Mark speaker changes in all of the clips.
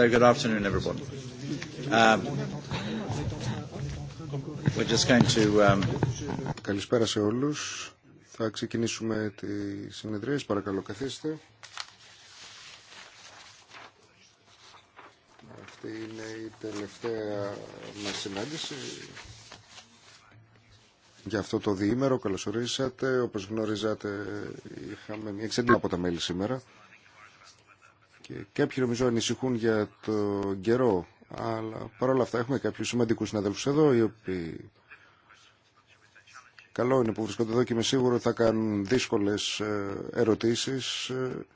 Speaker 1: Um, we're just going to... Um, Καλησπέρα σε όλους. Θα ξεκινήσουμε τη συνεδρία. Παρακαλώ, καθίστε. Αυτή είναι η τελευταία μας συνάντηση για αυτό το διήμερο. καλωσορίσατε. Όπως γνωρίζατε, είχαμε μια εξέντηση από τα μέλη σήμερα. Και κάποιοι νομίζω ανησυχούν για το καιρό, αλλά παρόλα αυτά έχουμε κάποιους σημαντικούς συναδέλφους εδώ, οι οποίοι καλό είναι που βρίσκονται εδώ και είμαι σίγουρο θα κάνουν δύσκολες ε, ερωτήσεις ε,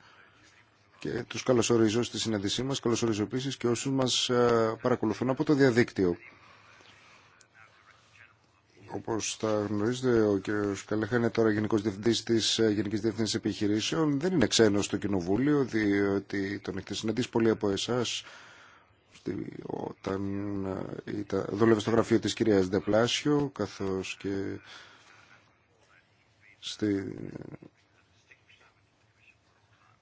Speaker 1: και τους καλωσορίζω στη συνάντησή μας, καλωσορίζω επίσης και όσους μας ε, παρακολουθούν από το διαδίκτυο. Όπως θα γνωρίζετε, ο κ. Καλέχα είναι τώρα Γενικός Διευθυντής της ε, Γενικής Διευθύνσης Επιχειρήσεων. Δεν είναι ξένος στο Κοινοβούλιο, διότι τον έχετε συναντήσει πολλοί από εσάς όταν ε, δούλευε στο γραφείο της κυρίας Δεπλάσιο, καθώς και στη,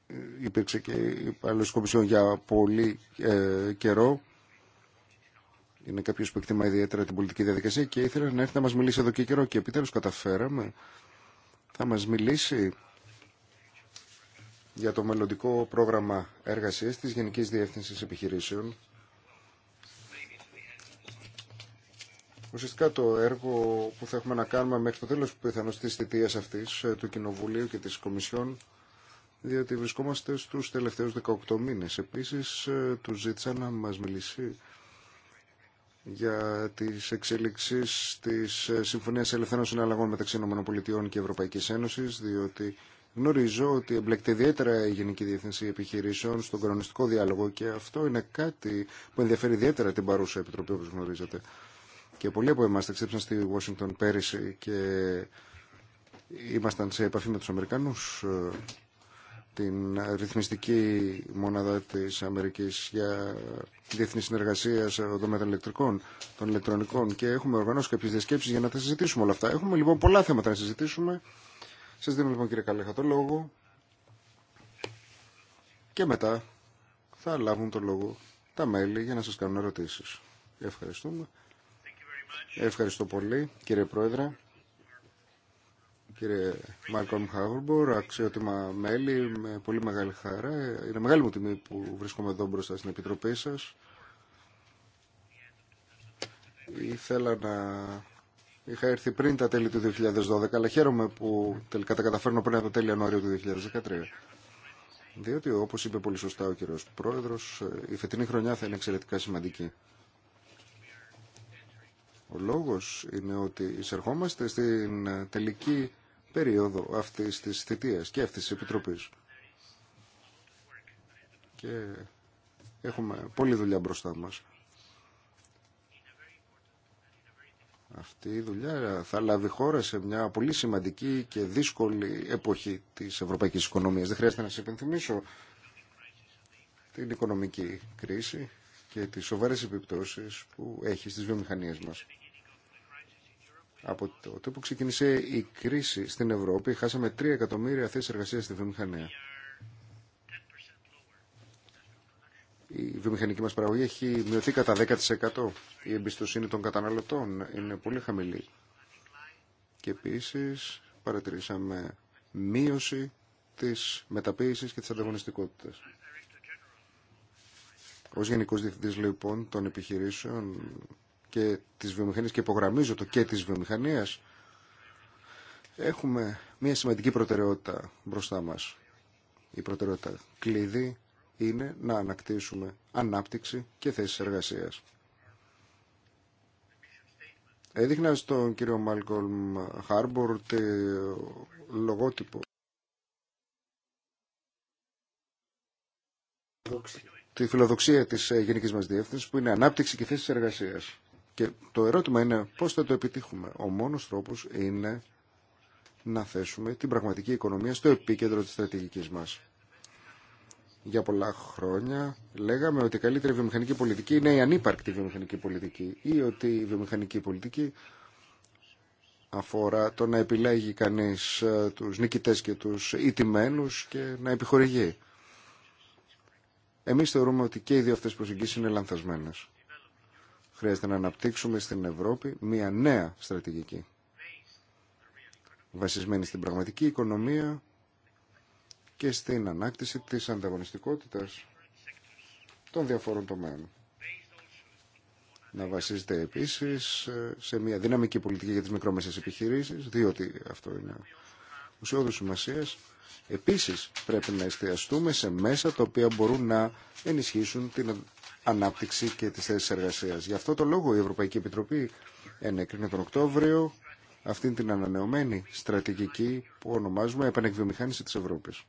Speaker 1: ε, υπήρξε και υπάλληλος Κομισιόν για πολύ καιρό. Είναι κάποιο που εκτιμά ιδιαίτερα την πολιτική διαδικασία και ήθελε να έρθει να μα μιλήσει εδώ και καιρό και επιτέλου καταφέραμε. Θα μα μιλήσει για το μελλοντικό πρόγραμμα εργασία τη γενική διεύθυνση Επιχειρήσεων. Ουσιαστικά το έργο που θα έχουμε να κάνουμε μέχρι το τέλος πιθανώς της θητείας αυτής ε, του Κοινοβουλίου και της Κομισιόν διότι βρισκόμαστε στους τελευταίους 18 μήνες. Επίσης, ε, του ζήτησα να μας μιλήσει για τις εξέλιξει τη ε, Συμφωνία Ελευθερών Συναλλαγών μεταξύ ΗΠΑ και Ευρωπαϊκής Ένωσης, διότι γνωρίζω ότι εμπλέκεται ιδιαίτερα η Γενική Διεύθυνση Επιχειρήσεων στον κανονιστικό διάλογο και αυτό είναι κάτι που ενδιαφέρει ιδιαίτερα την παρούσα Επιτροπή, όπω γνωρίζετε. Και πολλοί από εμάς ταξίδεψαν στη Washington πέρυσι και ήμασταν σε επαφή με του Αμερικανου. Ε, την ρυθμιστική μονάδα της Αμερικής για διεθνή συνεργασία σε οδομέτρα ηλεκτρικών, των ηλεκτρονικών και έχουμε οργανώσει κάποιε διασκέψεις για να τα συζητήσουμε όλα αυτά. Έχουμε λοιπόν πολλά θέματα να συζητήσουμε. Σας δίνω λοιπόν κύριε Καλέχα το λόγο και μετά θα λάβουν το λόγο τα μέλη για να σας κάνουν ερωτήσεις. Ευχαριστούμε. Ευχαριστώ πολύ κύριε Πρόεδρε. Κύριε Μάλκομ Χάουρμπορ, αξιότιμα μέλη, με πολύ μεγάλη χαρά. Είναι μεγάλη μου τιμή που βρίσκομαι εδώ μπροστά στην Επιτροπή σας. Ήθελα να... Είχα έρθει πριν τα τέλη του 2012, αλλά χαίρομαι που τελικά τα καταφέρνω πριν από το τέλη Ιανουαρίου του 2013. Διότι, όπως είπε πολύ σωστά ο κύριος Πρόεδρος, η φετινή χρονιά θα είναι εξαιρετικά σημαντική. Ο λόγος είναι ότι εισερχόμαστε στην τελική περίοδο αυτής της θητείας και αυτής της Επιτροπής. Και έχουμε πολλή δουλειά μπροστά μας. Αυτή η δουλειά θα λάβει χώρα σε μια πολύ σημαντική και δύσκολη εποχή της ευρωπαϊκής οικονομίας. Δεν χρειάζεται να σας υπενθυμίσω την οικονομική κρίση και τις σοβαρές επιπτώσεις που έχει στις βιομηχανίες μας. Από τότε που ξεκίνησε η κρίση στην Ευρώπη, χάσαμε 3 εκατομμύρια θέσει εργασία στη βιομηχανία. Η βιομηχανική μας παραγωγή έχει μειωθεί κατά 10%. Η εμπιστοσύνη των καταναλωτών είναι πολύ χαμηλή. Και επίσης παρατηρήσαμε μείωση της μεταποίησης και της ανταγωνιστικότητας. Ως Γενικός Διευθυντής λοιπόν των επιχειρήσεων και της βιομηχανίας και υπογραμμίζω το και της βιομηχανίας έχουμε μια σημαντική προτεραιότητα μπροστά μας. Η προτεραιότητα κλειδί είναι να ανακτήσουμε ανάπτυξη και θέσεις εργασίας. Έδειχνα στον κύριο Μάλκολμ Χάρμπορ το λογότυπο τη φιλοδοξία της ε, γενικής μας διεύθυνσης που είναι ανάπτυξη και θέσεις εργασίας. Και το ερώτημα είναι πώς θα το επιτύχουμε. Ο μόνος τρόπος είναι να θέσουμε την πραγματική οικονομία στο επίκεντρο της στρατηγικής μας. Για πολλά χρόνια λέγαμε ότι η καλύτερη βιομηχανική πολιτική είναι η ανύπαρκτη βιομηχανική πολιτική ή ότι η βιομηχανική πολιτική αφορά το να επιλέγει κανείς ε, τους νικητές και τους ιτημένους και να επιχορηγεί. Εμείς θεωρούμε ότι και οι δύο αυτές προσεγγίσεις είναι λανθασμένες. Χρειάζεται να αναπτύξουμε στην Ευρώπη μια νέα στρατηγική βασισμένη στην πραγματική οικονομία και στην ανάκτηση της ανταγωνιστικότητας των διαφόρων τομέων. Να βασίζεται επίσης ε, σε μια δυναμική πολιτική για τις μικρόμεσες επιχειρήσεις, διότι αυτό είναι ουσιώδους σημασία. Επίσης πρέπει να εστιαστούμε σε μέσα τα οποία μπορούν να ενισχύσουν την ανάπτυξη και τις θέσεις εργασίας. Γι' αυτό το λόγο η Ευρωπαϊκή Επιτροπή ενέκρινε τον Οκτώβριο αυτήν την ανανεωμένη στρατηγική που ονομάζουμε επανεκβιομηχάνηση της Ευρώπης.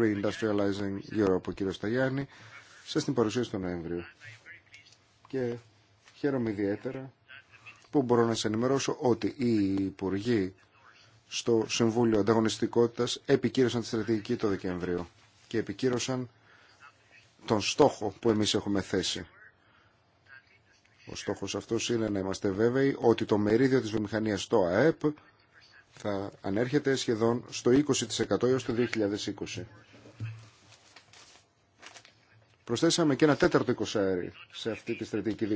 Speaker 1: Reindustrializing Europe, ο κ. Σταγιάννη, σε την παρουσίασε τον Νοέμβριο. Και χαίρομαι ιδιαίτερα που μπορώ να σας ενημερώσω ότι οι Υπουργοί στο Συμβούλιο Ανταγωνιστικότητας επικύρωσαν τη στρατηγική το Δεκέμβριο και επικύρωσαν τον στόχο που εμείς έχουμε θέσει. Ο στόχος αυτός είναι να είμαστε βέβαιοι ότι το μερίδιο της βιομηχανίας στο ΑΕΠ θα ανέρχεται σχεδόν στο 20% έως το 2020. Προσθέσαμε και ένα τέταρτο εικοσαέρι σε αυτή τη στρατηγική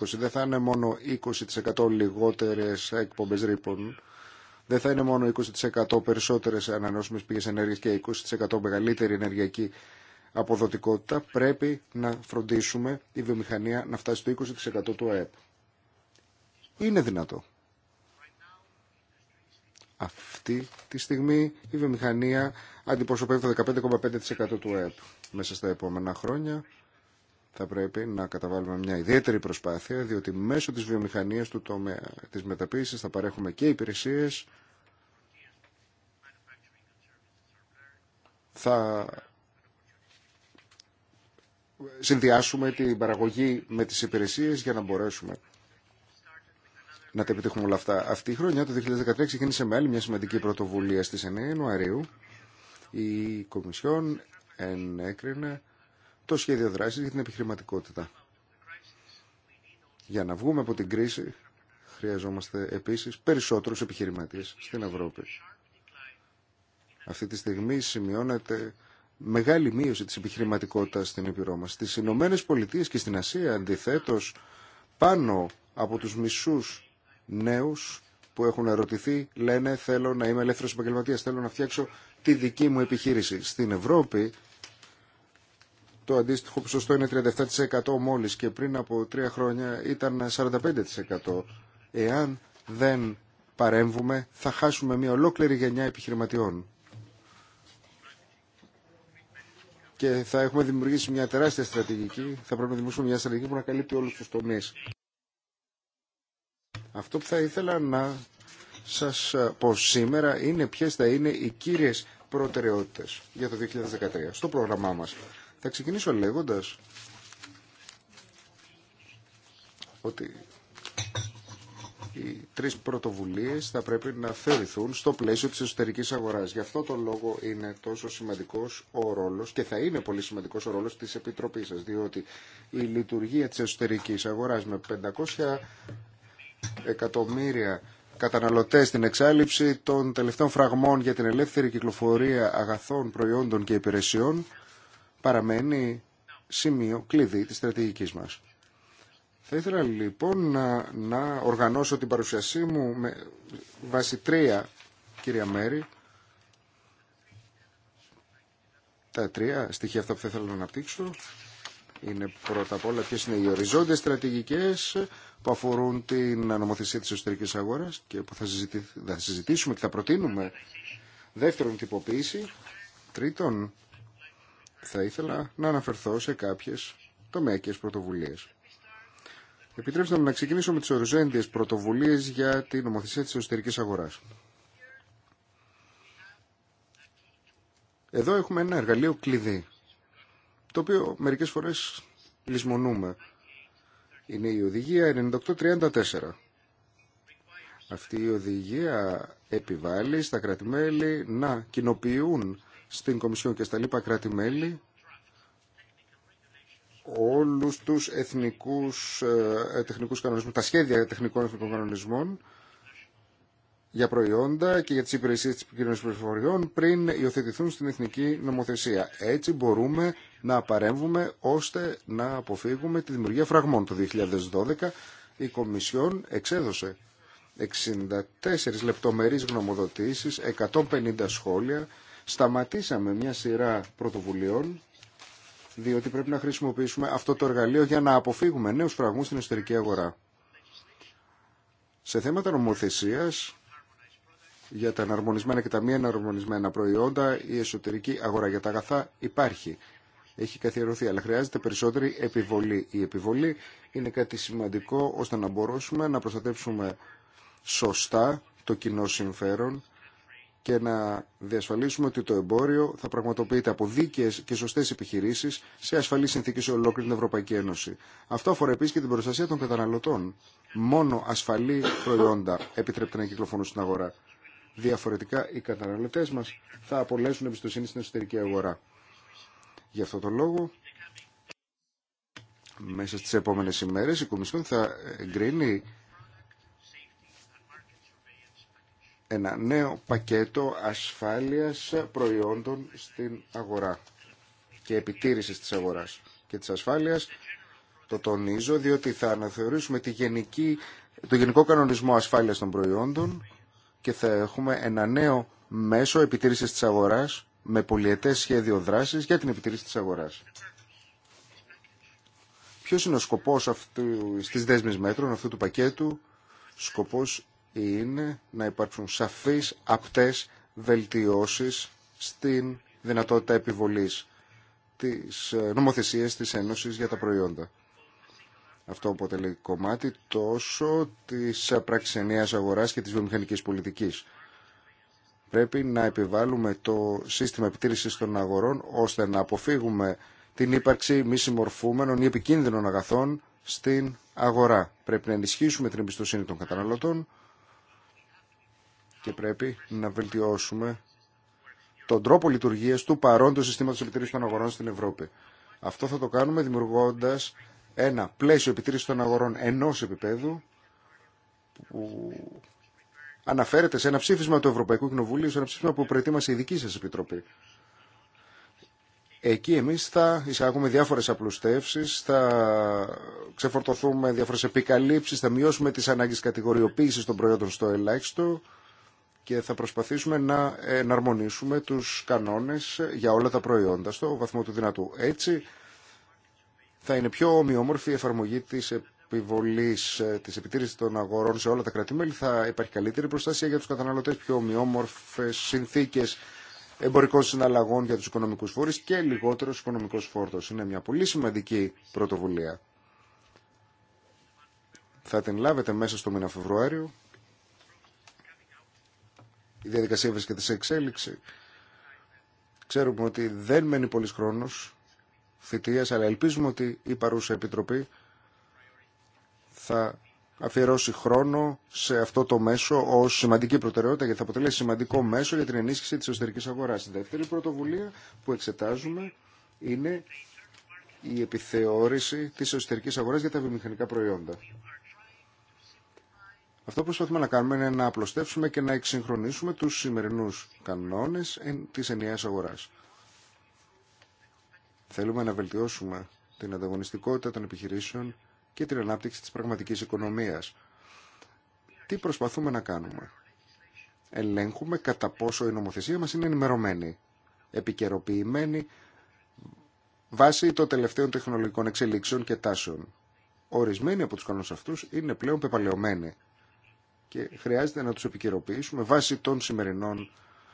Speaker 1: 2020. Δεν θα είναι μόνο 20% λιγότερες εκπομπές ρήπων, δεν θα είναι μόνο 20% περισσότερες ανανεώσιμες πηγές ενέργειας και 20% μεγαλύτερη ενεργειακή αποδοτικότητα πρέπει να φροντίσουμε η βιομηχανία να φτάσει στο 20% του ΑΕΠ. Είναι δυνατό. Αυτή τη στιγμή η βιομηχανία αντιπροσωπεύει το 15,5% του ΑΕΠ. Μέσα στα επόμενα χρόνια θα πρέπει να καταβάλουμε μια ιδιαίτερη προσπάθεια, διότι μέσω της βιομηχανίας του τομέα της μεταποίησης θα παρέχουμε και υπηρεσίες, θα συνδυάσουμε την παραγωγή με τις υπηρεσίες για να μπορέσουμε να τα επιτύχουμε όλα αυτά. Αυτή η χρονιά, το 2013, ξεκίνησε με άλλη μια σημαντική πρωτοβουλία στις 9 Ιανουαρίου. Η Κομισιόν ενέκρινε το σχέδιο δράσης για την επιχειρηματικότητα. Για να βγούμε από την κρίση, χρειαζόμαστε επίσης περισσότερους επιχειρηματίες στην Ευρώπη. Αυτή τη στιγμή σημειώνεται μεγάλη μείωση της επιχειρηματικότητας στην Ήπειρό μας. Στις Ηνωμένε Πολιτείες και στην Ασία αντιθέτως πάνω από τους μισούς νέους που έχουν ερωτηθεί λένε θέλω να είμαι ελεύθερος επαγγελματία, θέλω να φτιάξω τη δική μου επιχείρηση. Στην Ευρώπη το αντίστοιχο ποσοστό είναι 37% μόλις και πριν από τρία χρόνια ήταν 45%. Εάν δεν παρέμβουμε θα χάσουμε μια ολόκληρη γενιά επιχειρηματιών. και θα έχουμε δημιουργήσει μια τεράστια στρατηγική. Θα πρέπει να δημιουργήσουμε μια στρατηγική που να καλύπτει όλους τους τομείς. Αυτό που θα ήθελα να σας ε, πω σήμερα είναι ποιες θα είναι οι κύριες προτεραιότητες για το 2013 στο πρόγραμμά μας. Θα ξεκινήσω λέγοντας ότι οι τρεις πρωτοβουλίες θα πρέπει να θεωρηθούν στο πλαίσιο της εσωτερικής αγοράς. Γι' αυτό το λόγο είναι τόσο σημαντικός ο ρόλος και θα είναι πολύ σημαντικός ο ρόλος της Επιτροπής σας, διότι η λειτουργία της εσωτερικής αγοράς με 500 εκατομμύρια καταναλωτές στην εξάλληψη των τελευταίων φραγμών για την ελεύθερη κυκλοφορία αγαθών, προϊόντων και υπηρεσιών παραμένει σημείο κλειδί της στρατηγικής μας. Θα ήθελα λοιπόν να, να οργανώσω την παρουσιασή μου με βάση τρία κύρια μέρη. Τα τρία στοιχεία αυτά που θα ήθελα να αναπτύξω είναι πρώτα απ' όλα ποιες είναι οι οριζόντιες στρατηγικές που αφορούν την νομοθεσία της εσωτερικής αγοράς και που θα, θα συζητήσουμε και θα προτείνουμε. Δεύτερον, τυποποίηση. Τρίτον, θα ήθελα να αναφερθώ σε κάποιες τομέακες πρωτοβουλίες. Επιτρέψτε μου να ξεκινήσω με τις οριζόντιες πρωτοβουλίες για την νομοθεσία της εσωτερικής αγοράς. Εδώ έχουμε ένα εργαλείο κλειδί, το οποίο μερικές φορές λησμονούμε. Είναι η οδηγία 9834. Αυτή η οδηγία επιβάλλει στα κρατημέλη να κοινοποιούν στην Κομισιόν και στα λοιπα κράτη-μέλη όλους τους εθνικούς ε, τεχνικούς κανονισμούς, τα σχέδια τεχνικών εθνικών κανονισμών για προϊόντα και για τις υπηρεσίες της κοινωνικής πληροφοριών πριν υιοθετηθούν στην εθνική νομοθεσία. Έτσι μπορούμε να παρέμβουμε ώστε να αποφύγουμε τη δημιουργία φραγμών. Το 2012 η Κομισιόν εξέδωσε 64 λεπτομερείς γνωμοδοτήσεις, 150 σχόλια. Σταματήσαμε μια σειρά πρωτοβουλειών διότι πρέπει να χρησιμοποιήσουμε αυτό το εργαλείο για να αποφύγουμε νέους φραγμούς στην εσωτερική αγορά. Σε θέματα νομοθεσίας, για τα εναρμονισμένα και τα μη εναρμονισμένα προϊόντα, η εσωτερική αγορά για τα αγαθά υπάρχει. Έχει καθιερωθεί, αλλά χρειάζεται περισσότερη επιβολή. Η επιβολή είναι κάτι σημαντικό ώστε να μπορέσουμε να προστατεύσουμε σωστά το κοινό συμφέρον και να διασφαλίσουμε ότι το εμπόριο θα πραγματοποιείται από δίκαιε και σωστέ επιχειρήσει σε ασφαλή συνθήκε σε ολόκληρη την Ευρωπαϊκή Ένωση. Αυτό αφορά επίση και την προστασία των καταναλωτών. Μόνο ασφαλή προϊόντα επιτρέπεται να κυκλοφορούν στην αγορά. Διαφορετικά, οι καταναλωτέ μα θα απολέσουν εμπιστοσύνη στην εσωτερική αγορά. Γι' αυτό τον λόγο, μέσα στι επόμενε ημέρε, η Κομισιόν θα εγκρίνει ένα νέο πακέτο ασφάλειας προϊόντων στην αγορά και επιτήρησης της αγοράς και της ασφάλειας. Το τονίζω διότι θα αναθεωρήσουμε τη γενική, το γενικό κανονισμό ασφάλειας των προϊόντων και θα έχουμε ένα νέο μέσο επιτήρησης της αγοράς με πολιετές σχέδιο δράσης για την επιτήρηση της αγοράς. Ποιος είναι ο σκοπός αυτού, στις δέσμες μέτρων αυτού του πακέτου, σκοπός είναι να υπάρξουν σαφείς απτές βελτιώσεις στην δυνατότητα επιβολής της ε, νομοθεσίας της Ένωσης για τα προϊόντα. Αυτό αποτελεί κομμάτι τόσο της πραξενίας αγοράς και της βιομηχανικής πολιτικής. Πρέπει να επιβάλλουμε το σύστημα επιτήρησης των αγορών ώστε να αποφύγουμε την ύπαρξη μη συμμορφούμενων ή επικίνδυνων αγαθών στην αγορά. Πρέπει να ενισχύσουμε την εμπιστοσύνη των καταναλωτών και πρέπει να βελτιώσουμε τον τρόπο λειτουργία του παρόντο συστήματο επιτήρηση των αγορών στην Ευρώπη. Αυτό θα το κάνουμε δημιουργώντα ένα πλαίσιο επιτήρηση των αγορών ενό επίπεδου που αναφέρεται σε ένα ψήφισμα του Ευρωπαϊκού Κοινοβουλίου, σε ένα ψήφισμα που προετοίμασε η δική σα επιτροπή. Εκεί εμεί θα εισάγουμε διάφορε απλουστεύσει, θα ξεφορτωθούμε διάφορε επικαλύψει, θα μειώσουμε τι ανάγκε κατηγοριοποίηση των προϊόντων στο ελάχιστο και θα προσπαθήσουμε να εναρμονίσουμε τους κανόνες για όλα τα προϊόντα στο βαθμό του δυνατού. Έτσι θα είναι πιο ομοιόμορφη η εφαρμογή της επιβολής ε, της επιτήρησης των αγορών σε όλα τα κρατημέλη. Θα υπάρχει καλύτερη προστασία για τους καταναλωτές, πιο ομοιόμορφες συνθήκες εμπορικών συναλλαγών για τους οικονομικούς φόρους και λιγότερος οικονομικός φόρτος. Είναι μια πολύ σημαντική πρωτοβουλία. Θα την λάβετε μέσα στο μήνα Φεβρουάριο η διαδικασία βρίσκεται σε εξέλιξη. Ξέρουμε ότι δεν μένει πολλής χρόνο θητείας, αλλά ελπίζουμε ότι η παρούσα Επιτροπή θα αφιερώσει χρόνο σε αυτό το μέσο ω σημαντική προτεραιότητα γιατί θα αποτελέσει σημαντικό μέσο για την ενίσχυση τη εσωτερική αγορά. Η δεύτερη πρωτοβουλία που εξετάζουμε είναι η επιθεώρηση τη εσωτερική αγορά για τα βιομηχανικά προϊόντα. Αυτό που προσπαθούμε να κάνουμε είναι να απλωστεύσουμε και να εξυγχρονίσουμε τους σημερινούς κανόνες της ενιαίας αγοράς. Θέλουμε να βελτιώσουμε την ανταγωνιστικότητα των επιχειρήσεων και την ανάπτυξη της πραγματικής οικονομίας. Τι προσπαθούμε να κάνουμε. Ελέγχουμε κατά πόσο η νομοθεσία μας είναι ενημερωμένη, επικαιροποιημένη, βάσει των τελευταίων τεχνολογικών εξελίξεων και τάσεων. Ορισμένοι από τους κανόνες αυτούς είναι πλέον πεπαλαιωμένοι και χρειάζεται να τους επικαιροποιήσουμε βάσει των σημερινών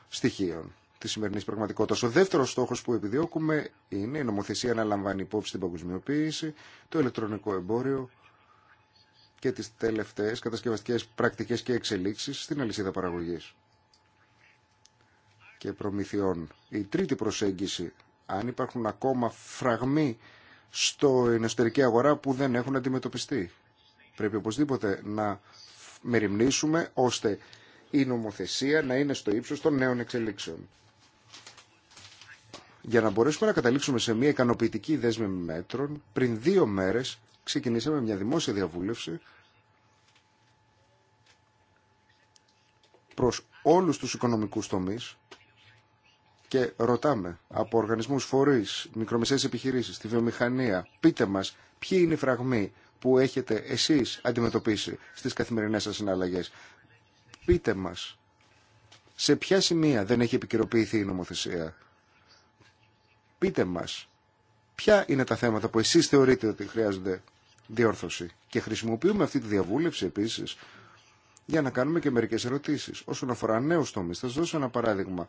Speaker 1: στοιχείων τη σημερινή πραγματικότητα. Ο δεύτερο στόχο που επιδιώκουμε είναι η νομοθεσία να λαμβάνει υπόψη την παγκοσμιοποίηση, το ηλεκτρονικό εμπόριο και τι τελευταίε κατασκευαστικέ πρακτικέ και εξελίξει στην αλυσίδα παραγωγή και προμηθειών. Η τρίτη προσέγγιση, αν υπάρχουν ακόμα φραγμοί στο εσωτερική αγορά που δεν έχουν αντιμετωπιστεί. Πρέπει οπωσδήποτε να μεριμνήσουμε ώστε η νομοθεσία να είναι στο ύψος των νέων εξελίξεων. Για να μπορέσουμε να καταλήξουμε σε μια ικανοποιητική δέσμη μέτρων, πριν δύο μέρες ξεκινήσαμε μια δημόσια διαβούλευση προς όλους τους οικονομικούς τομείς και ρωτάμε από οργανισμούς φορείς, μικρομεσαίες επιχειρήσεις, τη βιομηχανία, πείτε μας ποιοι είναι οι φραγμοί που έχετε εσείς αντιμετωπίσει στις καθημερινές σας συναλλαγές. Πείτε μας, σε ποια σημεία δεν έχει επικαιροποιηθεί η νομοθεσία. Πείτε μας, ποια είναι τα θέματα που εσείς θεωρείτε ότι χρειάζονται διόρθωση. Και χρησιμοποιούμε αυτή τη διαβούλευση επίσης για να κάνουμε και μερικές ερωτήσεις. Όσον αφορά νέους τομείς, θα σας δώσω ένα παράδειγμα.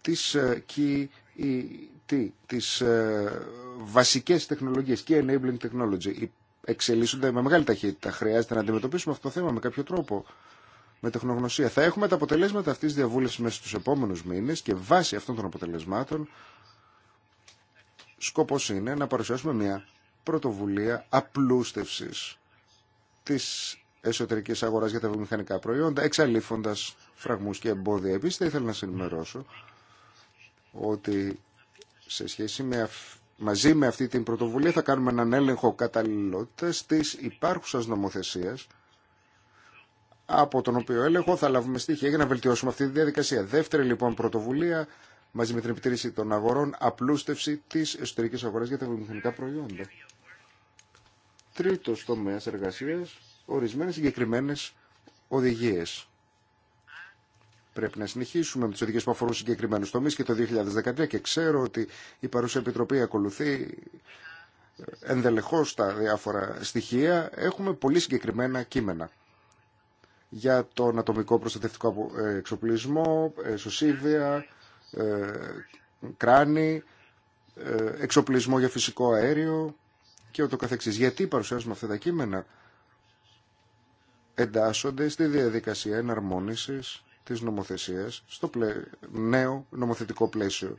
Speaker 1: Τις, τι, ε, e, τις ε, βασικές τεχνολογίες και enabling technology εξελίσσονται με μεγάλη ταχύτητα. Χρειάζεται να αντιμετωπίσουμε αυτό το θέμα με κάποιο τρόπο, με τεχνογνωσία. Θα έχουμε τα αποτελέσματα αυτή τη διαβούλευση μέσα στου επόμενου μήνε και βάσει αυτών των αποτελεσμάτων, σκοπό είναι να παρουσιάσουμε μια πρωτοβουλία απλούστευση τη εσωτερική αγορά για τα βιομηχανικά προϊόντα, εξαλείφοντα φραγμού και εμπόδια. Επίση, θα ήθελα να σα ενημερώσω ότι σε σχέση με Μαζί με αυτή την πρωτοβουλία θα κάνουμε έναν έλεγχο καταλληλότητας της υπάρχουσας νομοθεσίας από τον οποίο έλεγχο θα λάβουμε στοιχεία για να βελτιώσουμε αυτή τη διαδικασία. Δεύτερη λοιπόν πρωτοβουλία μαζί με την επιτήρηση των αγορών, απλούστευση της εσωτερικής αγοράς για τα βιομηχανικά προϊόντα. Τρίτος τομέας εργασίας, ορισμένες συγκεκριμένες οδηγίες. Πρέπει να συνεχίσουμε με τι οδηγίε που αφορούν συγκεκριμένου τομεί και το 2013 και ξέρω ότι η παρούσα επιτροπή ακολουθεί ενδελεχώς τα διάφορα στοιχεία. Έχουμε πολύ συγκεκριμένα κείμενα για τον ατομικό προστατευτικό ε, εξοπλισμό, ε, σωσίβια, ε, κράνη, εξοπλισμό για φυσικό αέριο και ούτω καθεξής. Γιατί παρουσιάζουμε αυτά τα κείμενα εντάσσονται στη διαδικασία εναρμόνισης της νομοθεσίας στο νέο νομοθετικό πλαίσιο.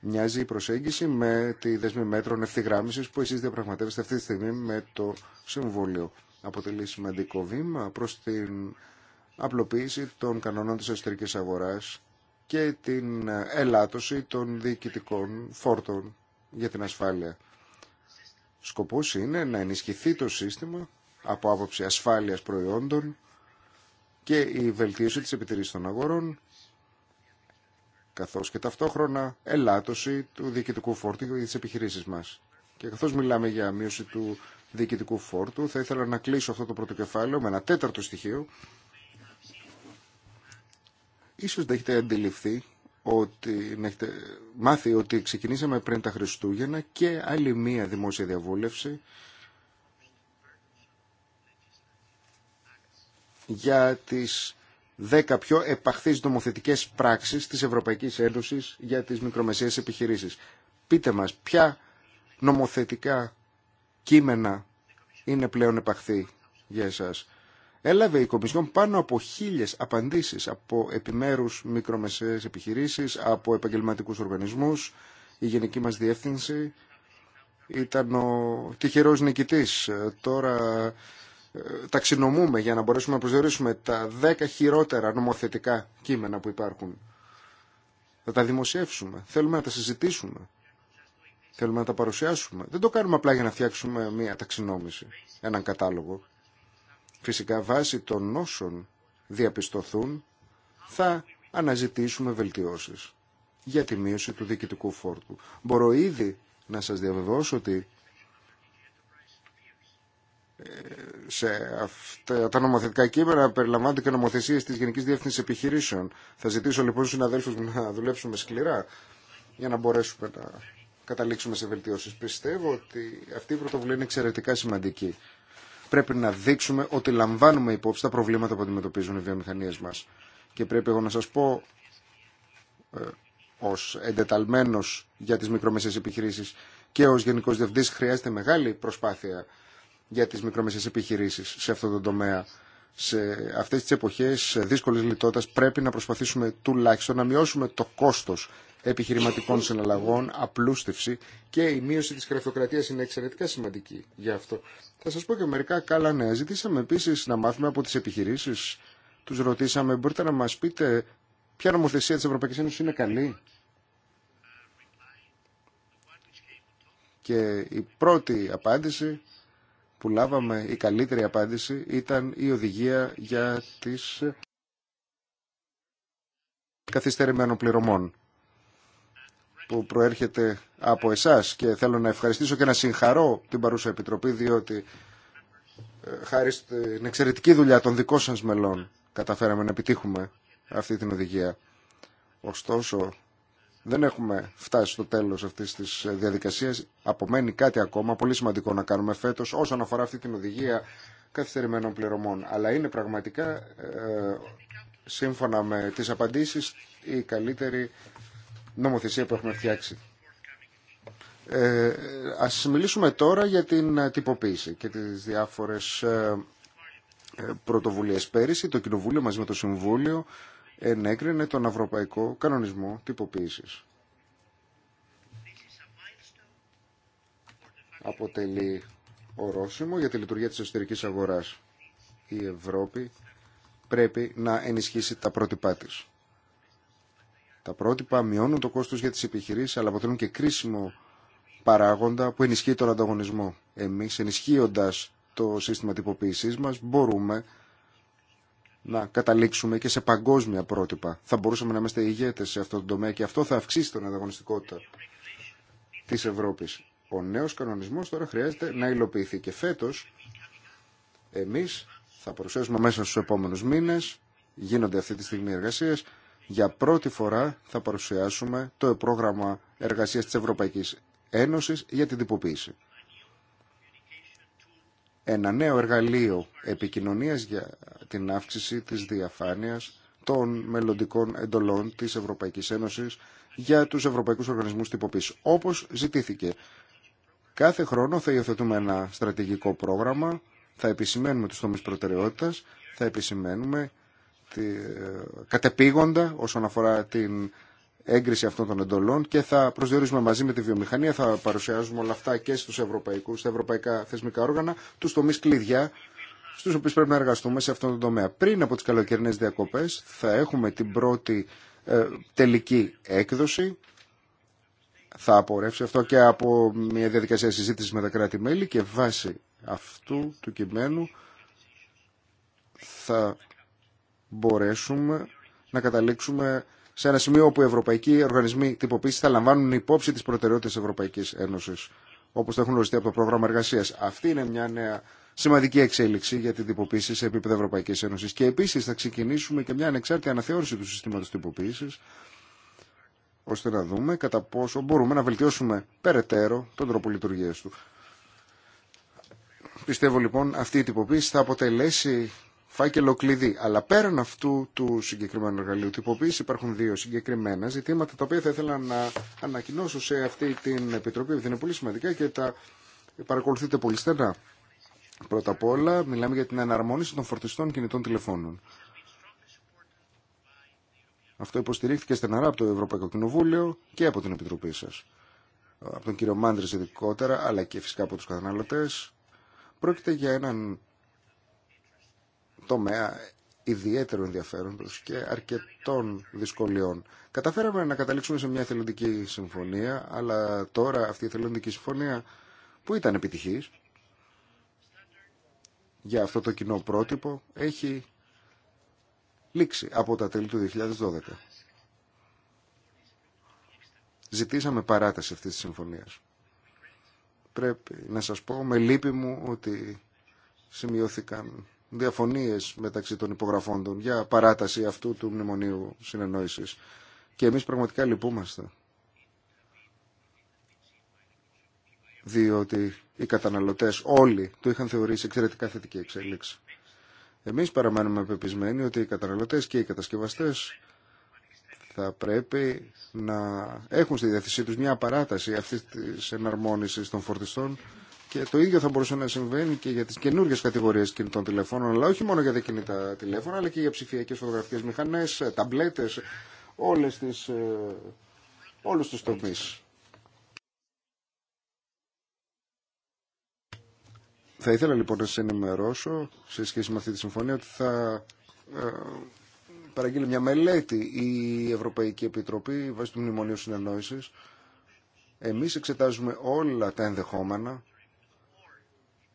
Speaker 1: Μοιάζει η προσέγγιση με τη δεσμή μέτρων ευθυγράμμισης που εσείς διαπραγματεύεστε αυτή τη στιγμή με το Συμβούλιο. Αποτελεί σημαντικό βήμα προς την απλοποίηση των κανόνων της εσωτερικής αγοράς και την ελάττωση των διοικητικών φόρτων για την ασφάλεια. Σκοπός είναι να ενισχυθεί το σύστημα από άποψη ασφάλειας προϊόντων και η βελτίωση της επιτηρήσης των αγορών καθώς και ταυτόχρονα ελάττωση του διοικητικού φόρτου για τις επιχειρήσεις μας. Και καθώς μιλάμε για μείωση του διοικητικού φόρτου, θα ήθελα να κλείσω αυτό το πρώτο κεφάλαιο με ένα τέταρτο στοιχείο. Ίσως δεν έχετε αντιληφθεί ότι μάθει ότι ξεκινήσαμε πριν τα Χριστούγεννα και άλλη μία δημόσια διαβούλευση για τις δέκα πιο επαχθείς νομοθετικές πράξεις της Ευρωπαϊκής Ένωσης για τις μικρομεσαίες επιχειρήσεις. Πείτε μας ποια νομοθετικά κείμενα είναι πλέον επαχθή για εσάς. Έλαβε η Κομισιόν πάνω από χίλιες απαντήσεις από επιμέρους μικρομεσαίες επιχειρήσεις, από επαγγελματικούς οργανισμούς, η γενική μας διεύθυνση ήταν ο τυχερός νικητής. Τώρα ε, ταξινομούμε για να μπορέσουμε να προσδιορίσουμε τα 10 χειρότερα νομοθετικά κείμενα που υπάρχουν. Θα τα δημοσιεύσουμε. Θέλουμε να τα συζητήσουμε. Θέλουμε να τα παρουσιάσουμε. Δεν το κάνουμε απλά για να φτιάξουμε μια ταξινόμηση, έναν κατάλογο. Φυσικά βάσει των όσων διαπιστωθούν θα αναζητήσουμε βελτιώσεις για τη μείωση του διοικητικού φόρτου. Μπορώ ήδη να σας διαβεβαιώσω ότι σε αυτά τα νομοθετικά κείμενα περιλαμβάνονται και νομοθεσίε τη Γενική Διεύθυνση Επιχειρήσεων. Θα ζητήσω λοιπόν στου συναδέλφου να δουλέψουμε σκληρά για να μπορέσουμε να καταλήξουμε σε βελτιώσει. Πιστεύω ότι αυτή η πρωτοβουλία είναι εξαιρετικά σημαντική. Πρέπει να δείξουμε ότι λαμβάνουμε υπόψη τα προβλήματα που αντιμετωπίζουν οι βιομηχανίε μα. Και πρέπει εγώ να σα πω ε, ω εντεταλμένο για τι μικρομεσαίε επιχειρήσει και ω γενικό διευθυντή, χρειάζεται μεγάλη προσπάθεια για τις μικρομεσαίες επιχειρήσεις σε αυτό το τομέα. Σε αυτές τις εποχές δύσκολης λιτότητας πρέπει να προσπαθήσουμε τουλάχιστον να μειώσουμε το κόστος επιχειρηματικών συναλλαγών, απλούστευση και η μείωση της γραφειοκρατίας είναι εξαιρετικά σημαντική γι' αυτό. Θα σας πω και μερικά καλά νέα. Ζητήσαμε επίσης να μάθουμε από τις επιχειρήσεις. Τους ρωτήσαμε, μπορείτε να μας πείτε ποια νομοθεσία της Ευρωπαϊκής Ένωσης είναι καλή. Και η πρώτη απάντηση που λάβαμε η καλύτερη απάντηση ήταν η οδηγία για τις καθυστερημένων πληρωμών που προέρχεται από εσάς και θέλω να ευχαριστήσω και να συγχαρώ την παρούσα Επιτροπή διότι ε, χάρη στην εξαιρετική δουλειά των δικών σας μελών καταφέραμε να επιτύχουμε αυτή την οδηγία. Ωστόσο, δεν έχουμε φτάσει στο τέλος αυτής της διαδικασίας. Απομένει κάτι ακόμα πολύ σημαντικό να κάνουμε φέτος όσον αφορά αυτή την οδηγία καθυστερημένων πληρωμών. Αλλά είναι πραγματικά, ε, σύμφωνα με τις απαντήσεις, η καλύτερη νομοθεσία που έχουμε φτιάξει. Ε, ας μιλήσουμε τώρα για την τυποποίηση και τις διάφορες ε, ε πρωτοβουλίες. Πέρυσι το Κοινοβούλιο μαζί με το Συμβούλιο ενέκρινε τον Ευρωπαϊκό Κανονισμό Τυποποίησης. Αποτελεί ορόσημο για τη λειτουργία της εσωτερικής αγοράς. Η Ευρώπη πρέπει να ενισχύσει τα πρότυπά της. Τα πρότυπα μειώνουν το κόστος για τις επιχειρήσεις, αλλά αποτελούν και κρίσιμο παράγοντα που ενισχύει τον ανταγωνισμό. Εμείς, ενισχύοντας το σύστημα τυποποίησής μας, μπορούμε να καταλήξουμε και σε παγκόσμια πρότυπα. Θα μπορούσαμε να είμαστε ηγέτες σε αυτό το τομέα και αυτό θα αυξήσει την ανταγωνιστικότητα της Ευρώπης. Ο νέος κανονισμός τώρα χρειάζεται να υλοποιηθεί και φέτος εμείς θα παρουσιάσουμε μέσα στους επόμενους μήνες, γίνονται αυτή τη στιγμή εργασίες, για πρώτη φορά θα παρουσιάσουμε το πρόγραμμα εργασίας της Ευρωπαϊκής Ένωσης για την τυποποίηση ένα νέο εργαλείο επικοινωνίας για την αύξηση της διαφάνειας των μελλοντικών εντολών της Ευρωπαϊκής Ένωσης για τους ευρωπαϊκούς οργανισμούς τυποποίησης. Όπως ζητήθηκε, κάθε χρόνο θα υιοθετούμε ένα στρατηγικό πρόγραμμα, θα επισημαίνουμε τους τομείς προτεραιότητας, θα επισημαίνουμε τη, κατεπήγοντα όσον αφορά την έγκριση αυτών των εντολών και θα προσδιορίζουμε μαζί με τη βιομηχανία, θα παρουσιάζουμε όλα αυτά και στους ευρωπαϊκούς, στα ευρωπαϊκά θεσμικά όργανα, τους τομείς κλειδιά στους οποίους πρέπει να εργαστούμε σε αυτόν τον τομέα. Πριν από τις καλοκαιρινές διακοπές θα έχουμε την πρώτη ε, τελική έκδοση θα απορρεύσει αυτό και από μια διαδικασία συζήτηση με τα κράτη-μέλη και βάσει αυτού του κειμένου θα μπορέσουμε να καταλήξουμε σε ένα σημείο όπου οι ευρωπαϊκοί οργανισμοί τυποποίηση θα λαμβάνουν υπόψη τι προτεραιότητε τη Ευρωπαϊκή Ένωση, όπω το έχουν οριστεί από το πρόγραμμα εργασία. Αυτή είναι μια νέα σημαντική εξέλιξη για την τυποποίηση σε επίπεδο Ευρωπαϊκή Ένωση. Και επίση θα ξεκινήσουμε και μια ανεξάρτητη αναθεώρηση του συστήματο τυποποίηση, ώστε να δούμε κατά πόσο μπορούμε να βελτιώσουμε περαιτέρω τον τρόπο λειτουργία του. Πιστεύω λοιπόν αυτή η τυποποίηση θα αποτελέσει φάκελο κλειδί. Αλλά πέραν αυτού του συγκεκριμένου εργαλείου τυποποίηση υπάρχουν δύο συγκεκριμένα ζητήματα τα οποία θα ήθελα να ανακοινώσω σε αυτή την επιτροπή, επειδή είναι πολύ σημαντικά και τα παρακολουθείτε πολύ στενά. Πρώτα απ' όλα μιλάμε για την εναρμόνιση των φορτιστών κινητών τηλεφώνων. Αυτό υποστηρίχθηκε στεναρά από το Ευρωπαϊκό Κοινοβούλιο και από την Επιτροπή σα, Από τον κύριο Μάντρε ειδικότερα, αλλά και φυσικά από του καταναλωτέ, Πρόκειται για έναν τομέα ιδιαίτερου ενδιαφέροντος και αρκετών δυσκολιών. Καταφέραμε να καταλήξουμε σε μια θελοντική συμφωνία, αλλά τώρα αυτή η θελοντική συμφωνία που ήταν επιτυχής για αυτό το κοινό πρότυπο έχει λήξει από τα τέλη του 2012. Ζητήσαμε παράταση αυτής της συμφωνίας. Πρέπει να σας πω με λύπη μου ότι σημειώθηκαν διαφωνίες μεταξύ των υπογραφών των για παράταση αυτού του μνημονίου συνεννόησης. Και εμείς πραγματικά λυπούμαστε. Διότι οι καταναλωτές όλοι το είχαν θεωρήσει εξαιρετικά θετική εξέλιξη. Εμείς παραμένουμε πεπισμένοι ότι οι καταναλωτές και οι κατασκευαστές θα πρέπει να έχουν στη διάθεσή τους μια παράταση αυτής της εναρμόνισης των φορτιστών και το ίδιο θα μπορούσε να συμβαίνει και για τις καινούργιες κατηγορίες κινητών τηλεφώνων, αλλά όχι μόνο για τα κινητά τηλέφωνα, αλλά και για ψηφιακές φωτογραφικές μηχανές, ε, ταμπλέτες, όλες τις, ε, όλους τους τομείς. Θα ήθελα λοιπόν να σας ενημερώσω σε σχέση με αυτή τη συμφωνία ότι θα ε, παραγγείλει μια μελέτη η Ευρωπαϊκή Επιτροπή βάσει του Μνημονίου Συνεννόησης. Εμείς εξετάζουμε όλα τα ενδεχόμενα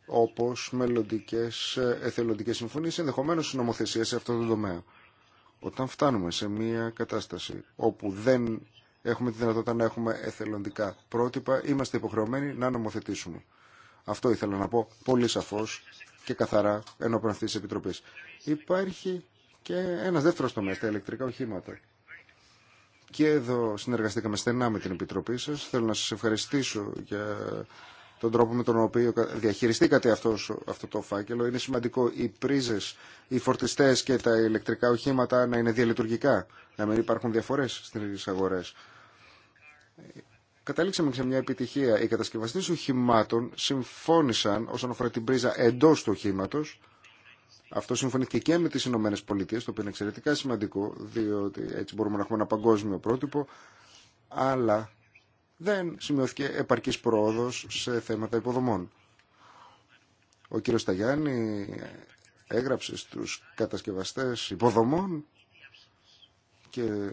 Speaker 1: όπως μελλοντικές ε, εθελοντικές συμφωνίες, ενδεχομένως νομοθεσίες σε αυτό το τομέα. Όταν φτάνουμε σε μια κατάσταση όπου δεν έχουμε τη δυνατότητα να έχουμε εθελοντικά πρότυπα, είμαστε υποχρεωμένοι να νομοθετήσουμε. Αυτό ήθελα να πω πολύ σαφώς και καθαρά ενώπιον αυτής της Επιτροπής. Υπάρχει και ένας δεύτερος τομέας, τα ηλεκτρικά οχήματα. Και εδώ συνεργαστήκαμε στενά με την Επιτροπή σας. Θέλω να σας ευχαριστήσω για τον τρόπο με τον οποίο διαχειριστήκατε αυτό το φάκελο. Είναι σημαντικό οι πρίζες, οι φορτιστές και τα ηλεκτρικά οχήματα να είναι διαλειτουργικά, να μην υπάρχουν διαφορές στις αγορές. Καταλήξαμε σε μια επιτυχία. Οι κατασκευαστές οχημάτων συμφώνησαν όσον αφορά την πρίζα εντός του οχήματος, αυτό συμφωνήθηκε και με τις Ηνωμένε Πολιτείε, το οποίο είναι εξαιρετικά σημαντικό, διότι έτσι μπορούμε να έχουμε ένα παγκόσμιο πρότυπο, αλλά δεν σημειώθηκε επαρκής πρόοδος σε θέματα υποδομών. Ο κύριος Σταγιάννη έγραψε στους κατασκευαστές υποδομών και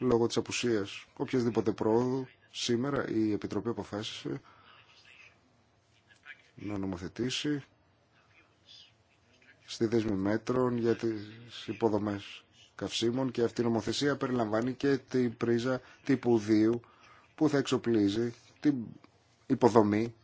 Speaker 1: λόγω της απουσίας οποιασδήποτε πρόοδου σήμερα η Επιτροπή αποφάσισε να νομοθετήσει στη δέσμη μέτρων για τις υποδομές καυσίμων και αυτή η νομοθεσία περιλαμβάνει και την πρίζα τύπου 2 που θα εξοπλίζει την υποδομή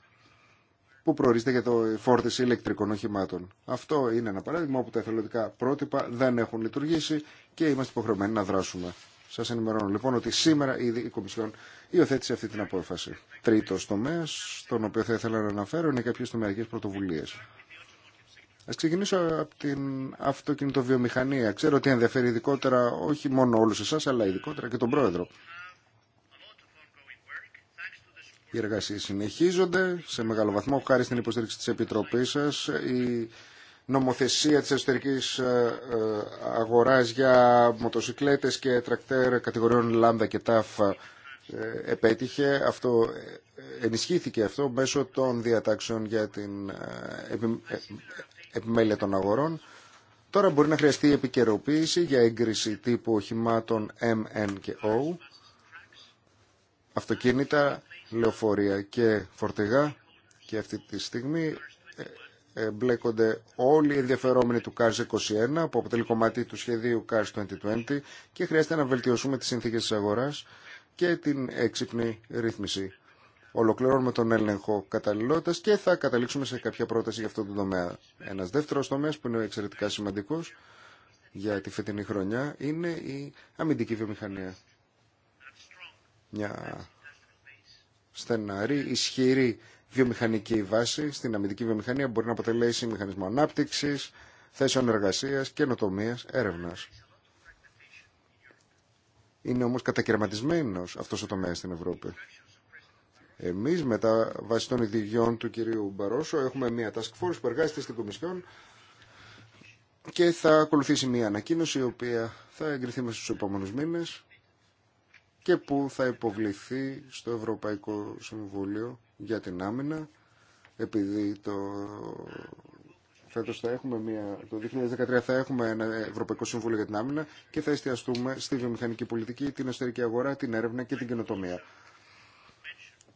Speaker 1: που προορίζεται για το φόρτιση ηλεκτρικών οχημάτων. Αυτό είναι ένα παράδειγμα όπου τα εθελοντικά πρότυπα δεν έχουν λειτουργήσει και είμαστε υποχρεωμένοι να δράσουμε. Σα ενημερώνω λοιπόν ότι σήμερα ήδη η Κομισιόν υιοθέτησε αυτή την απόφαση. Τρίτο τομέα, στον οποίο θα ήθελα να αναφέρω, είναι κάποιε τομεακέ πρωτοβουλίε. Α ξεκινήσω από την αυτοκινητοβιομηχανία. Ξέρω ότι ενδιαφέρει ειδικότερα όχι μόνο όλου εσά, αλλά ειδικότερα και τον πρόεδρο. Οι εργασίες συνεχίζονται σε μεγάλο βαθμό χάρη στην υποστήριξη της Επιτροπής σας. Η νομοθεσία της εσωτερικής ε, ε, αγοράς για μοτοσυκλέτες και τρακτέρ κατηγοριών Λάμδα και ΤΑΦ ε, επέτυχε. Αυτό, ενισχύθηκε αυτό μέσω των διατάξεων για την επιμέλεια των αγορών. Τώρα μπορεί να χρειαστεί επικαιροποίηση για έγκριση τύπου οχημάτων M, N και O. Αυτοκίνητα λεωφορεία και φορτηγά και αυτή τη στιγμή ε, μπλέκονται όλοι οι ενδιαφερόμενοι του CARS 21 που αποτελεί κομμάτι του σχεδίου CARS 2020 και χρειάζεται να βελτιώσουμε τις συνθήκες της αγοράς και την έξυπνη ρύθμιση. Ολοκληρώνουμε τον έλεγχο καταλληλότητα και θα καταλήξουμε σε κάποια πρόταση για αυτό το τομέα. Ένα δεύτερο τομέα που είναι εξαιρετικά σημαντικό για τη φετινή χρονιά είναι η αμυντική βιομηχανία στεναρή, ισχυρή βιομηχανική βάση στην αμυντική βιομηχανία μπορεί να αποτελέσει μηχανισμό ανάπτυξη, θέσεων εργασία, καινοτομία, έρευνα. Είναι όμω κατακαιρματισμένο αυτό ο τομέα στην Ευρώπη. Εμεί, μετά βάσει των ειδηγιών του κυρίου Μπαρόσο, έχουμε μια task force που εργάζεται στην Κομισιόν και θα ακολουθήσει μια ανακοίνωση η οποία θα εγκριθεί μέσα στου επόμενου μήνε και που θα υποβληθεί στο Ευρωπαϊκό Συμβούλιο για την άμυνα επειδή το... Φέτος θα έχουμε μια, το 2013 θα έχουμε ένα Ευρωπαϊκό Συμβούλιο για την Άμυνα και θα εστιαστούμε στη βιομηχανική πολιτική, την εσωτερική αγορά, την έρευνα και την καινοτομία.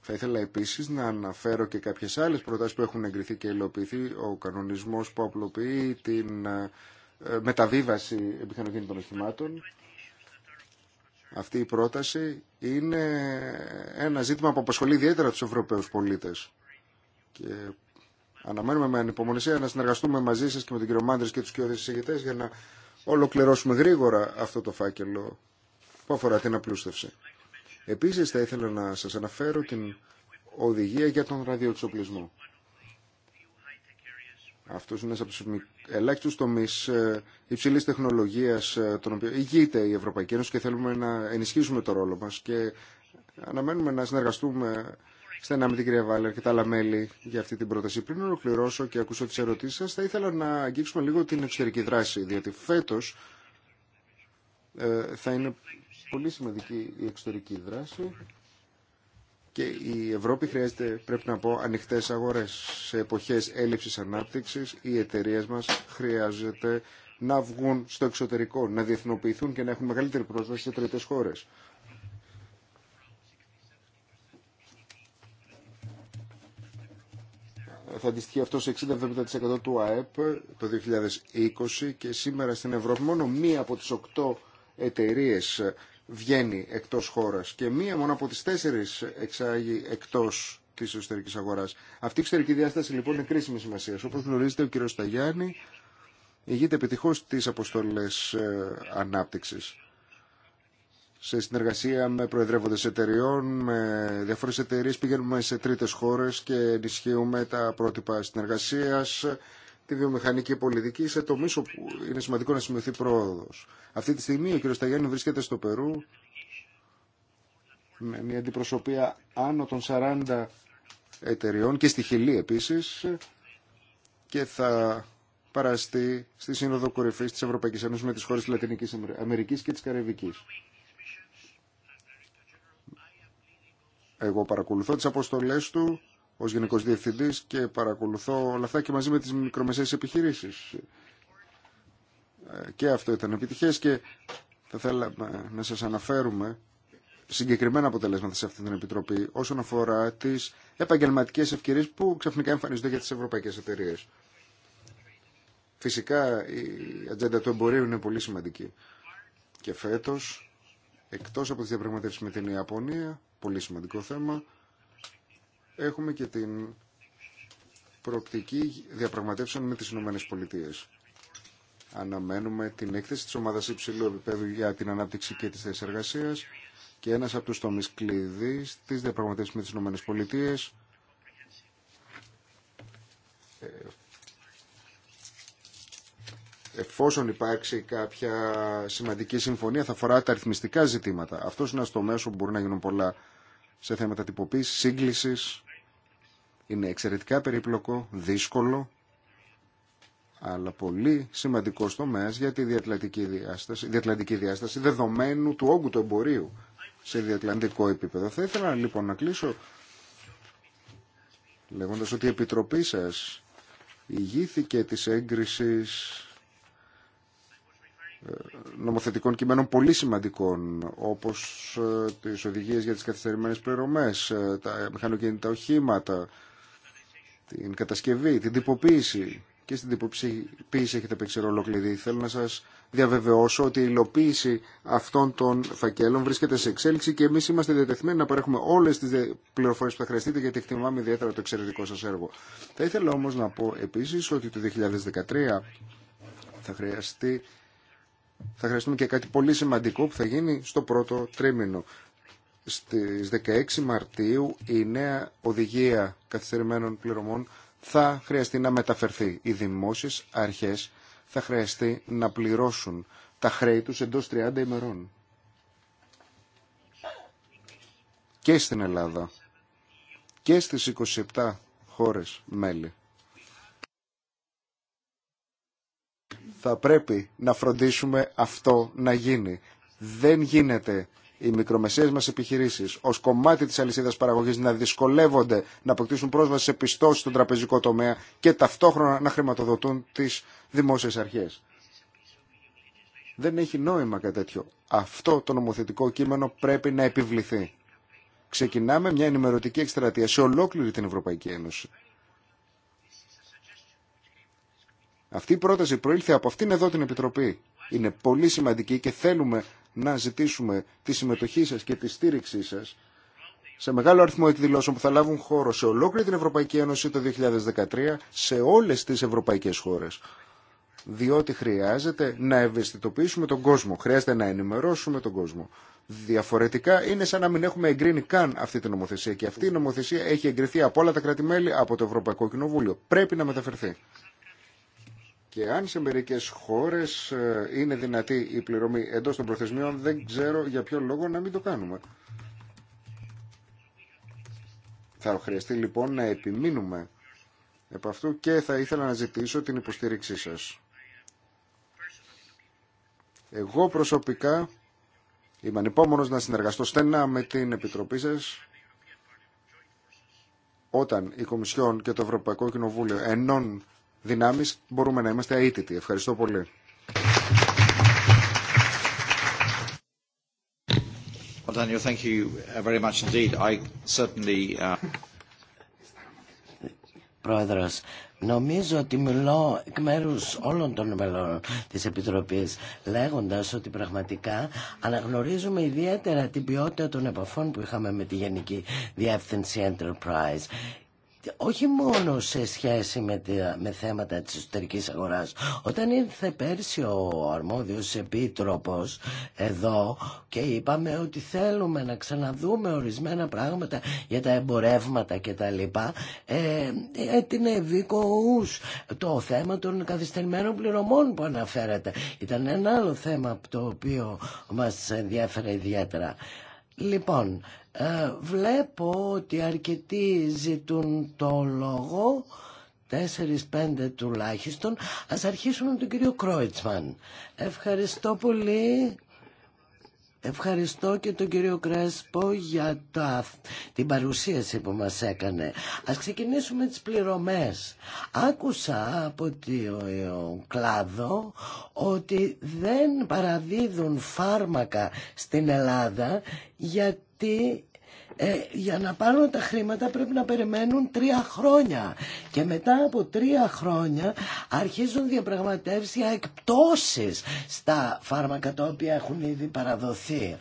Speaker 1: Θα ήθελα επίσης να αναφέρω και κάποιες άλλες προτάσεις που έχουν εγκριθεί και υλοποιηθεί. Ο κανονισμός που απλοποιεί την ε, μεταβίβαση επιχανογέννητων οχημάτων αυτή η πρόταση είναι ένα ζήτημα που απασχολεί ιδιαίτερα τους Ευρωπαίους πολίτες. Και αναμένουμε με ανυπομονησία να συνεργαστούμε μαζί σας και με τον κύριο Μάντρης και τους κύριο εισηγητές για να ολοκληρώσουμε γρήγορα αυτό το φάκελο που αφορά την απλούστευση. Επίσης θα ήθελα να σας αναφέρω την οδηγία για τον ραδιοεξοπλισμό. Αυτό είναι ένα από του ελάχιστου τομεί ε, υψηλή τεχνολογία, ε, τον οποίο ηγείται η Ευρωπαϊκή Ένωση και θέλουμε να ενισχύσουμε το ρόλο μα και αναμένουμε να συνεργαστούμε στενά με την κυρία Βάλερ και τα άλλα μέλη για αυτή την πρόταση. Πριν ολοκληρώσω και ακούσω τι ερωτήσει σα, θα ήθελα να αγγίξουμε λίγο την εξωτερική δράση, διότι φέτο ε, θα είναι πολύ σημαντική η εξωτερική δράση και η Ευρώπη χρειάζεται, πρέπει να πω, ανοιχτέ αγορές. Σε εποχές έλλειψης ανάπτυξης, οι εταιρείε μας χρειάζεται να βγουν στο εξωτερικό, να διεθνοποιηθούν και να έχουν μεγαλύτερη πρόσβαση σε τρίτες χώρες. θα αντιστοιχεί αυτό σε 60-70% του ΑΕΠ το 2020 και σήμερα στην Ευρώπη μόνο μία από τις οκτώ εταιρείες βγαίνει εκτός χώρας και μία μόνο από τις τέσσερις εξάγει εκτός της εσωτερικής αγοράς. Αυτή η εξωτερική διάσταση λοιπόν είναι κρίσιμη σημασία. Όπως γνωρίζετε ο κ. Σταγιάννη ηγείται επιτυχώς τις αποστολές ε, ανάπτυξης σε συνεργασία με προεδρεύοντες εταιριών, με διάφορες εταιρείες πηγαίνουμε σε τρίτες χώρες και ενισχύουμε τα πρότυπα συνεργασίας, τη βιομηχανική πολιτική σε τομεί όπου είναι σημαντικό να σημειωθεί πρόοδο. Αυτή τη στιγμή ο κ. Σταγιάννη βρίσκεται στο Περού με μια αντιπροσωπεία άνω των 40 εταιριών και στη Χιλή επίση, και θα παραστεί στη Σύνοδο Κορυφή της Ευρωπαϊκής Ένωση με τις χώρες τη Λατινικής Αμερικής και της Καραϊβική. Εγώ παρακολουθώ τις αποστολές του Ω Γενικό Διευθυντή και παρακολουθώ όλα αυτά και μαζί με τι μικρομεσαίε επιχειρήσει. Ε, και αυτό ήταν επιτυχέ και θα θέλαμε να σα αναφέρουμε συγκεκριμένα αποτελέσματα σε αυτή την Επιτροπή όσον αφορά τι επαγγελματικέ ευκαιρίε που ξαφνικά εμφανίζονται για τι ευρωπαϊκέ εταιρείε. Φυσικά η ατζέντα του εμπορίου είναι πολύ σημαντική. Και φέτο, εκτό από τι διαπραγματεύσει με την Ιαπωνία, πολύ σημαντικό θέμα, έχουμε και την προοπτική διαπραγματεύσεων με τις Ηνωμένες Πολιτείες. Αναμένουμε την έκθεση της ομάδας υψηλού επίπεδου για την ανάπτυξη και τις θέσεις εργασίας και ένας από τους τομείς κλειδί της διαπραγματεύσεις με τις Ηνωμένες Πολιτείες ε, εφόσον υπάρξει κάποια σημαντική συμφωνία θα αφορά τα αριθμιστικά ζητήματα. Αυτό είναι ένα τομέα που μπορεί να γίνουν πολλά σε θέματα τυποποίηση, σύγκληση είναι εξαιρετικά περίπλοκο, δύσκολο, αλλά πολύ σημαντικό τομέα για τη διατλαντική διάσταση, διατλαντική διάσταση δεδομένου του όγκου του εμπορίου σε διατλαντικό επίπεδο. Θα ήθελα λοιπόν να κλείσω λέγοντας ότι η Επιτροπή σας ηγήθηκε της έγκρισης ε, νομοθετικών κειμένων πολύ σημαντικών όπως ε, τις οδηγίες για τις καθυστερημένες πληρωμές, ε, τα μηχανοκίνητα οχήματα, την κατασκευή, την τυποποίηση και στην τυποποίηση έχετε παίξει ρόλο κλειδί. Θέλω να σας διαβεβαιώσω ότι η υλοποίηση αυτών των φακέλων βρίσκεται σε εξέλιξη και εμείς είμαστε διατεθειμένοι να παρέχουμε όλες τις πληροφορίες που θα χρειαστείτε γιατί εκτιμάμε ιδιαίτερα το εξαιρετικό σας έργο. Θα ήθελα όμως να πω επίσης ότι το 2013 θα χρειαστεί θα χρειαστούμε και κάτι πολύ σημαντικό που θα γίνει στο πρώτο τρίμηνο στις 16 Μαρτίου η νέα οδηγία καθυστερημένων πληρωμών θα χρειαστεί να μεταφερθεί. Οι δημόσιες αρχές θα χρειαστεί να πληρώσουν τα χρέη τους εντός 30 ημερών. Και στην Ελλάδα και στις 27 χώρες μέλη. Θα πρέπει να φροντίσουμε αυτό να γίνει. Δεν γίνεται οι μικρομεσαίες μα επιχειρήσεις ως κομμάτι της αλυσίδας παραγωγής να δυσκολεύονται να αποκτήσουν πρόσβαση σε πιστώσει στον τραπεζικό τομέα και ταυτόχρονα να χρηματοδοτούν τις δημόσιες αρχές. Δεν έχει νόημα κάτι τέτοιο. Αυτό το νομοθετικό κείμενο πρέπει να επιβληθεί. Ξεκινάμε μια ενημερωτική εκστρατεία σε ολόκληρη την Ευρωπαϊκή Ένωση. Αυτή η πρόταση προήλθε από αυτήν εδώ την Επιτροπή. Είναι πολύ σημαντική και θέλουμε να ζητήσουμε τη συμμετοχή σας και τη στήριξή σας σε μεγάλο αριθμό εκδηλώσεων που θα λάβουν χώρο σε ολόκληρη την Ευρωπαϊκή Ένωση το 2013, σε όλες τις ευρωπαϊκές χώρες. Διότι χρειάζεται να ευαισθητοποιήσουμε τον κόσμο, χρειάζεται να ενημερώσουμε τον κόσμο. Διαφορετικά είναι σαν να μην έχουμε εγκρίνει καν αυτή την νομοθεσία και αυτή η νομοθεσία έχει εγκριθεί από όλα τα κράτη-μέλη, από το Ευρωπαϊκό Κοινοβούλιο. Πρέπει να μεταφερθεί. Και αν σε μερικέ χώρε ε, είναι δυνατή η πληρωμή εντό των προθεσμιών, δεν ξέρω για ποιο λόγο να μην το κάνουμε. Θα χρειαστεί λοιπόν να επιμείνουμε επ' αυτού και θα ήθελα να ζητήσω την υποστήριξή σας. Εγώ προσωπικά είμαι ανυπόμονος να συνεργαστώ στενά με την Επιτροπή σας όταν η Κομισιόν και το Ευρωπαϊκό Κοινοβούλιο ενώνουν δυνάμεις μπορούμε να είμαστε αίτητοι. Ευχαριστώ πολύ. Well,
Speaker 2: Πρόεδρος, νομίζω ότι μιλώ εκ μέρου όλων των μελών της Επιτροπής λέγοντας ότι πραγματικά αναγνωρίζουμε ιδιαίτερα την ποιότητα των επαφών που είχαμε με τη Γενική Διεύθυνση Enterprise όχι μόνο σε σχέση με, θέματα της εσωτερικής αγοράς. Όταν ήρθε πέρσι ο αρμόδιος επίτροπος εδώ και είπαμε ότι θέλουμε να ξαναδούμε ορισμένα πράγματα για τα εμπορεύματα και τα λοιπά, ε, έτεινε το θέμα των καθυστερημένων πληρωμών που αναφέρατε. Ήταν ένα άλλο θέμα το οποίο μας ενδιαφέρε ιδιαίτερα. Λοιπόν, ε, βλέπω ότι αρκετοί ζητούν το λόγο, τέσσερις-πέντε τουλάχιστον. Ας αρχίσουμε με τον κύριο Κρόιτσμαν. Ευχαριστώ πολύ. Ευχαριστώ και τον κύριο Κρέσπο για τα, την παρουσίαση που μας έκανε. Ας ξεκινήσουμε τις πληρωμές. Άκουσα από τον κλάδο ότι δεν παραδίδουν φάρμακα στην Ελλάδα γιατί ε, για να πάρουν τα χρήματα πρέπει να περιμένουν τρία χρόνια και μετά από τρία χρόνια αρχίζουν διαπραγματεύσεις για εκπτώσεις στα φάρμακα τα οποία έχουν ήδη παραδοθεί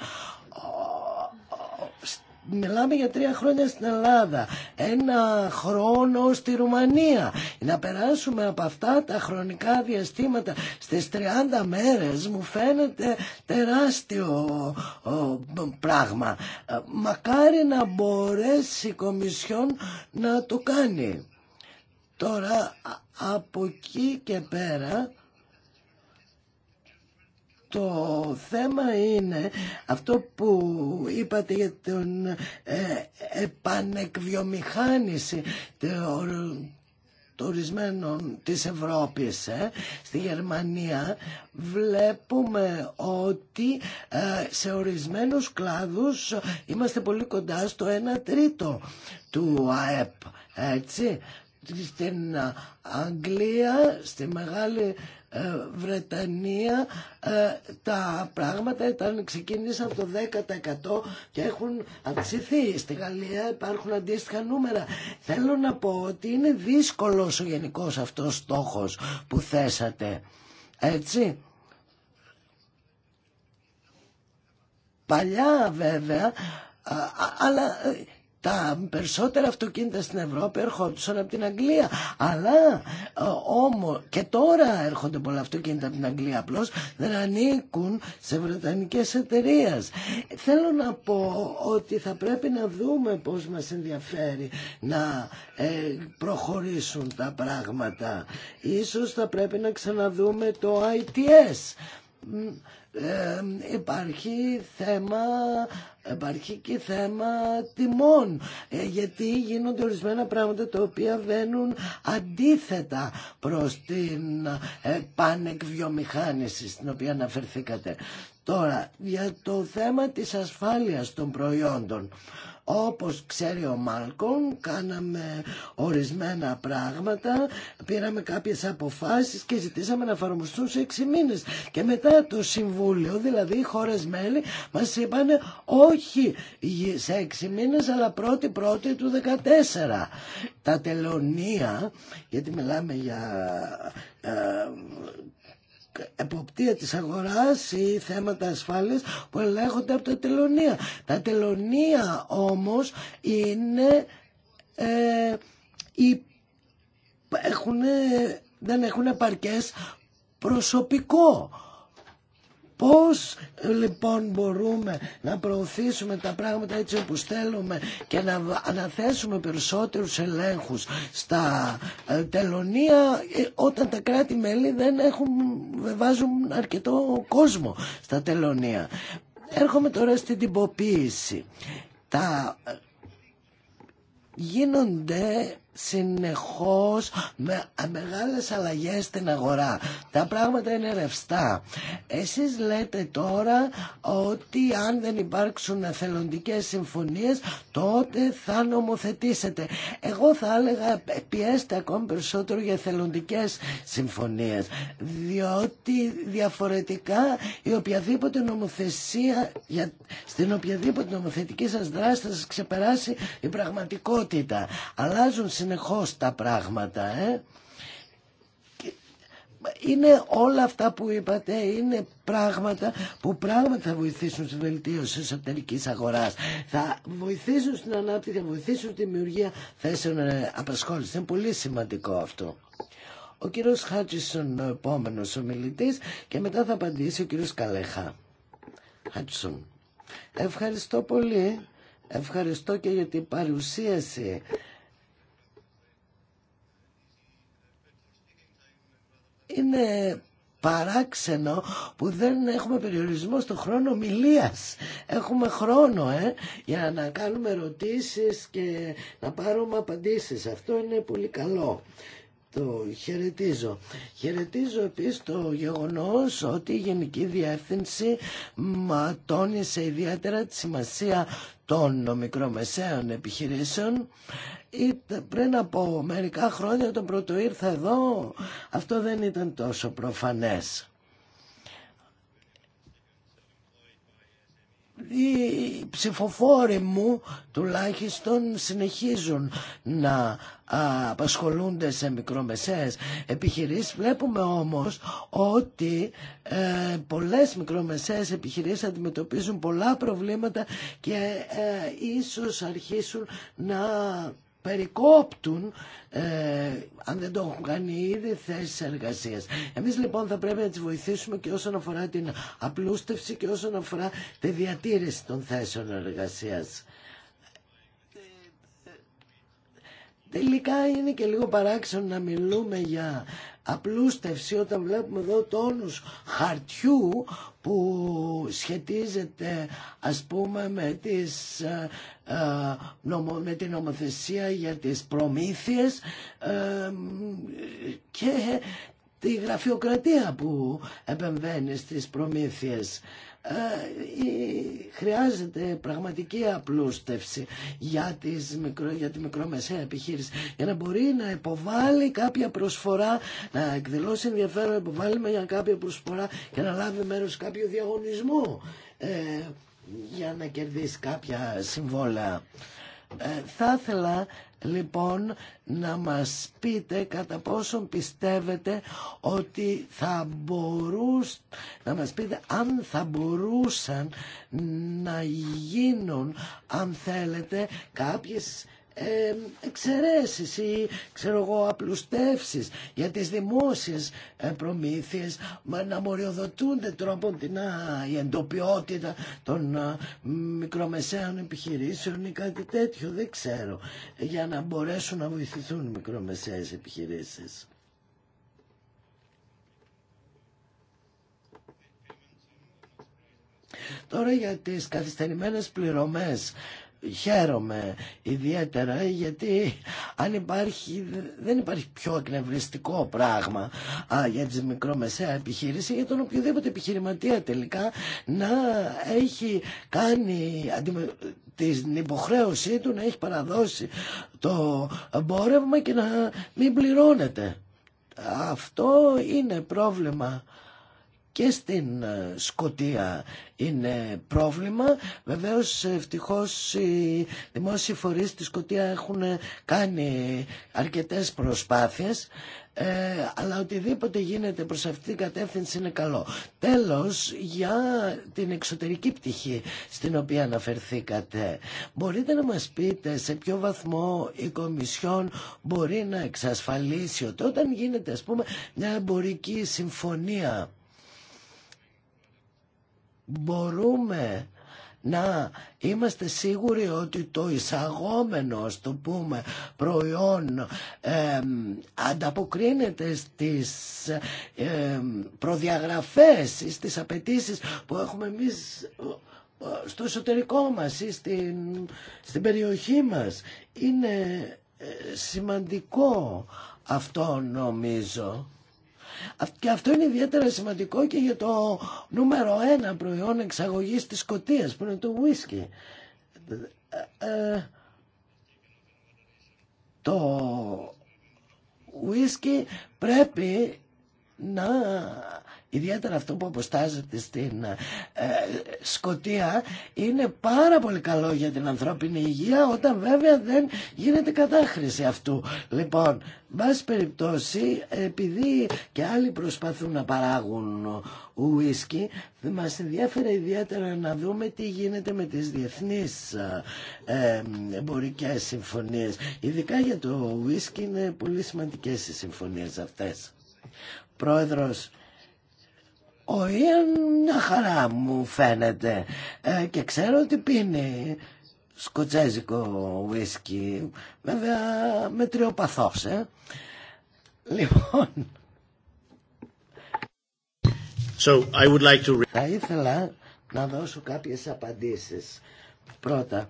Speaker 2: μιλάμε για τρία χρόνια στην Ελλάδα, ένα χρόνο στη Ρουμανία. Να περάσουμε από αυτά τα χρονικά διαστήματα στις 30 μέρες μου φαίνεται τεράστιο πράγμα. Ε, μακάρι να μπορέσει η Κομισιόν να το κάνει. Τώρα από εκεί και πέρα το θέμα είναι αυτό που είπατε για την ε, επανεκβιομηχάνηση ορισμένων της Ευρώπης ε. στη Γερμανία βλέπουμε ότι ε, σε ορισμένους κλάδους είμαστε πολύ κοντά στο 1 τρίτο του ΑΕΠ έτσι στην Αγγλία στη μεγάλη ε, Βρετανία ε, τα πράγματα ήταν, ξεκίνησαν από το 10% και έχουν αυξηθεί. Στη Γαλλία υπάρχουν αντίστοιχα νούμερα. Θέλω να πω ότι είναι δύσκολος ο γενικός αυτός στόχος που θέσατε. Έτσι. Παλιά βέβαια, αλλά ε, τα περισσότερα αυτοκίνητα στην Ευρώπη ερχόντουσαν από την Αγγλία. Αλλά ε, όμως και τώρα έρχονται πολλά αυτοκίνητα από την Αγγλία απλώ δεν ανήκουν σε βρετανικέ εταιρείε. Θέλω να πω ότι θα πρέπει να δούμε πώ μα ενδιαφέρει να ε, προχωρήσουν τα πράγματα. Ίσως θα πρέπει να ξαναδούμε το ITS. Ε, υπάρχει θέμα Υπάρχει και θέμα τιμών, ε, γιατί γίνονται ορισμένα πράγματα τα οποία βαίνουν αντίθετα προς την ε, πάνεκ στην οποία αναφερθήκατε. Τώρα, για το θέμα της ασφάλειας των προϊόντων. Όπως ξέρει ο Μάλκον, κάναμε ορισμένα πράγματα, πήραμε κάποιες αποφάσεις και ζητήσαμε να εφαρμοστούν σε 6 μήνες. Και μετά το Συμβούλιο, δηλαδή οι χώρες μέλη, μας είπαν όχι σε 6 μήνες, αλλά πρώτη-πρώτη του 2014. Τα τελωνία, γιατί μιλάμε για ε, εποπτεία της αγοράς ή θέματα ασφάλειας που ελέγχονται από τα τελωνία. Τα τελωνία όμως είναι, ε, δεν έχουν επαρκές προσωπικό Πώς λοιπόν μπορούμε να προωθήσουμε τα πράγματα έτσι όπως θέλουμε και να αναθέσουμε περισσότερους ελέγχους στα ε, τελωνία ε, όταν τα κράτη-μέλη δεν έχουν, βάζουν αρκετό κόσμο στα τελωνία. Έρχομαι τώρα στην τυποποίηση. Τα ε, γίνονται συνεχώς με μεγάλες αλλαγές στην αγορά. Τα πράγματα είναι ρευστά. Εσείς λέτε τώρα ότι αν δεν υπάρξουν εθελοντικές συμφωνίες τότε θα νομοθετήσετε. Εγώ θα έλεγα πιέστε ακόμη περισσότερο για εθελοντικές συμφωνίες διότι διαφορετικά η οποιαδήποτε νομοθεσία στην οποιαδήποτε νομοθετική σας δράση θα σας ξεπεράσει η πραγματικότητα. Αλλάζουν συνεχώς τα πράγματα. Ε. Είναι όλα αυτά που είπατε, είναι πράγματα που πράγματα θα βοηθήσουν στη βελτίωση τη εσωτερική αγορά. Θα βοηθήσουν στην ανάπτυξη, θα βοηθήσουν στη δημιουργία θέσεων ε, απασχόληση. Είναι πολύ σημαντικό αυτό. Ο κύριος Χάτσισον ο επόμενο ομιλητή και μετά θα απαντήσει ο κύριος Καλέχα. Χάτσισον. Ευχαριστώ πολύ. Ευχαριστώ και για την παρουσίαση είναι παράξενο που δεν έχουμε περιορισμό στο χρόνο μιλίας. Έχουμε χρόνο ε, για να κάνουμε ερωτήσεις και να πάρουμε απαντήσεις. Αυτό είναι πολύ καλό το χαιρετίζω. Χαιρετίζω επίσης το γεγονός ότι η Γενική Διεύθυνση μα ιδιαίτερα τη σημασία των μικρομεσαίων επιχειρήσεων. Πριν από μερικά χρόνια όταν πρώτο ήρθα εδώ αυτό δεν ήταν τόσο προφανές. οι ψηφοφόροι μου τουλάχιστον συνεχίζουν να απασχολούνται σε μικρομεσαίες επιχειρήσεις. Βλέπουμε όμως ότι ε, πολλές μικρομεσαίες επιχειρήσεις αντιμετωπίζουν πολλά προβλήματα και ε, ίσως αρχίσουν να περικόπτουν ε, αν δεν το έχουν κάνει ήδη θέσεις εργασίας. Εμείς λοιπόν θα πρέπει να τις βοηθήσουμε και όσον αφορά την απλούστευση και όσον αφορά τη διατήρηση των θέσεων εργασίας. Τελικά είναι και λίγο παράξενο να μιλούμε για απλούστευση όταν βλέπουμε εδώ τόνους χαρτιού που σχετίζεται ας πούμε με, τις, ε, ε, νομο, με την νομοθεσία για τις προμήθειες ε, και τη γραφειοκρατία που επεμβαίνει στις προμήθειες. Ε, χρειάζεται πραγματική απλούστευση για, τις μικρο, για τη μικρομεσαία επιχείρηση για να μπορεί να υποβάλει κάποια προσφορά, να εκδηλώσει ενδιαφέρον να υποβάλει με κάποια προσφορά και να λάβει μέρος κάποιο διαγωνισμό ε, για να κερδίσει κάποια συμβόλαια. Ε, θα ήθελα λοιπόν να μας πείτε κατά πόσον πιστεύετε ότι θα μπορούς να μας πείτε αν θα μπορούσαν να γίνουν αν θέλετε κάποιες εξαιρέσεις ή ξέρω εγώ απλουστεύσεις για τις δημόσιες ε, προμήθειες να μοριοδοτούνται τρόπον την η εντοπιότητα των μικρομεσαίων επιχειρήσεων ή κάτι τέτοιο δεν ξέρω για να μπορέσουν να βοηθηθούν οι μικρομεσαίες επιχειρήσεις. Τώρα για τις καθυστερημένες πληρωμές χαίρομαι ιδιαίτερα γιατί αν υπάρχει, δεν υπάρχει πιο εκνευριστικό πράγμα α, για τις μικρομεσαία επιχείρηση για τον οποιοδήποτε επιχειρηματία τελικά να έχει κάνει αντιμε... την υποχρέωσή του να έχει παραδώσει το εμπόρευμα και να μην πληρώνεται. Αυτό είναι πρόβλημα και στην ε, Σκοτία είναι πρόβλημα. Βεβαίω, ευτυχώ, οι δημόσιοι φορεί στη Σκοτία έχουν κάνει αρκετές προσπάθειες ε, αλλά οτιδήποτε γίνεται προς αυτή την κατεύθυνση είναι καλό. Τέλος, για την εξωτερική πτυχή στην οποία αναφερθήκατε, μπορείτε να μας πείτε σε ποιο βαθμό η Κομισιόν μπορεί να εξασφαλίσει ότι όταν γίνεται, ας πούμε, μια εμπορική συμφωνία μπορούμε να είμαστε σίγουροι ότι το εισαγόμενο, το πούμε, προϊόν ανταποκρίνεται στις ε, προδιαγραφές ή στις απαιτήσεις που έχουμε εμείς στο εσωτερικό μας ή στην, στην περιοχή μας. Είναι ε, σημαντικό αυτό νομίζω. Και αυτό είναι ιδιαίτερα σημαντικό και για το νούμερο ένα προϊόν εξαγωγής της Σκωτίας που είναι το whisky. Ε, ε, το whisky πρέπει να ιδιαίτερα αυτό που αποστάζεται στην ε, ε Σκοτία είναι πάρα πολύ καλό για την ανθρώπινη υγεία όταν βέβαια δεν γίνεται κατάχρηση αυτού. Λοιπόν, μπας περιπτώσει επειδή και άλλοι προσπαθούν να παράγουν ουίσκι μας ενδιαφέρει ιδιαίτερα να δούμε τι γίνεται με τις διεθνείς ε, εμπορικές συμφωνίες. Ειδικά για το ουίσκι είναι πολύ σημαντικές οι συμφωνίες αυτές. Πρόεδρος, ο μια χαρά μου φαίνεται ε, και ξέρω ότι πίνει σκοτσέζικο ουίσκι, βέβαια με τριοπαθός, ε. Λοιπόν... So, like to... Θα ήθελα να δώσω κάποιες απαντήσεις. Πρώτα,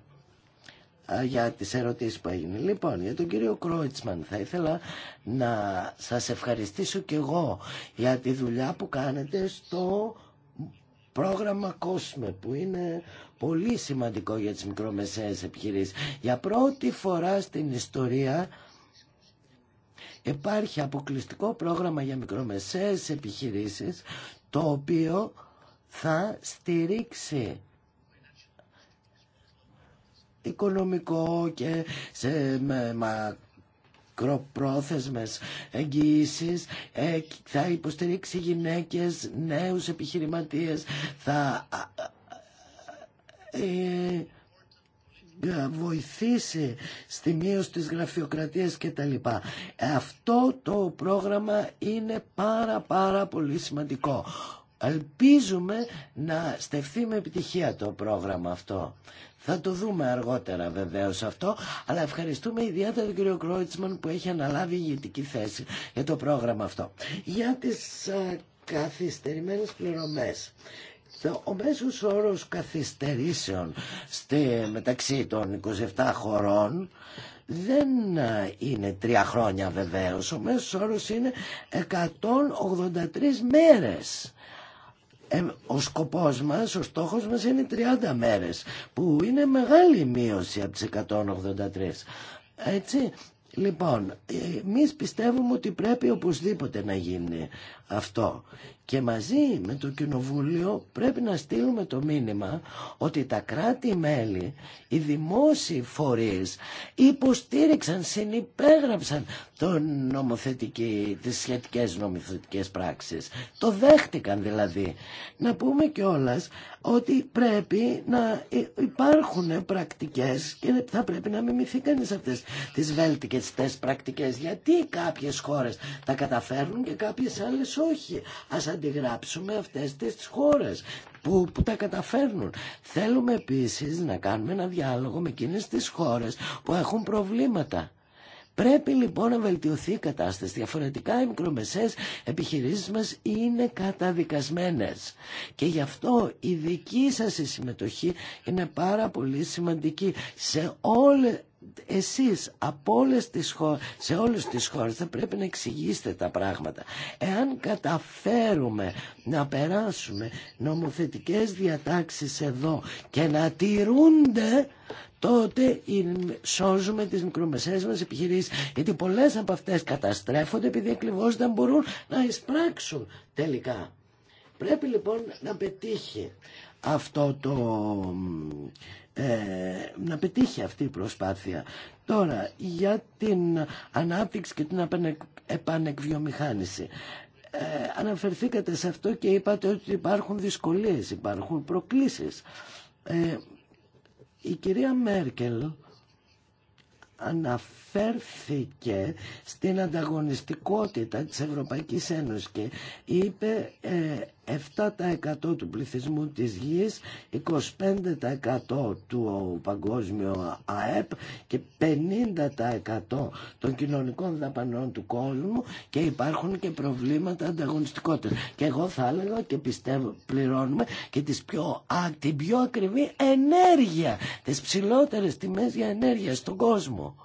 Speaker 2: για τις ερωτήσεις που έγινε. Λοιπόν, για τον κύριο Κρόιτσμαν θα ήθελα να σας ευχαριστήσω και εγώ για τη δουλειά που κάνετε στο πρόγραμμα COSME που είναι πολύ σημαντικό για τις μικρομεσαίες επιχειρήσεις. Για πρώτη φορά στην ιστορία υπάρχει αποκλειστικό πρόγραμμα για μικρομεσαίες επιχειρήσεις το οποίο θα στηρίξει οικονομικό και σε με, μακροπρόθεσμες εγγυήσεις ε, θα υποστηρίξει γυναίκες, νέους επιχειρηματίες θα ε, ε, βοηθήσει στη μείωση της γραφειοκρατίας και τα λοιπά. Αυτό το πρόγραμμα είναι πάρα πάρα πολύ σημαντικό. Ελπίζουμε να στεφθεί με επιτυχία το πρόγραμμα αυτό. Θα το δούμε αργότερα βεβαίως αυτό, αλλά ευχαριστούμε ιδιαίτερα τον κύριο Κρόιτσμαν που έχει αναλάβει ηγετική θέση για το πρόγραμμα αυτό. Για τι καθυστερημένε καθυστερημένες Ο μέσος όρος καθυστερήσεων στη, μεταξύ των 27 χωρών δεν είναι τρία χρόνια βεβαίως. Ο μέσος όρος είναι 183 μέρες. Ε, ο σκοπός μας, ο στόχος μας είναι 30 μέρες που είναι μεγάλη μείωση από τις 183 έτσι λοιπόν εμείς πιστεύουμε ότι πρέπει οπωσδήποτε να γίνει αυτό και μαζί με το Κοινοβούλιο πρέπει να στείλουμε το μήνυμα ότι τα κράτη-μέλη, οι δημόσιοι φορείς υποστήριξαν, συνυπέγραψαν το νομοθετική, τις σχετικές νομοθετικές πράξεις. Το δέχτηκαν δηλαδή. Να πούμε κιόλας ότι πρέπει να υπάρχουν πρακτικές και θα πρέπει να μιμηθεί κανεί αυτές τις βέλτικες πρακτικές. Γιατί κάποιες χώρες τα καταφέρνουν και κάποιες άλλες όχι. Ας αντιγράψουμε αυτές τις χώρες που, που τα καταφέρνουν. Θέλουμε επίσης να κάνουμε ένα διάλογο με εκείνες τις χώρες που έχουν προβλήματα Πρέπει λοιπόν να βελτιωθεί η κατάσταση. Διαφορετικά οι μικρομεσαίες επιχειρήσεις μας είναι καταδικασμένες. Και γι' αυτό η δική σας συμμετοχή είναι πάρα πολύ σημαντική σε όλες εσείς από τις σε όλες τις χώρες θα πρέπει να εξηγήσετε τα πράγματα. Εάν καταφέρουμε να περάσουμε νομοθετικές διατάξεις εδώ και να τηρούνται τότε σώζουμε τις μικρομεσαίες μας επιχειρήσεις γιατί πολλές από αυτές καταστρέφονται επειδή ακριβώ δεν μπορούν να εισπράξουν τελικά. Πρέπει λοιπόν να πετύχει αυτό το ε, να πετύχει αυτή η προσπάθεια. Τώρα, για την ανάπτυξη και την επανεκβιομηχάνηση. Ε, αναφερθήκατε σε αυτό και είπατε ότι υπάρχουν δυσκολίες, υπάρχουν προκλήσεις. Ε, η κυρία Μέρκελ αναφέρθηκε στην ανταγωνιστικότητα της Ευρωπαϊκής Ένωσης και είπε ε, 7% του πληθυσμού της γης, 25% του παγκόσμιου ΑΕΠ και 50% των κοινωνικών δαπανών του κόσμου και υπάρχουν και προβλήματα ανταγωνιστικότητα. Και εγώ θα έλεγα και πιστεύω πληρώνουμε και τις πιο, α, την πιο ακριβή ενέργεια, τις ψηλότερες τιμές για ενέργεια στον κόσμο.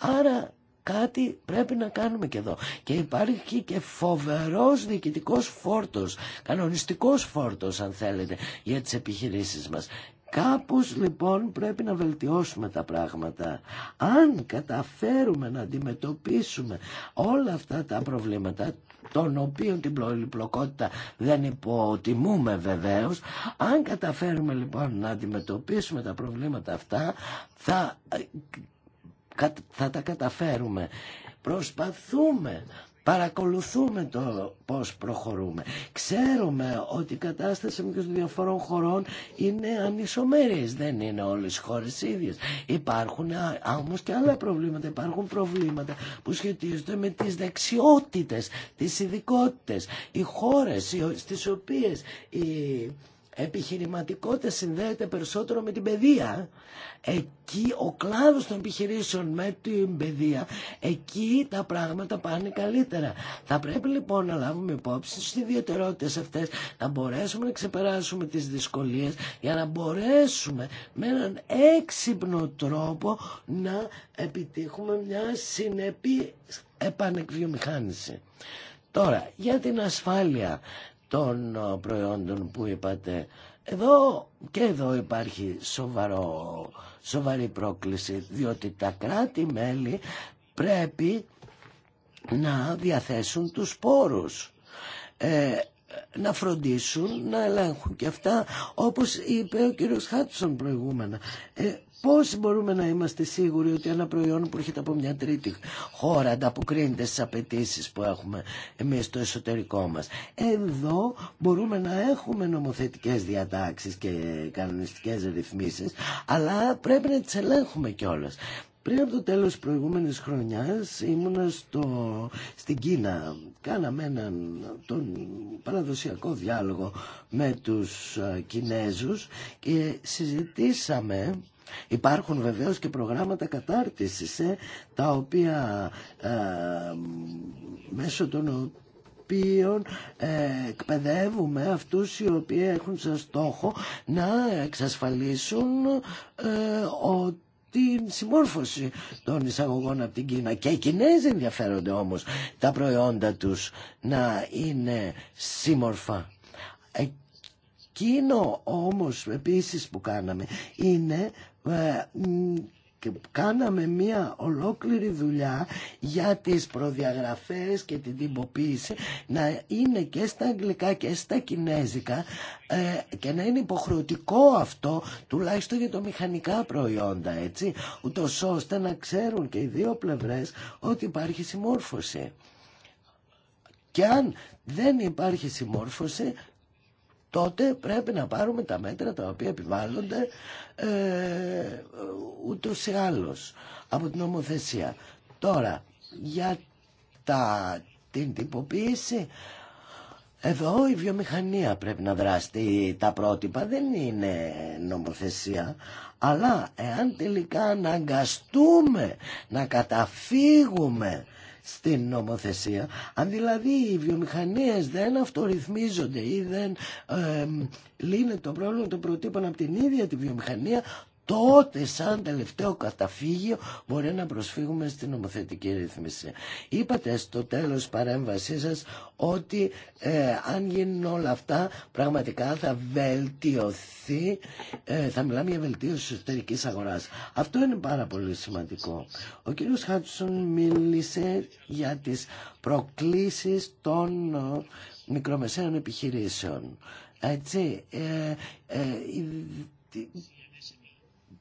Speaker 2: Άρα κάτι πρέπει να κάνουμε και εδώ. Και υπάρχει και φοβερός διοικητικός φόρτος, κανονιστικός φόρτος αν θέλετε, για τις επιχειρήσεις μας. Κάπως λοιπόν πρέπει να βελτιώσουμε τα πράγματα. Αν καταφέρουμε να αντιμετωπίσουμε όλα αυτά τα προβλήματα, των οποίων την πολυπλοκότητα δεν υποτιμούμε βεβαίως, αν καταφέρουμε λοιπόν να αντιμετωπίσουμε τα προβλήματα αυτά, θα θα τα καταφέρουμε. Προσπαθούμε Παρακολουθούμε το πώς προχωρούμε. Ξέρουμε ότι η κατάσταση με των διαφορών χωρών είναι ανισομέρειες. Δεν είναι όλες οι χώρες ίδιες. Υπάρχουν όμως και άλλα προβλήματα. Υπάρχουν προβλήματα που σχετίζονται με τις δεξιότητες, τις ειδικότητε. Οι χώρες στις οποίες οι επιχειρηματικότητα συνδέεται περισσότερο με την παιδεία. Εκεί ο κλάδος των επιχειρήσεων με την παιδεία, εκεί τα πράγματα πάνε καλύτερα. Θα πρέπει λοιπόν να λάβουμε υπόψη στις ιδιαιτερότητες αυτές, να μπορέσουμε να ξεπεράσουμε τις δυσκολίες για να μπορέσουμε με έναν έξυπνο τρόπο να επιτύχουμε μια συνεπή επανεκβιομηχάνηση. Τώρα, για την ασφάλεια των ε, προϊόντων που είπατε. Εδώ και εδώ υπάρχει σοβαρό, σοβαρή πρόκληση, διότι τα κράτη-μέλη πρέπει να διαθέσουν τους πόρους. Ε, να φροντίσουν, να ελέγχουν και αυτά όπως είπε ο κύριος Χάτσον προηγούμενα. Ε, Πώς μπορούμε να είμαστε σίγουροι ότι ένα προϊόν που έρχεται από μια τρίτη χώρα ανταποκρίνεται στις απαιτήσει που έχουμε εμείς στο εσωτερικό μας. Εδώ μπορούμε να έχουμε νομοθετικές διατάξεις και κανονιστικές ρυθμίσεις, αλλά πρέπει να τις ελέγχουμε κιόλας. Πριν από το τέλος της προηγούμενης χρονιάς ήμουνα στο, στην Κίνα. Κάναμε έναν τον παραδοσιακό διάλογο με τους ε, Κινέζους και συζητήσαμε Υπάρχουν βεβαίως και προγράμματα κατάρτισης ε, τα οποία ε, μέσω των οποίων ε, εκπαιδεύουμε αυτούς οι οποίοι έχουν σαν στόχο να εξασφαλίσουν ότι την συμμόρφωση των εισαγωγών από την Κίνα. Και οι Κινέζοι ενδιαφέρονται όμως τα προϊόντα τους να είναι σύμμορφα. Εκείνο όμως επίσης που κάναμε είναι ε, κάναμε μία ολόκληρη δουλειά για τις προδιαγραφές και την τυποποίηση να είναι και στα αγγλικά και στα κινέζικα ε, και να είναι υποχρεωτικό αυτό τουλάχιστον για το μηχανικά προϊόντα έτσι ούτω ώστε να ξέρουν και οι δύο πλευρές ότι υπάρχει συμμόρφωση. Και αν δεν υπάρχει συμμόρφωση τότε πρέπει να πάρουμε τα μέτρα τα οποία επιβάλλονται ε, ούτως ή άλλως από την νομοθεσία. Τώρα, για τα, την τυποποίηση, εδώ η βιομηχανία πρέπει να δράσει τα πρότυπα, δεν είναι νομοθεσία. Αλλά εάν τελικά αναγκαστούμε να καταφύγουμε στην νομοθεσία. Αν δηλαδή οι βιομηχανίες δεν αυτορυθμίζονται ή δεν ε, λύνεται το πρόβλημα των προτύπων από την ίδια τη βιομηχανία, τότε σαν τελευταίο καταφύγιο μπορεί να προσφύγουμε στην νομοθετική ρύθμιση. Είπατε στο τέλος παρέμβασή σας ότι ε, αν γίνουν όλα αυτά πραγματικά θα βελτιωθεί, ε, θα μιλάμε για βελτίωση εσωτερικής αγοράς. Αυτό είναι πάρα πολύ σημαντικό. Ο κύριος Χάτσον μίλησε για τις προκλήσεις των ε, μικρομεσαίων επιχειρήσεων. Έτσι,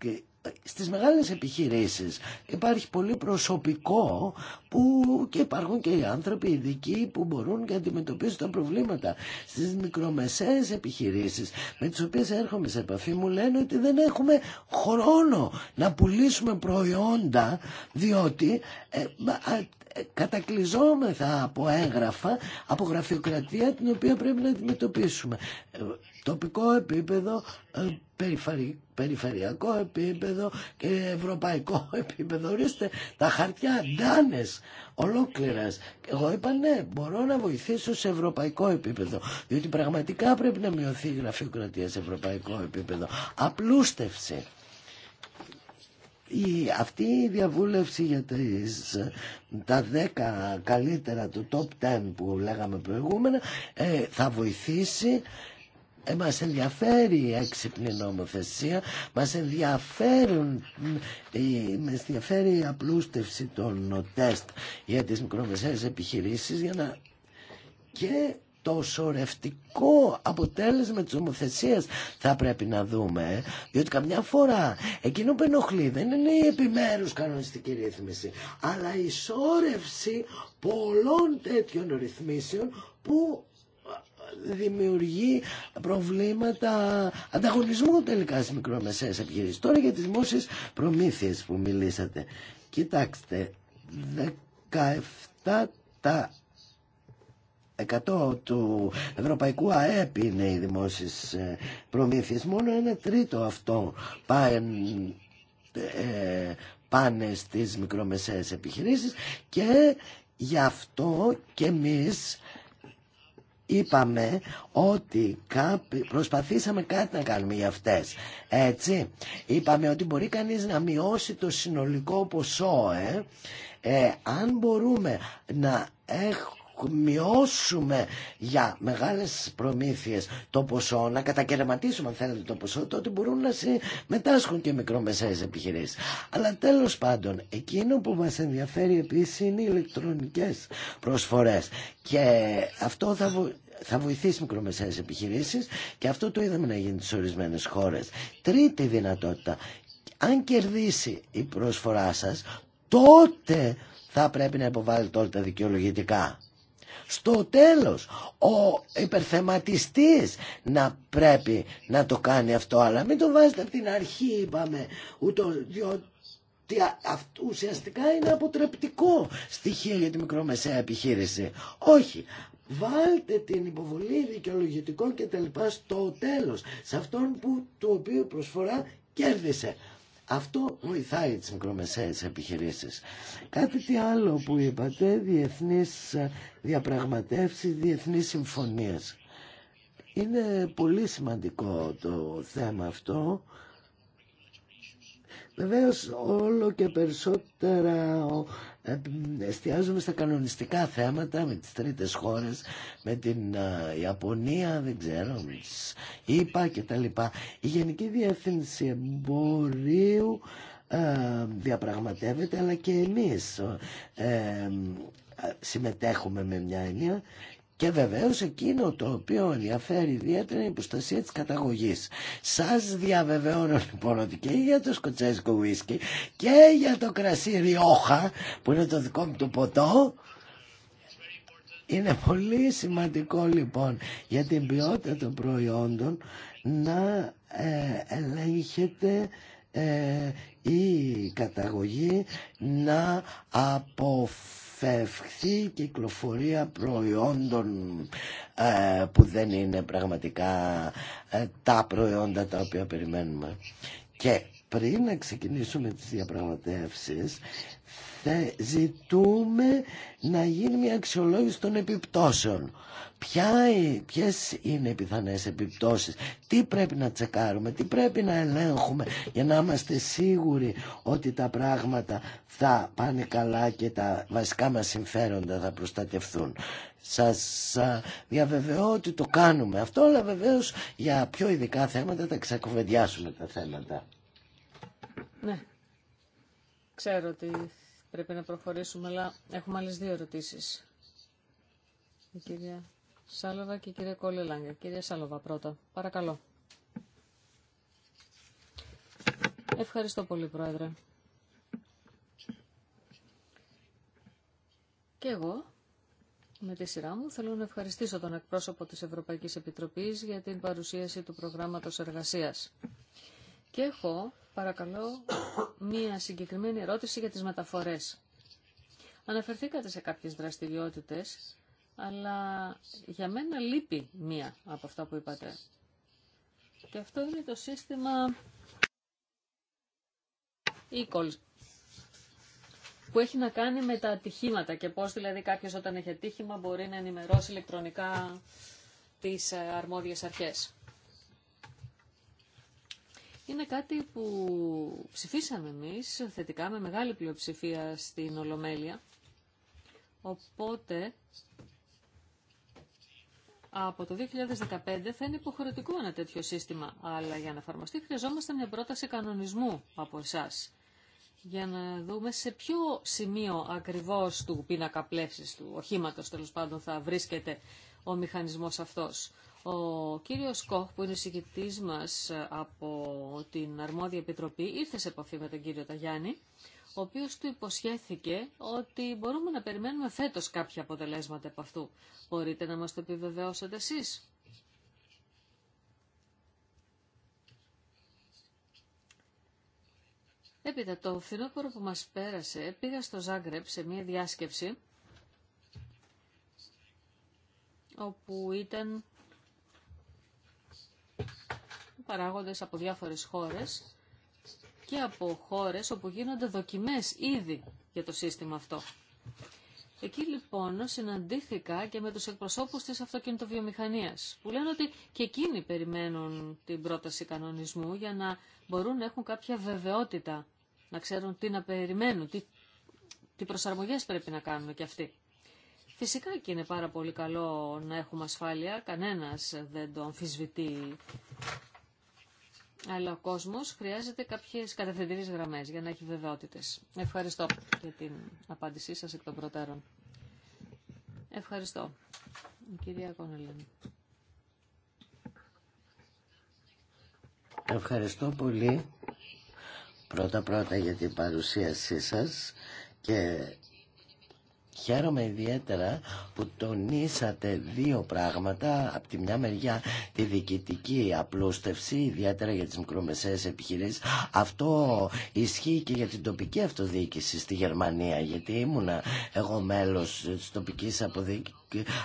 Speaker 2: και ε, στις μεγάλες επιχειρήσεις υπάρχει πολύ προσωπικό που και υπάρχουν και οι άνθρωποι ειδικοί που μπορούν και αντιμετωπίζουν τα προβλήματα. Στις μικρομεσαίες επιχειρήσεις με τις οποίες έρχομαι σε επαφή μου λένε ότι δεν έχουμε χρόνο να πουλήσουμε προϊόντα διότι ε, ε κατακλυζόμεθα από έγγραφα, από γραφειοκρατία την οποία πρέπει να αντιμετωπίσουμε. Ε, τοπικό επίπεδο, ε, περιφερειακό επίπεδο και ευρωπαϊκό επίπεδο. Ορίστε τα χαρτιά ντάνε ολόκληρας. Εγώ είπα ναι, μπορώ να βοηθήσω σε ευρωπαϊκό επίπεδο, διότι πραγματικά πρέπει να μειωθεί η γραφειοκρατία σε ευρωπαϊκό επίπεδο. Απλούστευση. Η, αυτή η διαβούλευση για τις, τα 10 καλύτερα του top 10 που λέγαμε προηγούμενα ε, θα βοηθήσει ε, μας ενδιαφέρει η έξυπνη νομοθεσία, μας ενδιαφέρουν, η, ε, ενδιαφέρει η απλούστευση των τεστ για τις μικρομεσαίες επιχειρήσεις για να και το σωρευτικό αποτέλεσμα της νομοθεσία θα πρέπει να δούμε διότι καμιά φορά εκείνο που ενοχλεί δεν είναι η επιμέρους κανονιστική ρύθμιση αλλά η σώρευση πολλών τέτοιων ρυθμίσεων που δημιουργεί προβλήματα ανταγωνισμού τελικά στις μικρομεσαίες επιχειρήσεις. Τώρα για τις δημόσιες προμήθειες που μιλήσατε. Κοιτάξτε, 17 τα 100 του ευρωπαϊκού ΑΕΠ είναι οι δημόσιες ε, προμήθειες. Μόνο ένα τρίτο αυτό πάνε πάνε στις μικρομεσαίες επιχειρήσεις και γι' αυτό και εμείς είπαμε ότι προσπαθήσαμε κάτι να κάνουμε για αυτές. Έτσι, είπαμε ότι μπορεί κανείς να μειώσει το συνολικό ποσό, ε, ε αν μπορούμε να έχουμε μειώσουμε για μεγάλες προμήθειες το ποσό, να κατακαιρματίσουμε αν θέλετε το ποσό, τότε μπορούν να συμμετάσχουν και μικρομεσαίες επιχειρήσεις. Αλλά τέλος πάντων, εκείνο που μας ενδιαφέρει επίσης είναι οι ηλεκτρονικές προσφορές και αυτό θα, θα βοηθήσει μικρομεσαίες επιχειρήσεις και αυτό το είδαμε να γίνει στις ορισμένες χώρες. Τρίτη δυνατότητα, αν κερδίσει η προσφορά σας, τότε θα πρέπει να υποβάλλετε όλα τα δικαιολογητικά στο τέλος ο υπερθεματιστής να πρέπει να το κάνει αυτό αλλά μην το βάζετε από την αρχή είπαμε ούτω διότι ουσιαστικά είναι αποτρεπτικό στοιχείο για τη μικρομεσαία επιχείρηση όχι Βάλτε την υποβολή δικαιολογητικών και τα λοιπά στο τέλος, σε αυτόν που, του οποίου προσφορά κέρδισε. Αυτό βοηθάει τις μικρομεσαίες επιχειρήσεις. Κάτι τι άλλο που είπατε, διεθνείς διαπραγματεύσεις, διεθνείς συμφωνίες. Είναι πολύ σημαντικό το θέμα αυτό. Βεβαίω όλο και περισσότερα εστιάζουμε στα κανονιστικά θέματα με τις τρίτες χώρες, με την Ιαπωνία, δεν ξέρω, με και τα λοιπά. Η Γενική Διεύθυνση Εμπορίου να διαπραγματεύεται, αλλά και εμείς ε, ε, συμμετέχουμε με μια έννοια και βεβαίω εκείνο το οποίο ενδιαφέρει ιδιαίτερα είναι η προστασία τη καταγωγής. Σας διαβεβαιώνω λοιπόν ότι και για το σκοτσέζικο ουίσκι και για το κρασί ριόχα που είναι το δικό μου το ποτό είναι πολύ σημαντικό λοιπόν για την ποιότητα των προϊόντων να ε, ελέγχεται ε, η καταγωγή να αποφύγει η κυκλοφορία προϊόντων ε, που δεν είναι πραγματικά ε, τα προϊόντα τα οποία περιμένουμε. Και πριν να ξεκινήσουμε τις διαπραγματεύσεις ζητούμε να γίνει μια αξιολόγηση των επιπτώσεων. Ποια, ε, ποιες είναι οι πιθανές επιπτώσεις, τι πρέπει να τσεκάρουμε, τι πρέπει να ελέγχουμε για να είμαστε σίγουροι ότι τα πράγματα θα πάνε καλά και τα βασικά μας συμφέροντα θα προστατευθούν. Σας διαβεβαιώ ότι το κάνουμε αυτό,
Speaker 3: αλλά βεβαίως
Speaker 2: για πιο ειδικά θέματα θα ξακουβεντιάσουμε τα θέματα.
Speaker 3: Ναι. Ξέρω ότι πρέπει να προχωρήσουμε, αλλά έχουμε άλλες δύο ερωτήσεις. Η κυρία Σάλοβα και η κυρία Κολελάγκα. Κυρία Σάλοβα πρώτα. Παρακαλώ. Ευχαριστώ πολύ, Πρόεδρε. Και εγώ, με τη σειρά μου, θέλω να ευχαριστήσω τον εκπρόσωπο της Ευρωπαϊκής Επιτροπής για την παρουσίαση του προγράμματος εργασίας. Και έχω παρακαλώ μία συγκεκριμένη ερώτηση για τις μεταφορές. Αναφερθήκατε σε κάποιες δραστηριότητες, αλλά για μένα λείπει μία από αυτά που είπατε. Και αυτό είναι το σύστημα e που έχει να κάνει με τα ατυχήματα και πώς δηλαδή κάποιος όταν έχει ατύχημα μπορεί να ενημερώσει ηλεκτρονικά τις ε, αρμόδιες αρχές είναι κάτι που ψηφίσαμε εμείς θετικά με μεγάλη πλειοψηφία στην Ολομέλεια. Οπότε από το 2015 θα είναι υποχρεωτικό ένα τέτοιο σύστημα, αλλά για να εφαρμοστεί χρειαζόμαστε μια πρόταση κανονισμού από εσάς Για να δούμε σε ποιο σημείο ακριβώς του πίνακα πλεύσης, του οχήματος τέλος πάντων, θα βρίσκεται ο μηχανισμός αυτός. Ο κύριος Κοχ, που είναι ο συγκητής μας ε, από την Αρμόδια Επιτροπή, ήρθε σε επαφή με τον κύριο Ταγιάννη, ο οποίος του υποσχέθηκε ότι μπορούμε να περιμένουμε φέτος κάποια αποτελέσματα από αυτού. Μπορείτε να μας το επιβεβαιώσετε εσείς. Έπειτα το φθινόπωρο που μας πέρασε πήγα στο Ζάγκρεπ σε μια διάσκεψη όπου ήταν παράγοντες από διάφορες χώρες και από χώρες όπου γίνονται δοκιμές ήδη για το σύστημα αυτό. Εκεί λοιπόν συναντήθηκα και με τους εκπροσώπους της αυτοκινητοβιομηχανίας που λένε ότι και εκείνοι περιμένουν την πρόταση κανονισμού για να μπορούν να έχουν κάποια βεβαιότητα, να ξέρουν τι να περιμένουν, τι, τι προσαρμογές πρέπει να κάνουν και αυτοί. Φυσικά και είναι πάρα πολύ καλό να έχουμε ασφάλεια, κανένας δεν το αμφισβητεί. Αλλά ο κόσμος χρειάζεται κάποιες κατευθυντήρες γραμμές για να έχει βεβαιότητες. Ευχαριστώ για την απάντησή σας εκ των προτέρων. Ευχαριστώ. Κυρία Κονελίνη.
Speaker 2: Ευχαριστώ πολύ πρώτα πρώτα για την παρουσίασή σας και Χαίρομαι ιδιαίτερα που τονίσατε δύο πράγματα. Από τη μια μεριά τη διοικητική απλούστευση, ιδιαίτερα για τις μικρομεσαίες επιχειρήσεις. Αυτό ισχύει και για την τοπική αυτοδιοίκηση στη Γερμανία, γιατί ήμουνα εγώ μέλος της τοπικής αποδιοίκησης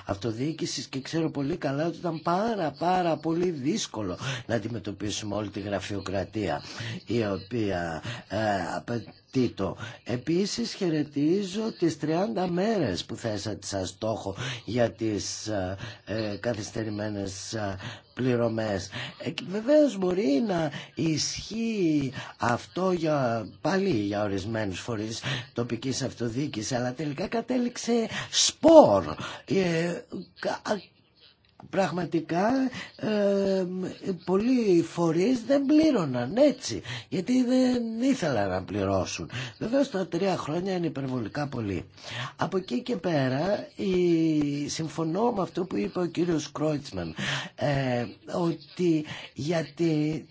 Speaker 2: αυτοδιοίκηση και ξέρω πολύ καλά ότι ήταν πάρα πάρα πολύ δύσκολο να αντιμετωπίσουμε όλη τη γραφειοκρατία η οποία ε, απαιτεί το. Επίσης χαιρετίζω τις 30 μέρες που θέσατε σαν στόχο για τις ε, ε καθυστερημένες ε, πληρωμές. Ε, βεβαίως μπορεί να ισχύει αυτό για, πάλι για ορισμένους φορείς τοπικής αυτοδίκησης, αλλά τελικά κατέληξε σπορ. Ε, Πραγματικά ε, πολλοί φορείς δεν πλήρωναν έτσι γιατί δεν ήθελαν να πληρώσουν. Βέβαια στα τρία χρόνια είναι υπερβολικά πολύ. Από εκεί και πέρα η, συμφωνώ με αυτό που είπε ο κύριος Κρόιτσμαν ε, ότι γιατί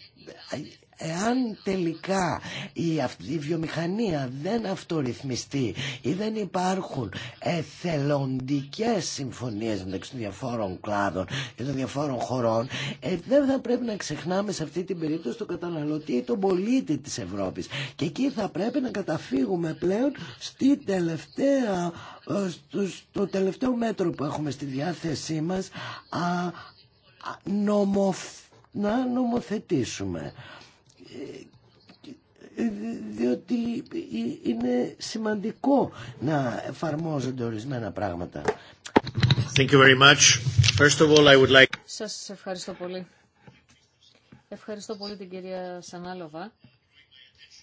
Speaker 2: Εάν τελικά η, η βιομηχανία δεν αυτορυθμιστεί ή δεν υπάρχουν εθελοντικές συμφωνίες μεταξύ των διαφόρων κλάδων και των διαφόρων χωρών, ε, δεν θα πρέπει να ξεχνάμε σε αυτή την περίπτωση τον καταναλωτή ή τον πολίτη της Ευρώπης. Και εκεί θα πρέπει να καταφύγουμε πλέον στη τελευταία, ε, στο, τελευταίο μέτρο που έχουμε στη διάθεσή μας να νομοθετήσουμε διότι είναι σημαντικό να εφαρμόζονται ορισμένα πράγματα. Thank you very much. First of all, I would like...
Speaker 3: Σας ευχαριστώ πολύ. Ευχαριστώ πολύ την κυρία Σανάλοβα,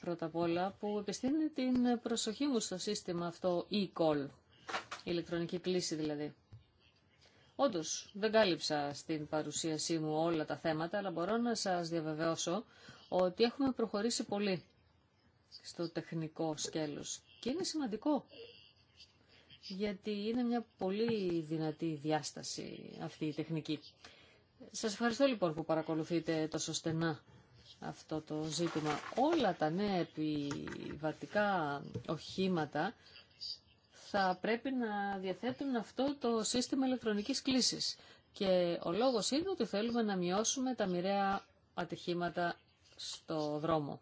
Speaker 3: πρώτα απ' όλα, που επιστήνει την προσοχή μου στο σύστημα αυτό e-call, ηλεκτρονική κλίση δηλαδή. Όντω, δεν κάλυψα στην παρουσίασή μου όλα τα θέματα, αλλά μπορώ να σας διαβεβαιώσω ότι έχουμε προχωρήσει πολύ στο τεχνικό σκέλος και είναι σημαντικό γιατί είναι μια πολύ δυνατή διάσταση αυτή η τεχνική. Σας ευχαριστώ λοιπόν που παρακολουθείτε τόσο στενά αυτό το ζήτημα. Όλα τα νέα επιβατικά οχήματα θα πρέπει να διαθέτουν αυτό το σύστημα ηλεκτρονικής κλήσης. Και ο λόγος είναι ότι θέλουμε να μειώσουμε τα μοιραία ατυχήματα στο δρόμο.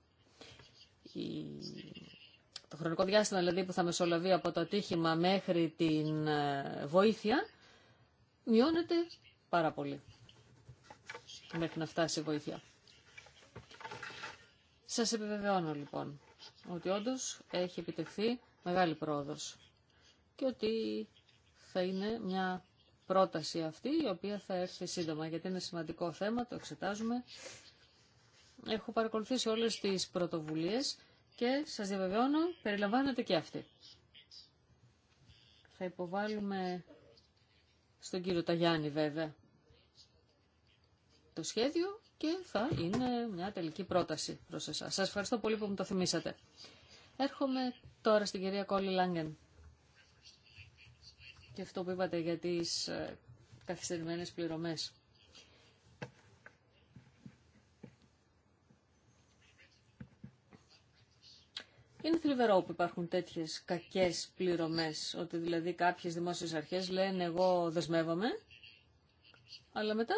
Speaker 3: Το χρονικό διάστημα δηλαδή που θα μεσολαβεί από το ατύχημα μέχρι την ε, βοήθεια μειώνεται πάρα πολύ μέχρι να φτάσει η βοήθεια. Σας επιβεβαιώνω λοιπόν ότι όντως έχει επιτευχθεί μεγάλη πρόοδος και ότι θα είναι μια πρόταση αυτή η οποία θα έρθει σύντομα γιατί είναι σημαντικό θέμα, το εξετάζουμε έχω παρακολουθήσει όλες τις πρωτοβουλίες και σας διαβεβαιώνω, περιλαμβάνεται και αυτή. Θα υποβάλουμε στον κύριο Ταγιάννη βέβαια το σχέδιο και θα είναι μια τελική πρόταση προς εσάς. Σας ευχαριστώ πολύ που μου το θυμήσατε. Έρχομαι τώρα στην κυρία Κόλλη Λάγκεν. Και αυτό που είπατε για τις ε, καθυστερημένες πληρωμές. Είναι θλιβερό που υπάρχουν τέτοιες κακές πληρωμές, ότι δηλαδή κάποιες δημόσιες αρχές λένε εγώ δεσμεύομαι, αλλά μετά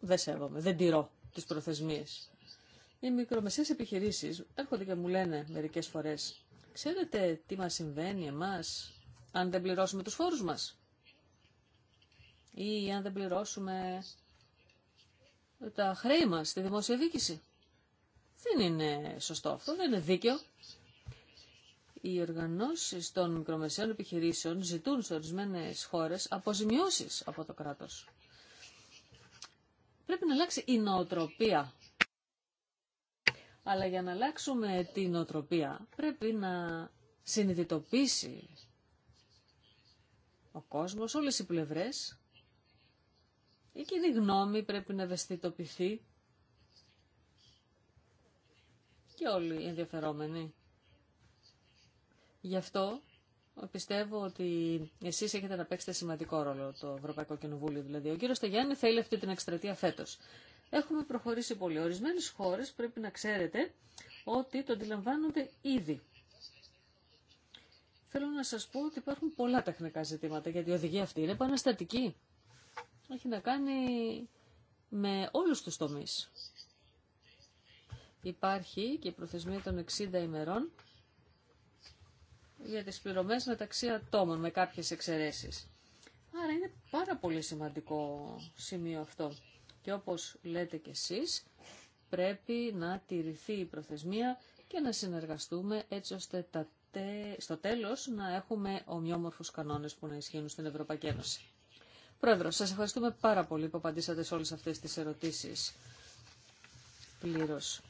Speaker 3: δεν σέβομαι, δεν τηρώ τις προθεσμίες. Οι μικρομεσαίες επιχειρήσεις έρχονται και μου λένε μερικέ φορές, ξέρετε τι μας συμβαίνει εμά αν δεν πληρώσουμε τους φόρους μας ή αν δεν πληρώσουμε τα χρέη μας στη δημόσια διοίκηση. Δεν είναι σωστό αυτό, δεν είναι δίκαιο. Οι οργανώσεις των μικρομεσαίων επιχειρήσεων ζητούν σε ορισμένε χώρες αποζημιώσεις από το κράτος. Πρέπει να αλλάξει η νοοτροπία. Αλλά για να αλλάξουμε την νοοτροπία πρέπει να συνειδητοποιήσει ο κόσμος, όλες οι πλευρές. Η κοινή γνώμη πρέπει να ευαισθητοποιηθεί και όλοι οι ενδιαφερόμενοι. Γι' αυτό πιστεύω ότι εσείς έχετε να παίξετε σημαντικό ρόλο το Ευρωπαϊκό Κοινοβούλιο. Δηλαδή, ο κύριος Σταγιάννη θέλει αυτή την εκστρατεία φέτος. Έχουμε προχωρήσει πολύ. Ορισμένε χώρες πρέπει να ξέρετε ότι το αντιλαμβάνονται ήδη. Θέλω να σας πω ότι υπάρχουν πολλά τεχνικά ζητήματα, γιατί η οδηγία αυτή είναι επαναστατική. Έχει να κάνει με όλους τους τομείς. Υπάρχει και η προθεσμία των 60 ημερών για τις πληρωμές μεταξύ ατόμων με κάποιες εξαιρέσεις. Άρα είναι πάρα πολύ σημαντικό σημείο αυτό. Και όπως λέτε κι εσείς, πρέπει να τηρηθεί η προθεσμία και να συνεργαστούμε έτσι ώστε τα στο τέλος να έχουμε ομοιόμορφους κανόνες που να ισχύουν στην Ευρωπαϊκή Ένωση. Πρόεδρο, σας ευχαριστούμε πάρα πολύ που απαντήσατε σε όλες αυτές τις ερωτήσεις πλήρως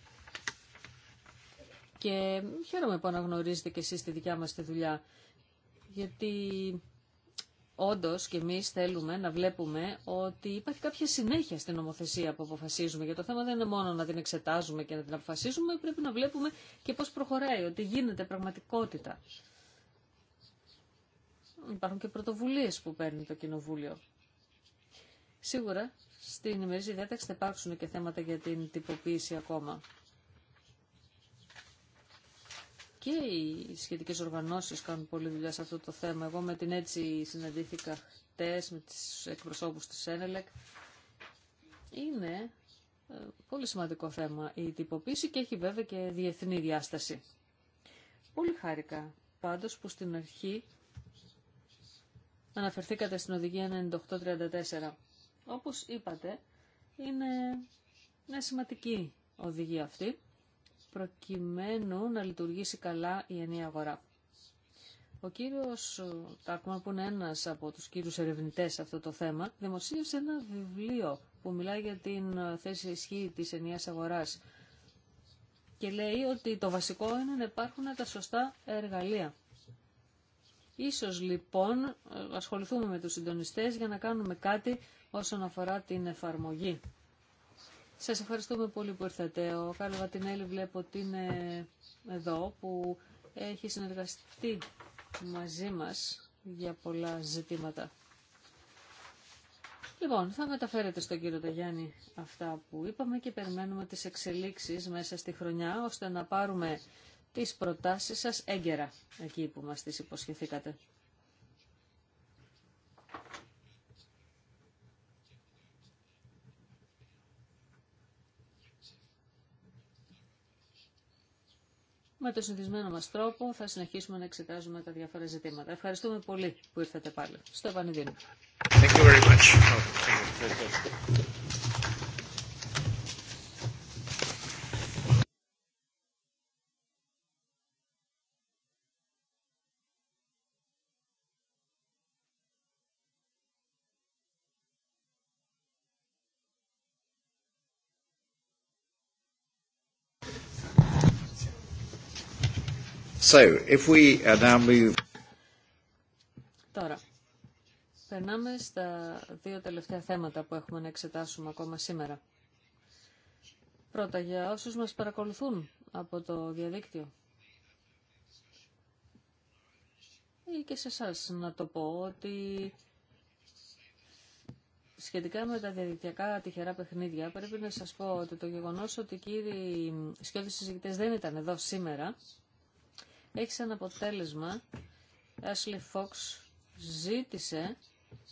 Speaker 3: και χαίρομαι που αναγνωρίζετε και εσείς τη δικιά μας τη δουλειά. Γιατί όντως και εμείς θέλουμε να βλέπουμε ότι υπάρχει κάποια συνέχεια στην νομοθεσία που αποφασίζουμε. Για το θέμα δεν είναι μόνο να την εξετάζουμε και να την αποφασίζουμε, πρέπει να βλέπουμε και πώς προχωράει, ότι γίνεται πραγματικότητα. Υπάρχουν και πρωτοβουλίες που παίρνει το Κοινοβούλιο. Σίγουρα στην ημερήσια διάταξη θα υπάρξουν και θέματα για την τυποποίηση ακόμα και οι σχετικές οργανώσεις κάνουν πολλή δουλειά σε αυτό το θέμα. Εγώ με την έτσι συναντήθηκα χτες με τις εκπροσώπους της ΕΝΕΛΕΚ. Είναι ε, πολύ σημαντικό θέμα η τυποποίηση και έχει βέβαια και διεθνή διάσταση. Πολύ χάρηκα πάντως που στην αρχή αναφερθήκατε στην οδηγία 9834. Όπως είπατε, είναι μια σημαντική οδηγία αυτή προκειμένου να λειτουργήσει καλά η ενιαία αγορά. Ο κύριος Τάκμα, που είναι ένας από τους κύριους ερευνητές σε αυτό το θέμα, δημοσίευσε ένα βιβλίο που μιλάει για την θέση ισχύ της ενιαίας αγοράς και λέει ότι το βασικό είναι να υπάρχουν τα σωστά εργαλεία. Ίσως λοιπόν ασχοληθούμε με τους συντονιστές για να κάνουμε κάτι όσον αφορά την εφαρμογή σας ευχαριστούμε πολύ που ήρθατε. Ο Κάρλο Βατινέλη βλέπω ότι είναι εδώ, που έχει συνεργαστεί μαζί μας για πολλά ζητήματα. Λοιπόν, θα μεταφέρετε στον κύριο Ταγιάννη αυτά που είπαμε και περιμένουμε τις εξελίξεις μέσα στη χρονιά, ώστε να πάρουμε τις προτάσεις σας έγκαιρα, εκεί που μας τις υποσχεθήκατε. Με το συνηθισμένο μας τρόπο θα συνεχίσουμε να εξετάζουμε τα διάφορα ζητήματα. Ευχαριστούμε πολύ που ήρθατε πάλι. Στο επανειδήνιο.
Speaker 1: So, if we uh, now
Speaker 3: Τώρα, περνάμε στα δύο τελευταία θέματα που έχουμε να εξετάσουμε ακόμα σήμερα. Πρώτα, για όσους μας παρακολουθούν από το διαδίκτυο. Ή και σε εσά να το πω ότι σχετικά με τα διαδικτυακά τυχερά παιχνίδια, πρέπει να σας πω ότι το γεγονός ότι οι κύριοι σκιώδεις συζητητές δεν ήταν εδώ σήμερα, έχει σαν αποτέλεσμα Ashley Fox ζήτησε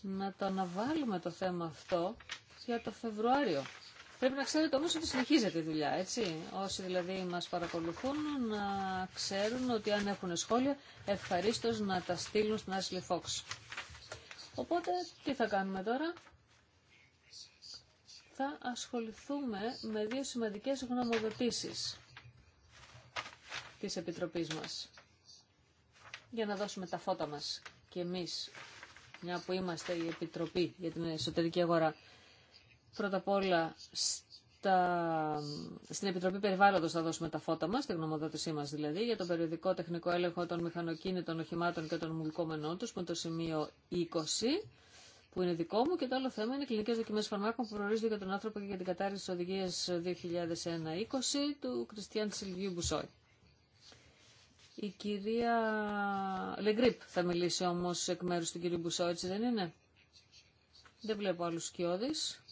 Speaker 3: να το αναβάλουμε το θέμα αυτό για το Φεβρουάριο. Πρέπει να ξέρετε όμως ότι συνεχίζεται η δουλειά, έτσι. Όσοι δηλαδή μας παρακολουθούν να ξέρουν ότι αν έχουν σχόλια ευχαρίστως να τα στείλουν στην Ashley Fox. Οπότε τι θα κάνουμε τώρα. Θα ασχοληθούμε με δύο σημαντικές γνωμοδοτήσεις της Επιτροπής μας. Για να δώσουμε τα φώτα μας και εμείς, μια που είμαστε η Επιτροπή για την Εσωτερική Αγορά. Πρώτα απ' όλα, στην Επιτροπή Περιβάλλοντος θα δώσουμε τα φώτα μας, τη γνωμοδότησή μας δηλαδή, για το περιοδικό τεχνικό έλεγχο των μηχανοκίνητων οχημάτων και των μουλκόμενών τους, που είναι το σημείο 20 που είναι δικό μου και το άλλο θέμα είναι κλινικέ δοκιμέ φαρμάκων που προορίζονται για τον άνθρωπο και για την κατάρρευση τη οδηγία 2001 2001-20 του Κριστιαν Σιλβίου Μπουσόη. Η κυρία Λεγκρίπ θα μιλήσει όμως εκ μέρους του κυρίου Μπουσό, έτσι δεν είναι. Δεν βλέπω άλλους σκιώδεις.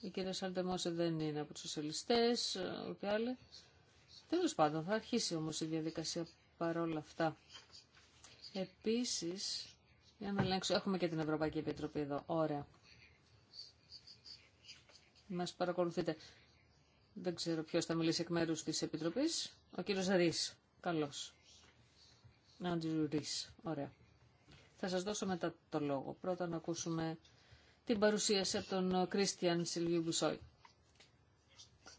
Speaker 3: Η κυρία Σαντεμόσε δεν είναι από τους σοσιαλιστές, ούτε άλλοι. Τέλος πάντων, θα αρχίσει όμως η διαδικασία παρόλα αυτά. Επίσης, για να ελέγξω, έχουμε και την Ευρωπαϊκή Επιτροπή εδώ. Ωραία. Μας παρακολουθείτε. Δεν ξέρω ποιος θα μιλήσει εκ μέρους της Επιτροπής. Ο κύριος Ρης. Καλώς. Άντριου Ρης. Ωραία. Θα σας δώσω μετά το λόγο. Πρώτα να ακούσουμε την παρουσίαση από τον Κρίστιαν Σιλβίου Μπουσόη.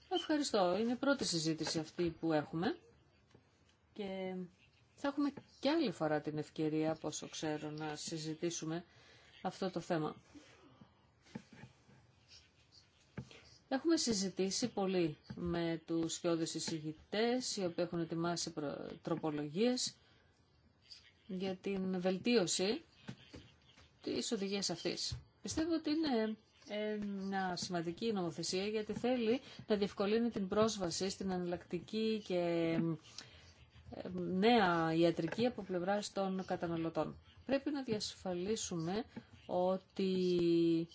Speaker 3: Ευχαριστώ. Είναι η πρώτη συζήτηση αυτή που έχουμε και θα έχουμε και άλλη φορά την ευκαιρία, πόσο ξέρω, να συζητήσουμε αυτό το θέμα. Έχουμε συζητήσει πολύ με τους σκιώδες εισηγητές, οι οποίοι έχουν ετοιμάσει τροπολογίες για την βελτίωση της οδηγία αυτής. Πιστεύω ότι είναι μια σημαντική νομοθεσία γιατί θέλει να διευκολύνει την πρόσβαση στην εναλλακτική και νέα ιατρική από πλευρά των καταναλωτών. Πρέπει να διασφαλίσουμε ότι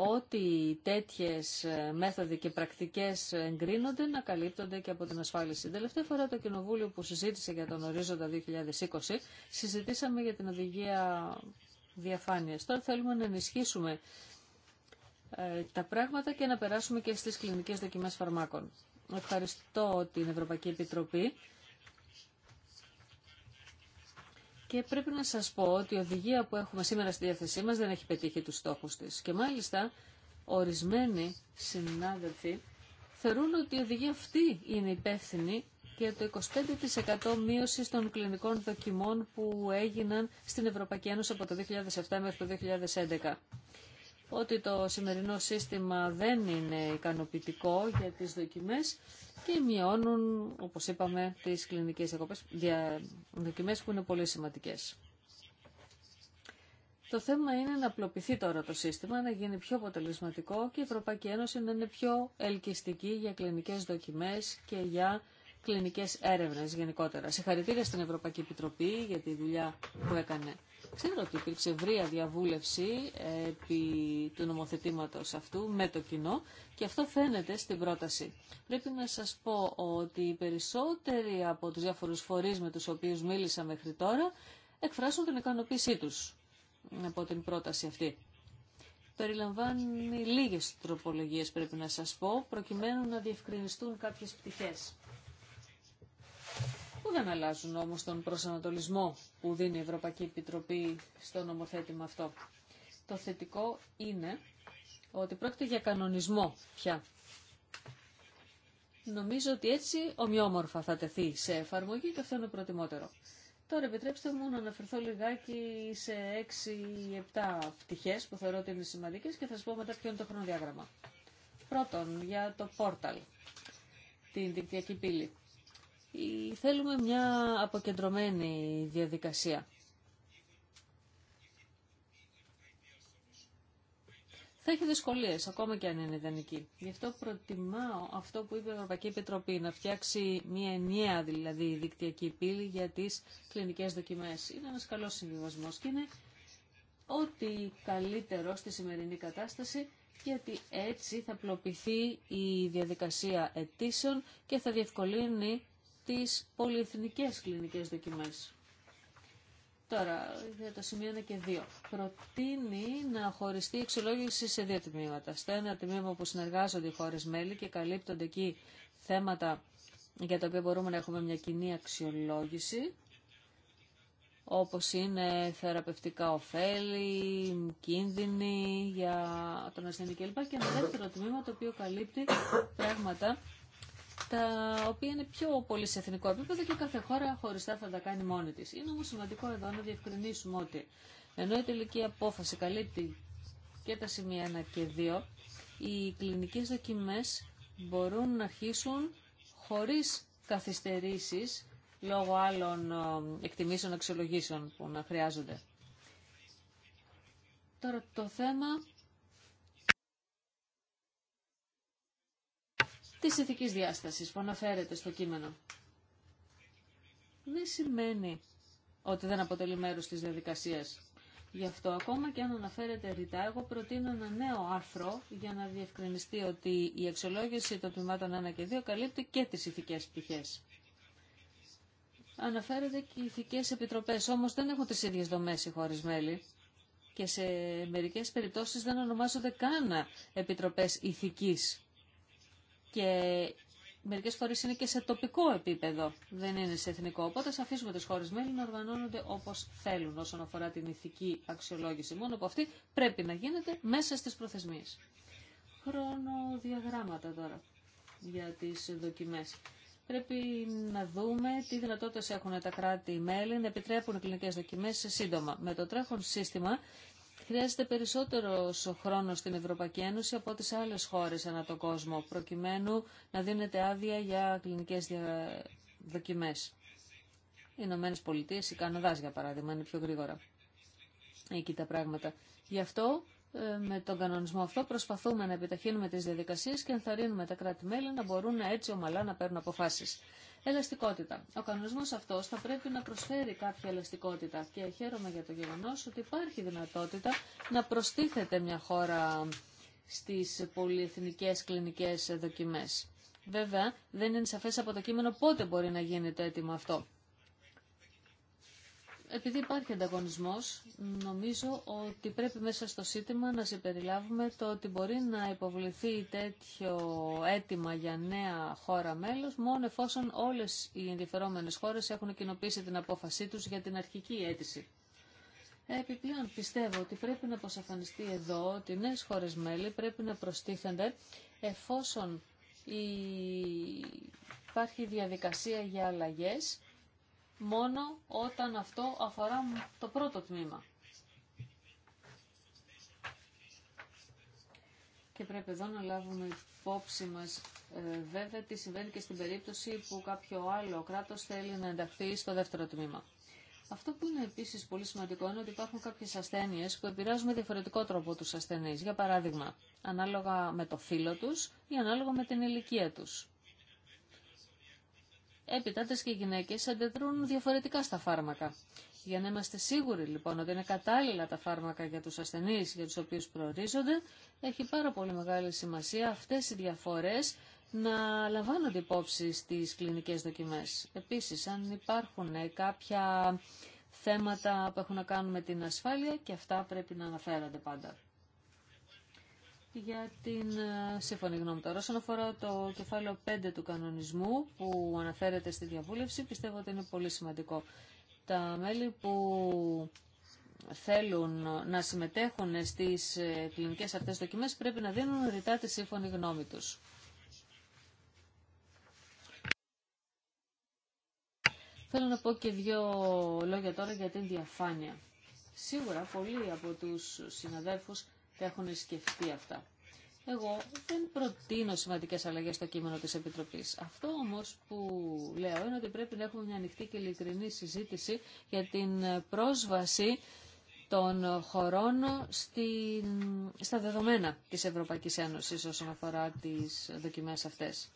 Speaker 3: ότι τέτοιες ε, μέθοδοι και πρακτικές εγκρίνονται να καλύπτονται και από την ασφάλιση. Την τελευταία φορά το Κοινοβούλιο που συζήτησε για τον ορίζοντα 2020 συζητήσαμε για την οδηγία διαφάνειας. Τώρα θέλουμε να ενισχύσουμε ε, τα πράγματα και να περάσουμε και στις κλινικές δοκιμές φαρμάκων. Ευχαριστώ την Ευρωπαϊκή Επιτροπή Και πρέπει να σας πω ότι η οδηγία που έχουμε σήμερα στη διάθεσή μας δεν έχει πετύχει τους στόχους της. Και μάλιστα ορισμένοι συνάδελφοι θεωρούν ότι η οδηγία αυτή είναι υπεύθυνη για το 25% μείωση των κλινικών δοκιμών που έγιναν στην Ευρωπαϊκή Ένωση από το 2007 μέχρι το 2011 ότι το σημερινό σύστημα δεν είναι ικανοποιητικό για τις δοκιμές και μειώνουν, όπως είπαμε, τις κλινικές διακοπές, δοκιμές που είναι πολύ σημαντικές. Το θέμα είναι να απλοποιηθεί τώρα το σύστημα, να γίνει πιο αποτελεσματικό και η Ευρωπαϊκή Ένωση να είναι πιο ελκυστική για κλινικές δοκιμές και για κλινικές έρευνες γενικότερα. Συγχαρητήρια στην Ευρωπαϊκή Επιτροπή για τη δουλειά που έκανε. Ξέρω ότι υπήρξε ευρεία διαβούλευση ε, επί του νομοθετήματος αυτού με το κοινό και αυτό φαίνεται στην πρόταση. Πρέπει να σας πω ότι οι περισσότεροι από τους διάφορους φορείς με τους οποίους μίλησα μέχρι τώρα εκφράσουν την ικανοποίησή τους από την πρόταση αυτή. Περιλαμβάνει λίγες τροπολογίες πρέπει να σας πω, προκειμένου να διευκρινιστούν κάποιες πτυχές που δεν αλλάζουν όμως τον προσανατολισμό που δίνει η Ευρωπαϊκή Επιτροπή στο νομοθέτημα αυτό. Το θετικό είναι ότι πρόκειται για κανονισμό πια. Νομίζω ότι έτσι ομοιόμορφα θα τεθεί σε εφαρμογή και αυτό είναι προτιμότερο. Τώρα επιτρέψτε μου να αναφερθώ λιγάκι σε 6-7 πτυχές που θεωρώ ότι είναι σημαντικές και θα σας πω μετά ποιο είναι το χρονοδιάγραμμα. Πρώτον, για το πόρταλ, την δικτυακή πύλη. Θέλουμε μια αποκεντρωμένη διαδικασία. θα έχει δυσκολίε, ακόμα και αν είναι ιδανική. Γι' αυτό προτιμάω αυτό που είπε η Ευρωπαϊκή Επιτροπή, να φτιάξει μια ενιαία δηλαδή δικτυακή πύλη για τι κλινικέ δοκιμέ. Είναι ένα καλό συμβιβασμό και είναι ό,τι καλύτερο στη σημερινή κατάσταση, γιατί έτσι θα απλοποιηθεί η διαδικασία αιτήσεων και θα διευκολύνει τις πολυεθνικές κλινικές δοκιμές. Τώρα, για το σημείο 1 και 2. Προτείνει να χωριστεί η εξολόγηση σε δύο τμήματα. Στο ένα τμήμα που συνεργάζονται οι χώρες μέλη και καλύπτονται εκεί θέματα για τα οποία μπορούμε να έχουμε μια κοινή αξιολόγηση, όπως είναι θεραπευτικά ωφέλη, κίνδυνοι για τον ασθενή κλπ. Και ένα δεύτερο τμήμα το οποίο καλύπτει πράγματα τα οποία είναι πιο πολύ σε εθνικό επίπεδο και κάθε χώρα χωριστά θα τα κάνει μόνη της. Είναι όμως σημαντικό εδώ να διευκρινίσουμε ότι ενώ η τελική απόφαση καλύπτει και τα σημεία 1 και 2, οι κλινικές δοκιμές μπορούν να αρχίσουν χωρίς καθυστερήσεις λόγω άλλων ε, εκτιμήσεων αξιολογήσεων που να χρειάζονται. Τώρα το θέμα της ηθικής διάστασης που αναφέρεται στο κείμενο. Δεν σημαίνει ότι δεν αποτελεί μέρος της διαδικασίας. Γι' αυτό ακόμα και αν αναφέρεται ρητά, εγώ προτείνω ένα νέο άρθρο για να διευκρινιστεί ότι η αξιολόγηση των τμήματων 1 και 2 καλύπτει και τις ηθικές πτυχές. Αναφέρεται και οι ηθικές επιτροπές, όμως δεν έχουν τις ίδιες δομές οι χώρες μέλη και σε μερικές περιπτώσεις δεν ονομάζονται καν επιτροπές ηθικής και μερικές φορές είναι και σε τοπικό επίπεδο, δεν είναι σε εθνικό. Οπότε αφήσουμε τις χώρες μέλη να οργανώνονται όπως θέλουν όσον αφορά την ηθική αξιολόγηση. Μόνο που αυτή πρέπει να γίνεται μέσα στις προθεσμίες. Χρονοδιαγράμματα τώρα για τις δοκιμές. Πρέπει να δούμε τι δυνατότητε έχουν τα κράτη-μέλη να επιτρέπουν κλινικέ δοκιμέ σύντομα. Με το τρέχον σύστημα Χρειάζεται περισσότερο χρόνο στην Ευρωπαϊκή Ένωση από ό,τι σε άλλες χώρες ανά τον κόσμο, προκειμένου να δίνεται άδεια για κλινικές δοκιμές. Οι Ηνωμένε Πολιτείε, η Καναδά για παράδειγμα, είναι πιο γρήγορα εκεί τα πράγματα. Γι' αυτό ε, με τον κανονισμό αυτό προσπαθούμε να επιταχύνουμε τις διαδικασίες και ενθαρρύνουμε τα κράτη-μέλη να μπορούν έτσι ομαλά να παίρνουν αποφάσεις. Ελαστικότητα. Ο κανονισμός αυτός θα πρέπει να προσφέρει κάποια ελαστικότητα και χαίρομαι για το γεγονός ότι υπάρχει δυνατότητα να προστίθεται μια χώρα στις πολυεθνικές κλινικές δοκιμέ. Βέβαια, δεν είναι σαφές από το κείμενο πότε μπορεί να γίνει το αίτημα αυτό επειδή υπάρχει ανταγωνισμός, νομίζω ότι πρέπει μέσα στο σύστημα να συμπεριλάβουμε το ότι μπορεί να υποβληθεί τέτοιο αίτημα για νέα χώρα μέλος, μόνο εφόσον όλες οι ενδιαφερόμενες χώρες έχουν κοινοποιήσει την απόφασή τους για την αρχική αίτηση. Επιπλέον πιστεύω ότι πρέπει να αποσαφανιστεί εδώ ότι νέε χώρες μέλη πρέπει να προστίθενται εφόσον η... υπάρχει διαδικασία για αλλαγές μόνο όταν αυτό αφορά το πρώτο τμήμα. Και πρέπει εδώ να λάβουμε υπόψη μας ε, βέβαια τι συμβαίνει και στην περίπτωση που κάποιο άλλο κράτος θέλει να ενταχθεί στο δεύτερο τμήμα. Αυτό που είναι επίσης πολύ σημαντικό είναι ότι υπάρχουν κάποιες ασθένειε που επηρεάζουν με διαφορετικό τρόπο του ασθενεί, Για παράδειγμα, ανάλογα με το φύλλο του ή ανάλογα με την ηλικία του. Επιτάτες και γυναίκες αντιδρούν διαφορετικά στα φάρμακα. Για να είμαστε σίγουροι λοιπόν ότι είναι κατάλληλα τα φάρμακα για τους ασθενείς για τους οποίους προορίζονται, έχει πάρα πολύ μεγάλη σημασία αυτές οι διαφορές να λαμβάνονται υπόψη στις κλινικές δοκιμές. Επίσης, αν υπάρχουν ε, κάποια θέματα που έχουν να κάνουν με την ασφάλεια και αυτά πρέπει να αναφέρονται πάντα για την ε, σύμφωνη γνώμη τώρα. Όσον αφορά το κεφάλαιο 5 του κανονισμού που αναφέρεται στη διαβούλευση, πιστεύω ότι είναι πολύ σημαντικό. Τα μέλη που θέλουν να συμμετέχουν στις ε, κλινικές αυτές δοκιμές πρέπει να δίνουν ρητά τη σύμφωνη γνώμη τους. Θέλω να πω και δύο λόγια τώρα για την διαφάνεια. Σίγουρα πολλοί από τους συναδέλφους τα έχουν σκεφτεί αυτά. Εγώ δεν προτείνω σημαντικέ αλλαγέ στο κείμενο τη Επιτροπής. Αυτό όμως που λέω είναι ότι πρέπει να έχουμε μια ανοιχτή και ειλικρινή συζήτηση για την πρόσβαση των χωρών στην, στα δεδομένα της Ευρωπαϊκής Ένωσης όσον αφορά τις δοκιμές αυτές.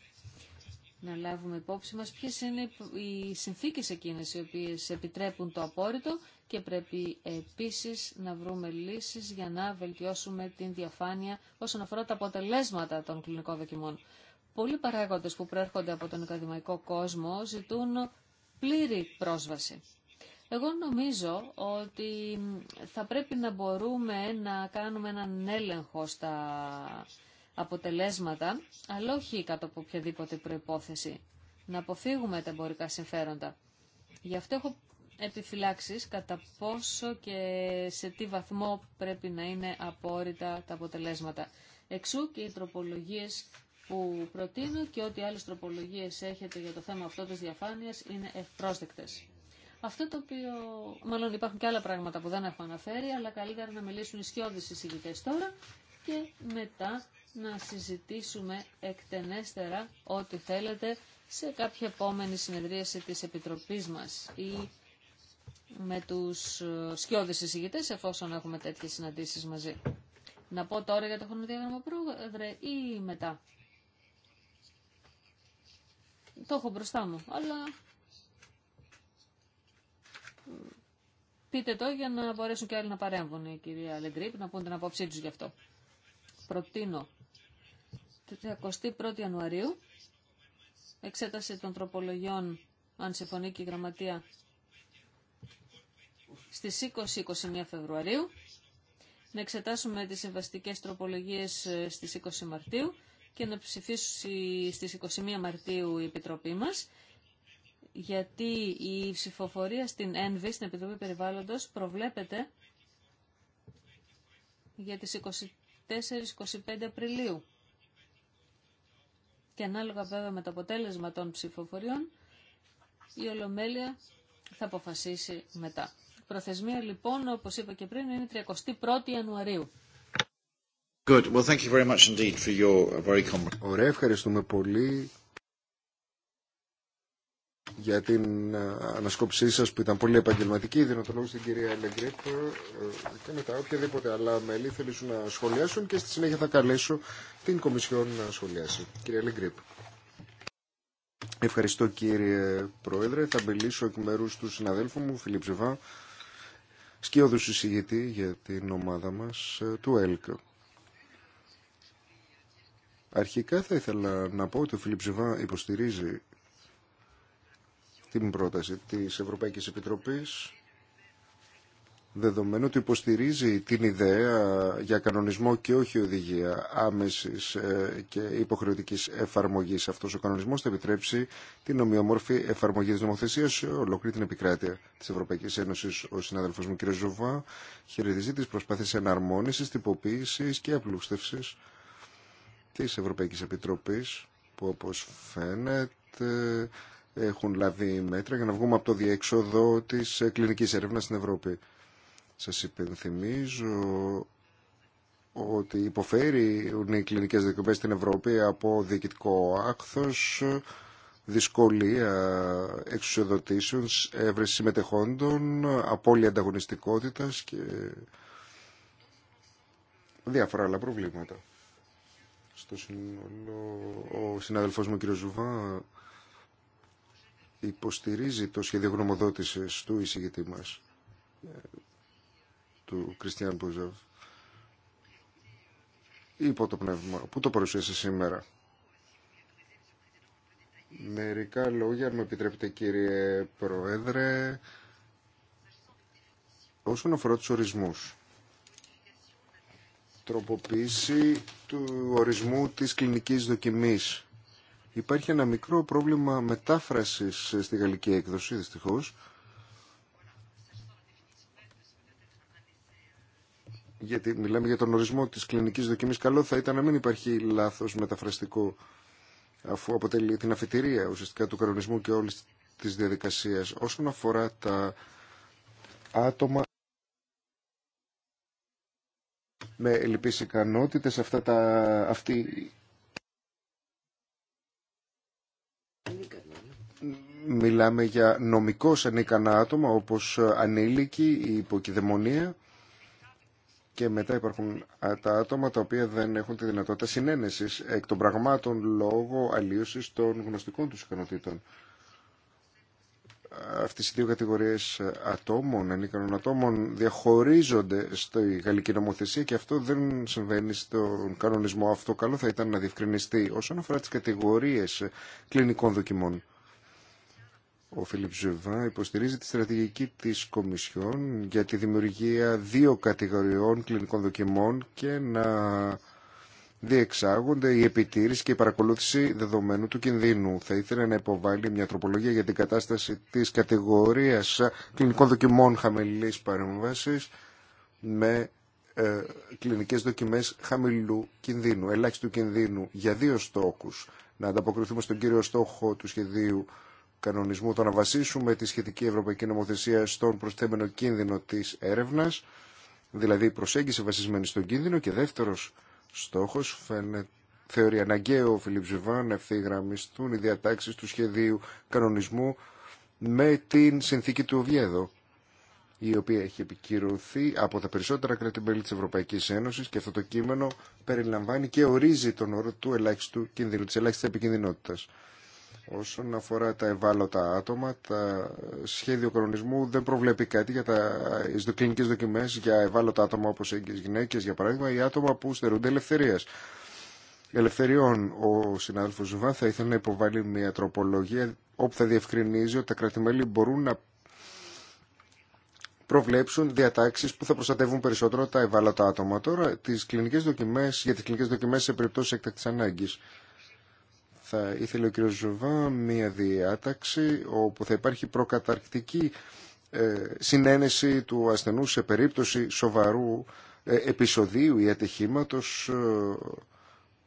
Speaker 3: Να λάβουμε υπόψη μας ποιες είναι οι συνθήκες εκείνες οι οποίες επιτρέπουν το απόρριτο και πρέπει επίσης να βρούμε λύσεις για να βελτιώσουμε την διαφάνεια όσον αφορά τα αποτελέσματα των κλινικών δοκιμών. Πολλοί παράγοντες που προέρχονται από τον ακαδημαϊκό κόσμο ζητούν πλήρη πρόσβαση. Εγώ νομίζω ότι θα πρέπει να μπορούμε να κάνουμε έναν έλεγχο στα αποτελέσματα, αλλά όχι κάτω από οποιαδήποτε προϋπόθεση. Να αποφύγουμε τα εμπορικά συμφέροντα. Γι' αυτό έχω επιφυλάξεις κατά πόσο και σε τι βαθμό πρέπει να είναι απόρριτα τα αποτελέσματα. Εξού και οι τροπολογίες που προτείνω και ό,τι άλλες τροπολογίες έχετε για το θέμα αυτό της διαφάνειας είναι ευπρόσδεκτες. Αυτό το οποίο, μάλλον υπάρχουν και άλλα πράγματα που δεν έχω αναφέρει, αλλά καλύτερα να μιλήσουν οι σκιώδεις συζητητές τώρα και μετά να συζητήσουμε εκτενέστερα ό,τι θέλετε σε κάποια επόμενη συνεδρίαση της Επιτροπής μας ή με τους ε, σκιώδεις εισηγητές εφόσον έχουμε τέτοιες συναντήσεις μαζί. Να πω τώρα για το χρονοδιάγραμμα πρόεδρε ή μετά. Το έχω μπροστά μου, αλλά ε, πείτε το για να μπορέσουν και άλλοι να παρέμβουν η κυρία Λεγκρίπ, να πούν την απόψή τους γι' αυτό. Προτείνω 31 Ιανουαρίου, εξέταση των τροπολογιών, αν συμφωνεί και η γραμματεία, στις 20-21 Φεβρουαρίου, να εξετάσουμε τις συμβαστικές τροπολογίες ε, στις 20 Μαρτίου και να ψηφίσει στις 21 Μαρτίου η Επιτροπή μας, γιατί η ψηφοφορία στην ΕΝΒΗ, στην Επιτροπή Περιβάλλοντος, προβλέπεται για τις 24-25 Απριλίου. Και ανάλογα βέβαια με το αποτέλεσμα των ψηφοφοριών, η Ολομέλεια θα αποφασίσει μετά. Προθεσμία λοιπόν, όπω είπα και πριν, είναι 31η Ιανουαρίου.
Speaker 1: Good. Well, thank you very much indeed for your very Ωραία, ευχαριστούμε πολύ για την ε, ανασκόψή σα που ήταν πολύ επαγγελματική. Δίνω το λόγο στην κυρία ε, και μετά οποιαδήποτε άλλα μέλη θέλουν να σχολιάσουν και στη συνέχεια θα καλέσω την Κομισιόν να σχολιάσει. Κυρία Λεγκρίπ. Ευχαριστώ κύριε Πρόεδρε. Θα μιλήσω εκ μέρου του συναδέλφου μου, Φιλίπ Ζεβά, σκιώδου συζητητή για την ομάδα μας ε, του ΕΛΚΑ. Αρχικά θα ήθελα να πω ότι ο Φιλιπ Ζιβά υποστηρίζει την πρόταση της Ευρωπαϊκής Επιτροπής δεδομένου ότι υποστηρίζει την ιδέα για κανονισμό και όχι οδηγία άμεσης ε, και υποχρεωτικής εφαρμογής. Αυτός ο κανονισμός θα επιτρέψει την ομοιομόρφη εφαρμογή της νομοθεσίας σε ολόκληρη την επικράτεια της Ευρωπαϊκής Ένωσης. Ο συνάδελφος μου κ. Ζουβά χαιρετίζει τις προσπάθειες εναρμόνισης, τυποποίησης και απλούστευσης της Ευρωπαϊκής Επιτροπής που όπως φαίνεται έχουν λάβει μέτρα για να βγούμε από το διέξοδο της ε, κλινικής έρευνας στην Ευρώπη. Σας υπενθυμίζω ότι υποφέρει οι κλινικές δικοπές στην Ευρώπη από διοικητικό άκθος, δυσκολία εξουσιοδοτήσεων, έβρεση συμμετεχόντων, απώλεια ανταγωνιστικότητας και διάφορα άλλα προβλήματα. Στο σύνολο, ο συνάδελφός μου, κύριο Ζουβά, υποστηρίζει το σχέδιο γνωμοδότησης του εισηγητή μας του Κριστιαν Μπουζεύ υπό το πνεύμα που το παρουσίασε σήμερα. Μερικά λόγια, αν με επιτρέπετε κύριε Πρόεδρε, όσον αφορά τους ορισμούς. Τροποποίηση του ορισμού της κλινικής δοκιμής. Υπάρχει ένα μικρό πρόβλημα μετάφρασης στη γαλλική έκδοση, δυστυχώς. γιατί μιλάμε για τον ορισμό της κλινικής δοκιμής, καλό θα ήταν να μην υπάρχει λάθος μεταφραστικό, αφού αποτελεί την αφετηρία ουσιαστικά του κανονισμού και όλης της διαδικασίας. Όσον αφορά τα άτομα με ελλειπείς ικανότητες, αυτά τα, Μιλάμε για νομικώς ανίκανα άτομα όπως ανήλικοι, η υποκειδαιμονία και μετά υπάρχουν τα άτομα τα οποία δεν έχουν τη δυνατότητα συνένεσης εκ των πραγμάτων λόγω αλλίωσης των γνωστικών τους ικανοτήτων. Αυτές οι δύο κατηγορίες ατόμων, ανίκανων ατόμων, διαχωρίζονται στη γαλλική νομοθεσία και αυτό δεν συμβαίνει στον κανονισμό αυτό. Καλό θα ήταν να διευκρινιστεί όσον αφορά τις κατηγορίες κλινικών δοκιμών. Ο Φίλιπ Ζουβά υποστηρίζει τη στρατηγική της Κομισιόν για τη δημιουργία δύο κατηγοριών κλινικών δοκιμών και να διεξάγονται η επιτήρηση και η παρακολούθηση δεδομένου του κινδύνου. Θα ήθελε να υποβάλει μια τροπολογία για την κατάσταση της κατηγορίας κλινικών δοκιμών χαμηλής παρέμβασης με ε, κλινικές δοκιμές χαμηλού κινδύνου, ελάχιστου κινδύνου για δύο στόχους. Να ανταποκριθούμε στον κύριο στόχο του σχεδίου κανονισμού, το να βασίσουμε τη σχετική ευρωπαϊκή νομοθεσία στον προσθέμενο κίνδυνο της έρευνας, δηλαδή η προσέγγιση βασισμένη στον κίνδυνο και δεύτερος στόχος φαίνεται Θεωρεί αναγκαίο ο Φιλιπ Ζιβάν να ευθυγραμμιστούν οι διατάξει του σχεδίου κανονισμού με την συνθήκη του Οβιέδο, η οποία έχει επικυρωθεί από τα περισσότερα κράτη-μέλη της Ευρωπαϊκής Ένωσης και αυτό το κείμενο περιλαμβάνει και ορίζει τον όρο του ελάχιστου κινδύνου, τη ελάχιστη επικινδυνότητας. Όσον αφορά τα ευάλωτα άτομα, τα σχέδιο κορονισμού δεν προβλέπει κάτι για τι κλινικέ δοκιμέ, για ευάλωτα άτομα όπω οι γυναίκε, για παράδειγμα, ή άτομα που στερούνται ελευθερία. Ελευθεριών, ο Συνάδελφο Ζουβά θα ήθελε να υποβάλει μια τροπολογία όπου θα διευκρινίζει ότι τα κρατημέλη μπορούν να προβλέψουν διατάξει που θα προστατεύουν περισσότερο τα ευάλωτα άτομα. Τώρα, τις κλινικές δοκιμές, για τι κλινικέ δοκιμέ σε περιπτώσει έκτακτη ανάγκη θα ήθελε ο κ. Ζουβά μία διάταξη όπου θα υπάρχει προκαταρκτική ε, συνένεση του ασθενού σε περίπτωση σοβαρού ε, επεισοδίου ή ατυχήματος ε,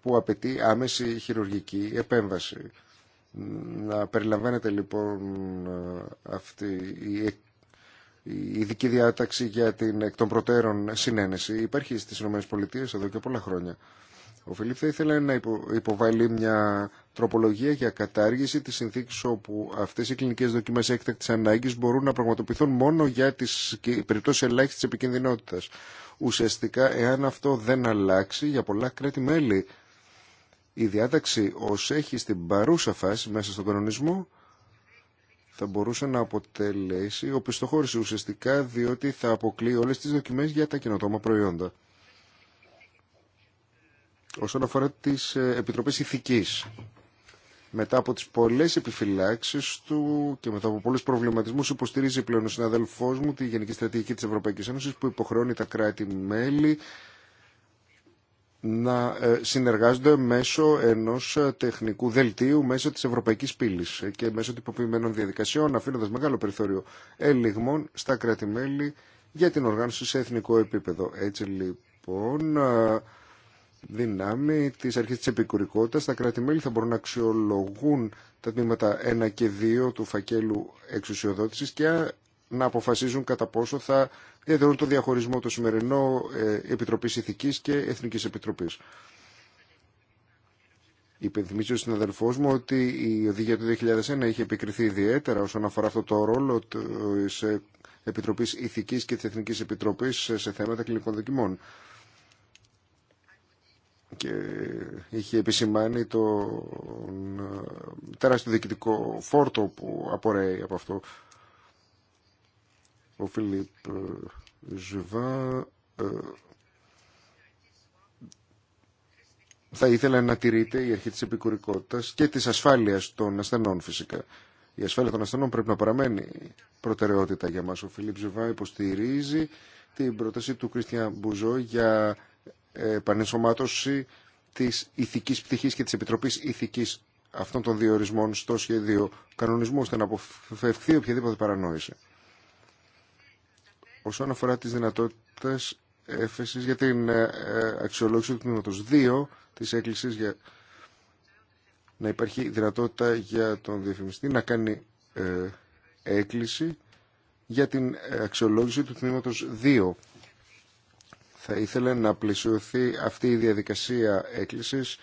Speaker 1: που απαιτεί άμεση χειρουργική επέμβαση. Να περιλαμβάνεται λοιπόν αυτή η η ειδική διάταξη για την εκ των προτέρων συνένεση υπάρχει στις ΗΠΑ εδώ και πολλά χρόνια. Ο Φιλίπ θα ήθελε να υποβάλει μια τροπολογία για κατάργηση τη συνθήκη όπου αυτέ οι κλινικέ δοκιμέ έκτακτη ανάγκη μπορούν να πραγματοποιηθούν μόνο για τις περιπτώσει ελάχιστη επικίνδυνοτητα. Ουσιαστικά, εάν αυτό δεν αλλάξει για πολλά κράτη-μέλη, η διάταξη ω έχει στην παρούσα φάση μέσα στον κανονισμό θα μπορούσε να αποτελέσει οπισθοχώρηση ουσιαστικά διότι θα αποκλεί όλες τις δοκιμές για τα κοινοτόμα προϊόντα όσον αφορά τις ε, επιτροπές ηθικής. Μετά από τις πολλές επιφυλάξεις του και μετά από πολλούς προβληματισμούς υποστηρίζει πλέον ο συναδελφός μου τη Γενική Στρατηγική της Ευρωπαϊκής Ένωσης που υποχρεώνει τα κράτη-μέλη να ε, συνεργάζονται μέσω ενός ε, τεχνικού δελτίου, μέσω της Ευρωπαϊκής Πύλης και μέσω τυποποιημένων διαδικασιών, αφήνοντας μεγάλο περιθώριο ελιγμών στα κράτη-μέλη για την οργάνωση σε εθνικό επίπεδο. Έτσι λοιπόν δυνάμει τη αρχή τη επικουρικότητα, τα κράτη-μέλη θα μπορούν να αξιολογούν τα τμήματα 1 και 2 του φακέλου εξουσιοδότηση και να αποφασίζουν κατά πόσο θα διατηρούν το διαχωρισμό το σημερινό ε, Επιτροπή Ηθική και Εθνική Επιτροπή. Υπενθυμίζω ο συναδελφό μου ότι η οδηγία του 2001 είχε επικριθεί ιδιαίτερα όσον αφορά αυτό το ρόλο τη ε, Επιτροπή Ηθική και τη Εθνική Επιτροπή σε θέματα κλινικών δοκιμών και είχε επισημάνει τον ε, τεράστιο διοικητικό φόρτο που απορρέει από αυτό. Ο Φιλίπ ε, Ζουβά ε, θα ήθελα να τηρείται η αρχή της επικουρικότητας και της ασφάλειας των ασθενών φυσικά. Η ασφάλεια των ασθενών πρέπει να παραμένει προτεραιότητα για μας. Ο Φιλίπ Ζουβά υποστηρίζει την πρόταση του Κριστιαν Μπουζό για επανενσωμάτωση της ηθικής πτυχής και της Επιτροπής Ηθικής αυτών των ορισμών στο σχέδιο κανονισμού ώστε να αποφευθεί οποιαδήποτε παρανόηση. Όσον αφορά τις δυνατότητες έφεσης για την ε, αξιολόγηση του τμήματος 2 της έκκλησης για να υπάρχει δυνατότητα για τον διαφημιστή να κάνει ε, έκκληση για την ε, αξιολόγηση του τμήματος 2 θα ήθελε να πλησιωθεί αυτή η διαδικασία έκκλησης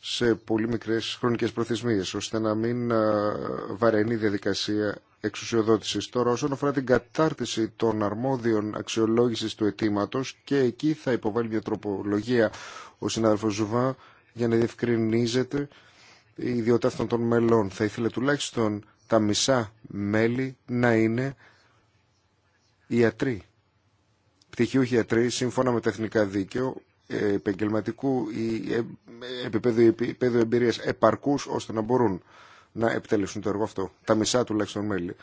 Speaker 1: σε πολύ μικρές χρονικές προθεσμίες, ώστε να μην ε, βαραίνει η διαδικασία εξουσιοδότησης. Τώρα, όσον αφορά την κατάρτιση των αρμόδιων αξιολόγησης του αιτήματο και εκεί θα υποβάλει μια τροπολογία ο συνάδελφος Ζουβά για να διευκρινίζεται η ιδιότητα αυτών των μελών. Θα ήθελε τουλάχιστον τα μισά μέλη να είναι ιατροί πτυχίου χιατρή, σύμφωνα με τα εθνικά δίκαιο ε, επαγγελματικού ή ε, επίπεδου, επίπεδου εμπειρίας επαρκούς ώστε να μπορούν να επιτελέσουν το έργο αυτό. Τα μισά τουλάχιστον μέλη.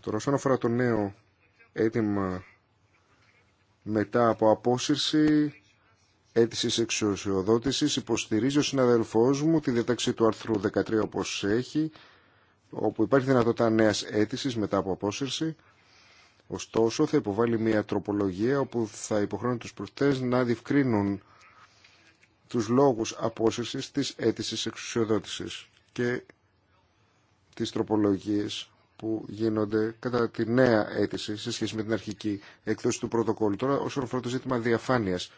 Speaker 1: Τώρα όσον αφορά το νέο αίτημα, μετά από απόσυρση αίτηση εξουσιοδότηση υποστηρίζει ο συναδελφό μου τη διατάξη του άρθρου 13 όπω έχει όπου υπάρχει δυνατότητα νέας αίτηση μετά από απόσυρση Ωστόσο, θα υποβάλει μια τροπολογία όπου θα υποχρεώνει τους προφητές να διευκρίνουν τους λόγους απόσυρσης της αίτησης εξουσιοδότησης και τις τροπολογίες που γίνονται κατά τη νέα αίτηση σε σχέση με την αρχική εκδόση του πρωτοκόλλου. Τώρα, όσον αφορά το ζήτημα διαφάνειας,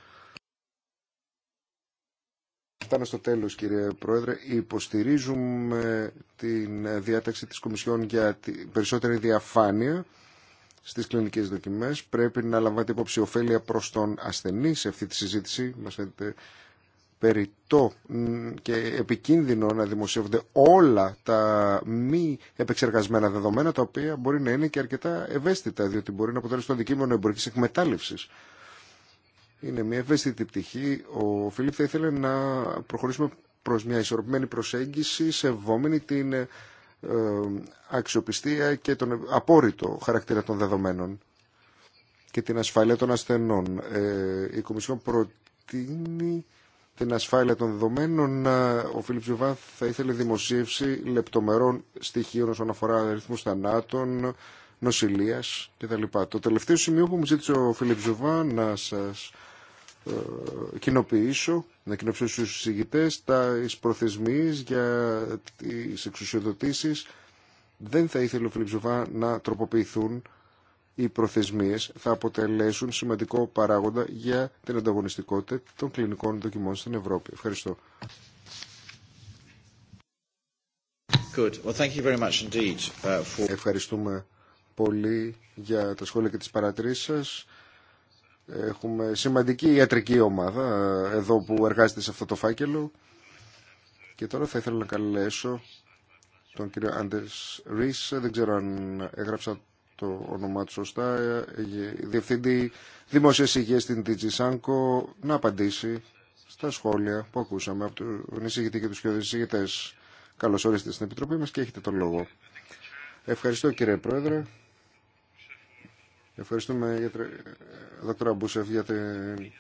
Speaker 1: Φτάνω στο τέλος κύριε Πρόεδρε. Υποστηρίζουμε την διάταξη της Κομισιόν για περισσότερη διαφάνεια στις κλινικές δοκιμές. Πρέπει να λαμβάνετε υπόψη ωφέλεια προς τον ασθενή σε αυτή τη συζήτηση. Μας φαίνεται περιττό και επικίνδυνο να δημοσιεύονται όλα τα μη επεξεργασμένα δεδομένα τα οποία μπορεί να είναι και αρκετά ευαίσθητα διότι μπορεί να αποτελέσει το αντικείμενο εμπορικής εκμετάλλευσης. Είναι μια ευαίσθητη πτυχή. Ο Φίλιπ θα ήθελε να προχωρήσουμε προς μια ισορροπημένη προσέγγιση σεβόμενη την ε, αξιοπιστία και τον απόρριτο χαρακτήρα των δεδομένων και την ασφάλεια των ασθενών. Ε, η Κομισιόν προτείνει την ασφάλεια των δεδομένων. Ε, ο Φίλιπ Ζουβά θα ήθελε δημοσίευση λεπτομερών στοιχείων όσον αφορά αριθμού θανάτων, νοσηλείας κτλ. Το τελευταίο σημείο που μου ζήτησε ο Φίλιπ Ζουβά να σας ε, κοινοποιήσω, να κοινοποιήσω στους συζητητές τα προθεσμίες για τις εξουσιοδοτήσεις. Δεν θα ήθελε ο να τροποποιηθούν οι προθεσμίες θα αποτελέσουν σημαντικό παράγοντα για την ανταγωνιστικότητα των κλινικών δοκιμών στην Ευρώπη. Ευχαριστώ. Good. Well, thank you very much indeed uh, for... Ευχαριστούμε πολύ για τα σχόλια και τις παρατηρήσεις σας. Έχουμε σημαντική ιατρική ομάδα ε, εδώ που εργάζεται σε αυτό το φάκελο. Και τώρα θα ήθελα να καλέσω τον κύριο Άντες Ρίς, δεν ξέρω αν έγραψα το όνομά του σωστά, Διευθύντη Δημόσιας Υγείας στην Τιτζισάνκο, να απαντήσει στα σχόλια που ακούσαμε από τον εισηγητή και τους πιο εισηγητές. Καλώς ορίστε στην Επιτροπή μας και έχετε τον λόγο. Ευχαριστώ κύριε Πρόεδρε. Ευχαριστούμε, Δ. Μπούσεφ, για την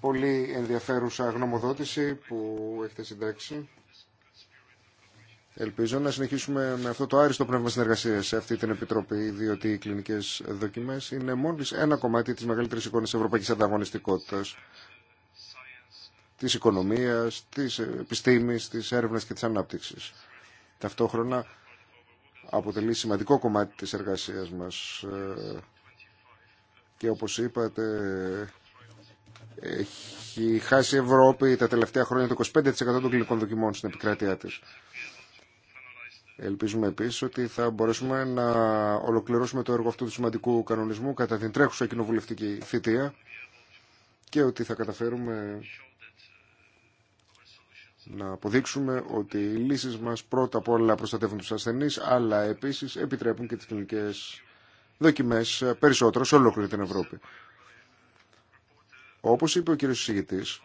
Speaker 1: πολύ ενδιαφέρουσα γνωμοδότηση που έχετε συντάξει. Ελπίζω να συνεχίσουμε με αυτό το άριστο πνεύμα συνεργασία σε αυτή την Επιτροπή, διότι οι κλινικέ δοκιμέ είναι μόλι ένα κομμάτι τη μεγαλύτερη εικόνα τη ευρωπαϊκή ανταγωνιστικότητα, τη οικονομία, τη επιστήμη, τη έρευνα και τη ανάπτυξη. Ταυτόχρονα αποτελεί σημαντικό κομμάτι της εργασίας μας ε, και όπως είπατε έχει χάσει η Ευρώπη τα τελευταία χρόνια το 25% των κλινικών δοκιμών στην επικράτειά της. Ελπίζουμε επίσης ότι θα μπορέσουμε να ολοκληρώσουμε το έργο αυτού του σημαντικού κανονισμού κατά την τρέχουσα κοινοβουλευτική θητεία και ότι θα καταφέρουμε να αποδείξουμε ότι οι λύσεις μας πρώτα απ' όλα προστατεύουν τους ασθενείς αλλά επίσης επιτρέπουν και τις κλινικές δοκιμές ε, περισσότερο σε ολόκληρη την Ευρώπη. Όπως είπε ο κύριος συζητητής,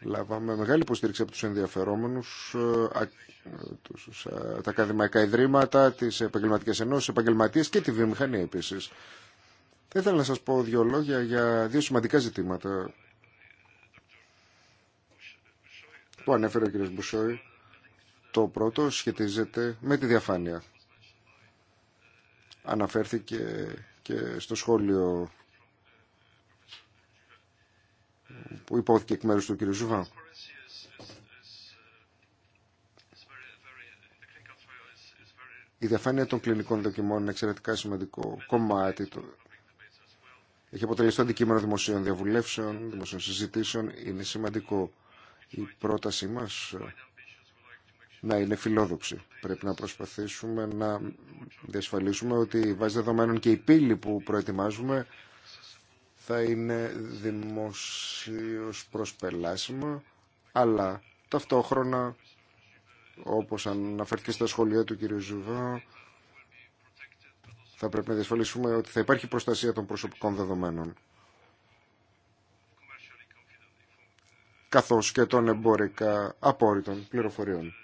Speaker 1: λάβαμε μεγάλη υποστήριξη από τους ενδιαφερόμενους, ε, ε, τα ακαδημαϊκά ιδρύματα, τις επαγγελματικές ενώσεις, επαγγελματίες και τη βιομηχανία επίσης. Θα ήθελα να σας πω δύο λόγια για δύο σημαντικά ζητήματα που ανέφερε ο κύριος Μπουσόη. Το πρώτο σχετίζεται με τη διαφάνεια αναφέρθηκε και στο σχόλιο που υπόθηκε εκ μέρους του κ. Ζουβά. Η διαφάνεια των κλινικών δοκιμών είναι εξαιρετικά σημαντικό κομμάτι. του Έχει αποτελέσει το αντικείμενο δημοσίων διαβουλεύσεων, δημοσίων συζητήσεων. Είναι σημαντικό η πρότασή μας να είναι φιλόδοξη. Πρέπει να προσπαθήσουμε να διασφαλίσουμε ότι η βάση δεδομένων και η πύλη που προετοιμάζουμε θα είναι δημοσίως προσπελάσιμα, αλλά ταυτόχρονα, όπως αναφέρθηκε στα σχολεία του κ. Ζουβά, θα πρέπει να διασφαλίσουμε ότι θα υπάρχει προστασία των προσωπικών δεδομένων. καθώς και των εμπόρικα απόρριτων πληροφοριών.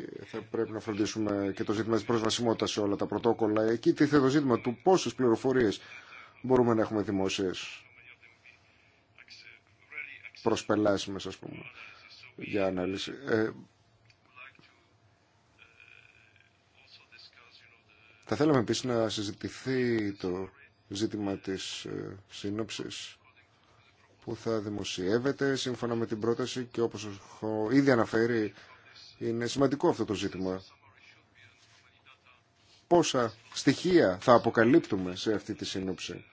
Speaker 1: και θα πρέπει να φροντίσουμε και το ζήτημα της προσβασιμότητας σε όλα τα πρωτόκολλα. Εκεί τίθεται το ζήτημα του πόσες πληροφορίες μπορούμε να έχουμε δημόσιες προσπελάσιμε, α πούμε, για ανάλυση. Ε, θα θέλαμε επίσης να συζητηθεί το ζήτημα της ε, σύνοψης που θα δημοσιεύεται σύμφωνα με την πρόταση και όπως έχω ήδη αναφέρει είναι σημαντικό αυτό το ζήτημα. Πόσα στοιχεία θα αποκαλύπτουμε σε αυτή τη σύνοψη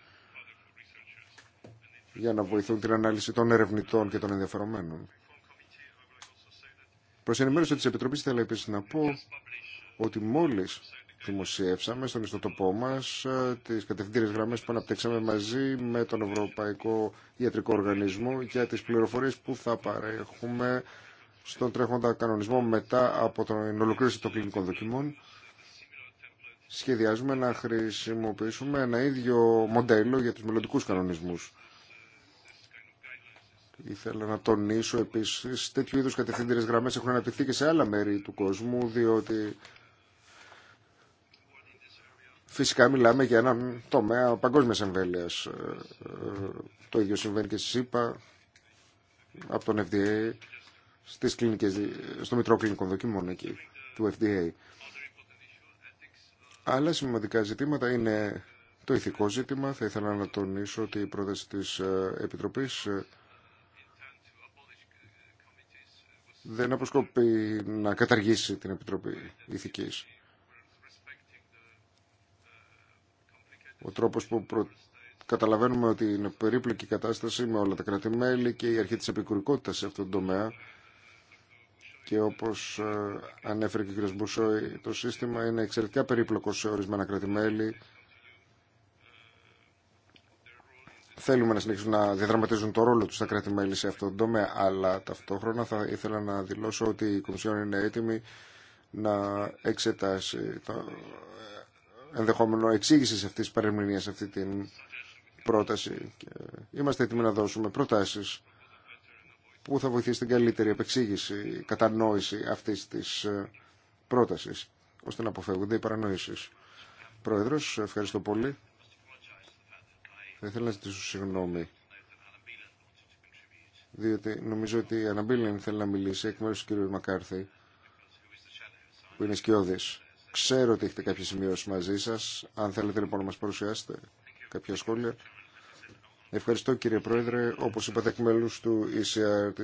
Speaker 1: για να βοηθούν την ανάλυση των ερευνητών και των ενδιαφερομένων. Προς ενημέρωση της Επιτροπής θέλω επίσης να πω ότι μόλις δημοσιεύσαμε στον ιστοτοπό μας ε, τις κατευθυντήριες γραμμές που αναπτύξαμε μαζί με τον Ευρωπαϊκό Ιατρικό Οργανισμό για τις πληροφορίες που θα παρέχουμε στον τρέχοντα κανονισμό μετά από την ολοκλήρωση των κλινικών δοκιμών σχεδιάζουμε να χρησιμοποιήσουμε ένα ίδιο μοντέλο για τους μελλοντικού κανονισμούς. Ήθελα να τονίσω επίσης τέτοιου είδους κατευθύντηρες γραμμές έχουν αναπτυχθεί και σε άλλα μέρη του κόσμου διότι Φυσικά μιλάμε για έναν τομέα παγκόσμιας εμβέλειας. Ε, ε, ε, το ίδιο συμβαίνει και στη ΣΥΠΑ, από τον FDA στις κλινικές, στο Μητρό Κλινικών Δοκιμών εκεί, του FDA. Άλλα σημαντικά ζητήματα είναι το ηθικό ζήτημα. Θα ήθελα να τονίσω ότι η πρόταση της ε, Επιτροπής ε, δεν αποσκοπεί να καταργήσει την Επιτροπή Ηθικής. Ο τρόπος που καταλαβαίνουμε ότι είναι περίπλοκη κατάσταση με όλα τα κράτη-μέλη και η αρχή της επικουρικότητας σε αυτόν τον τομέα και όπως ε, ανέφερε και ο κ. Μπουσόη, το σύστημα είναι εξαιρετικά περίπλοκο σε ορισμένα κρατημέλη. Θέλουμε να συνεχίσουν να διαδραματίζουν το ρόλο τους τα κρατημέλη σε αυτό το τομέα, αλλά ταυτόχρονα θα ήθελα να δηλώσω ότι η Κομισιόν είναι έτοιμη να εξετάσει το ενδεχόμενο εξήγηση αυτής τη παρεμηνία, αυτή την πρόταση. Και είμαστε έτοιμοι να δώσουμε προτάσεις που θα βοηθήσει την καλύτερη επεξήγηση, κατανόηση αυτής της ε, πρότασης, ώστε να αποφεύγονται οι παρανοήσεις. Πρόεδρος, ευχαριστώ πολύ. Θα ήθελα να ζητήσω συγγνώμη, διότι νομίζω ότι η Αναμπίλεν θέλει να μιλήσει εκ μέρους του κ. Μακάρθη, που είναι σκιώδης. Ξέρω ότι έχετε κάποιες σημειώσεις μαζί σας, αν θέλετε λοιπόν να μας παρουσιάσετε κάποια σχόλια. Ευχαριστώ κύριε Πρόεδρε. Όπω είπατε εκ μέλους του ECR τη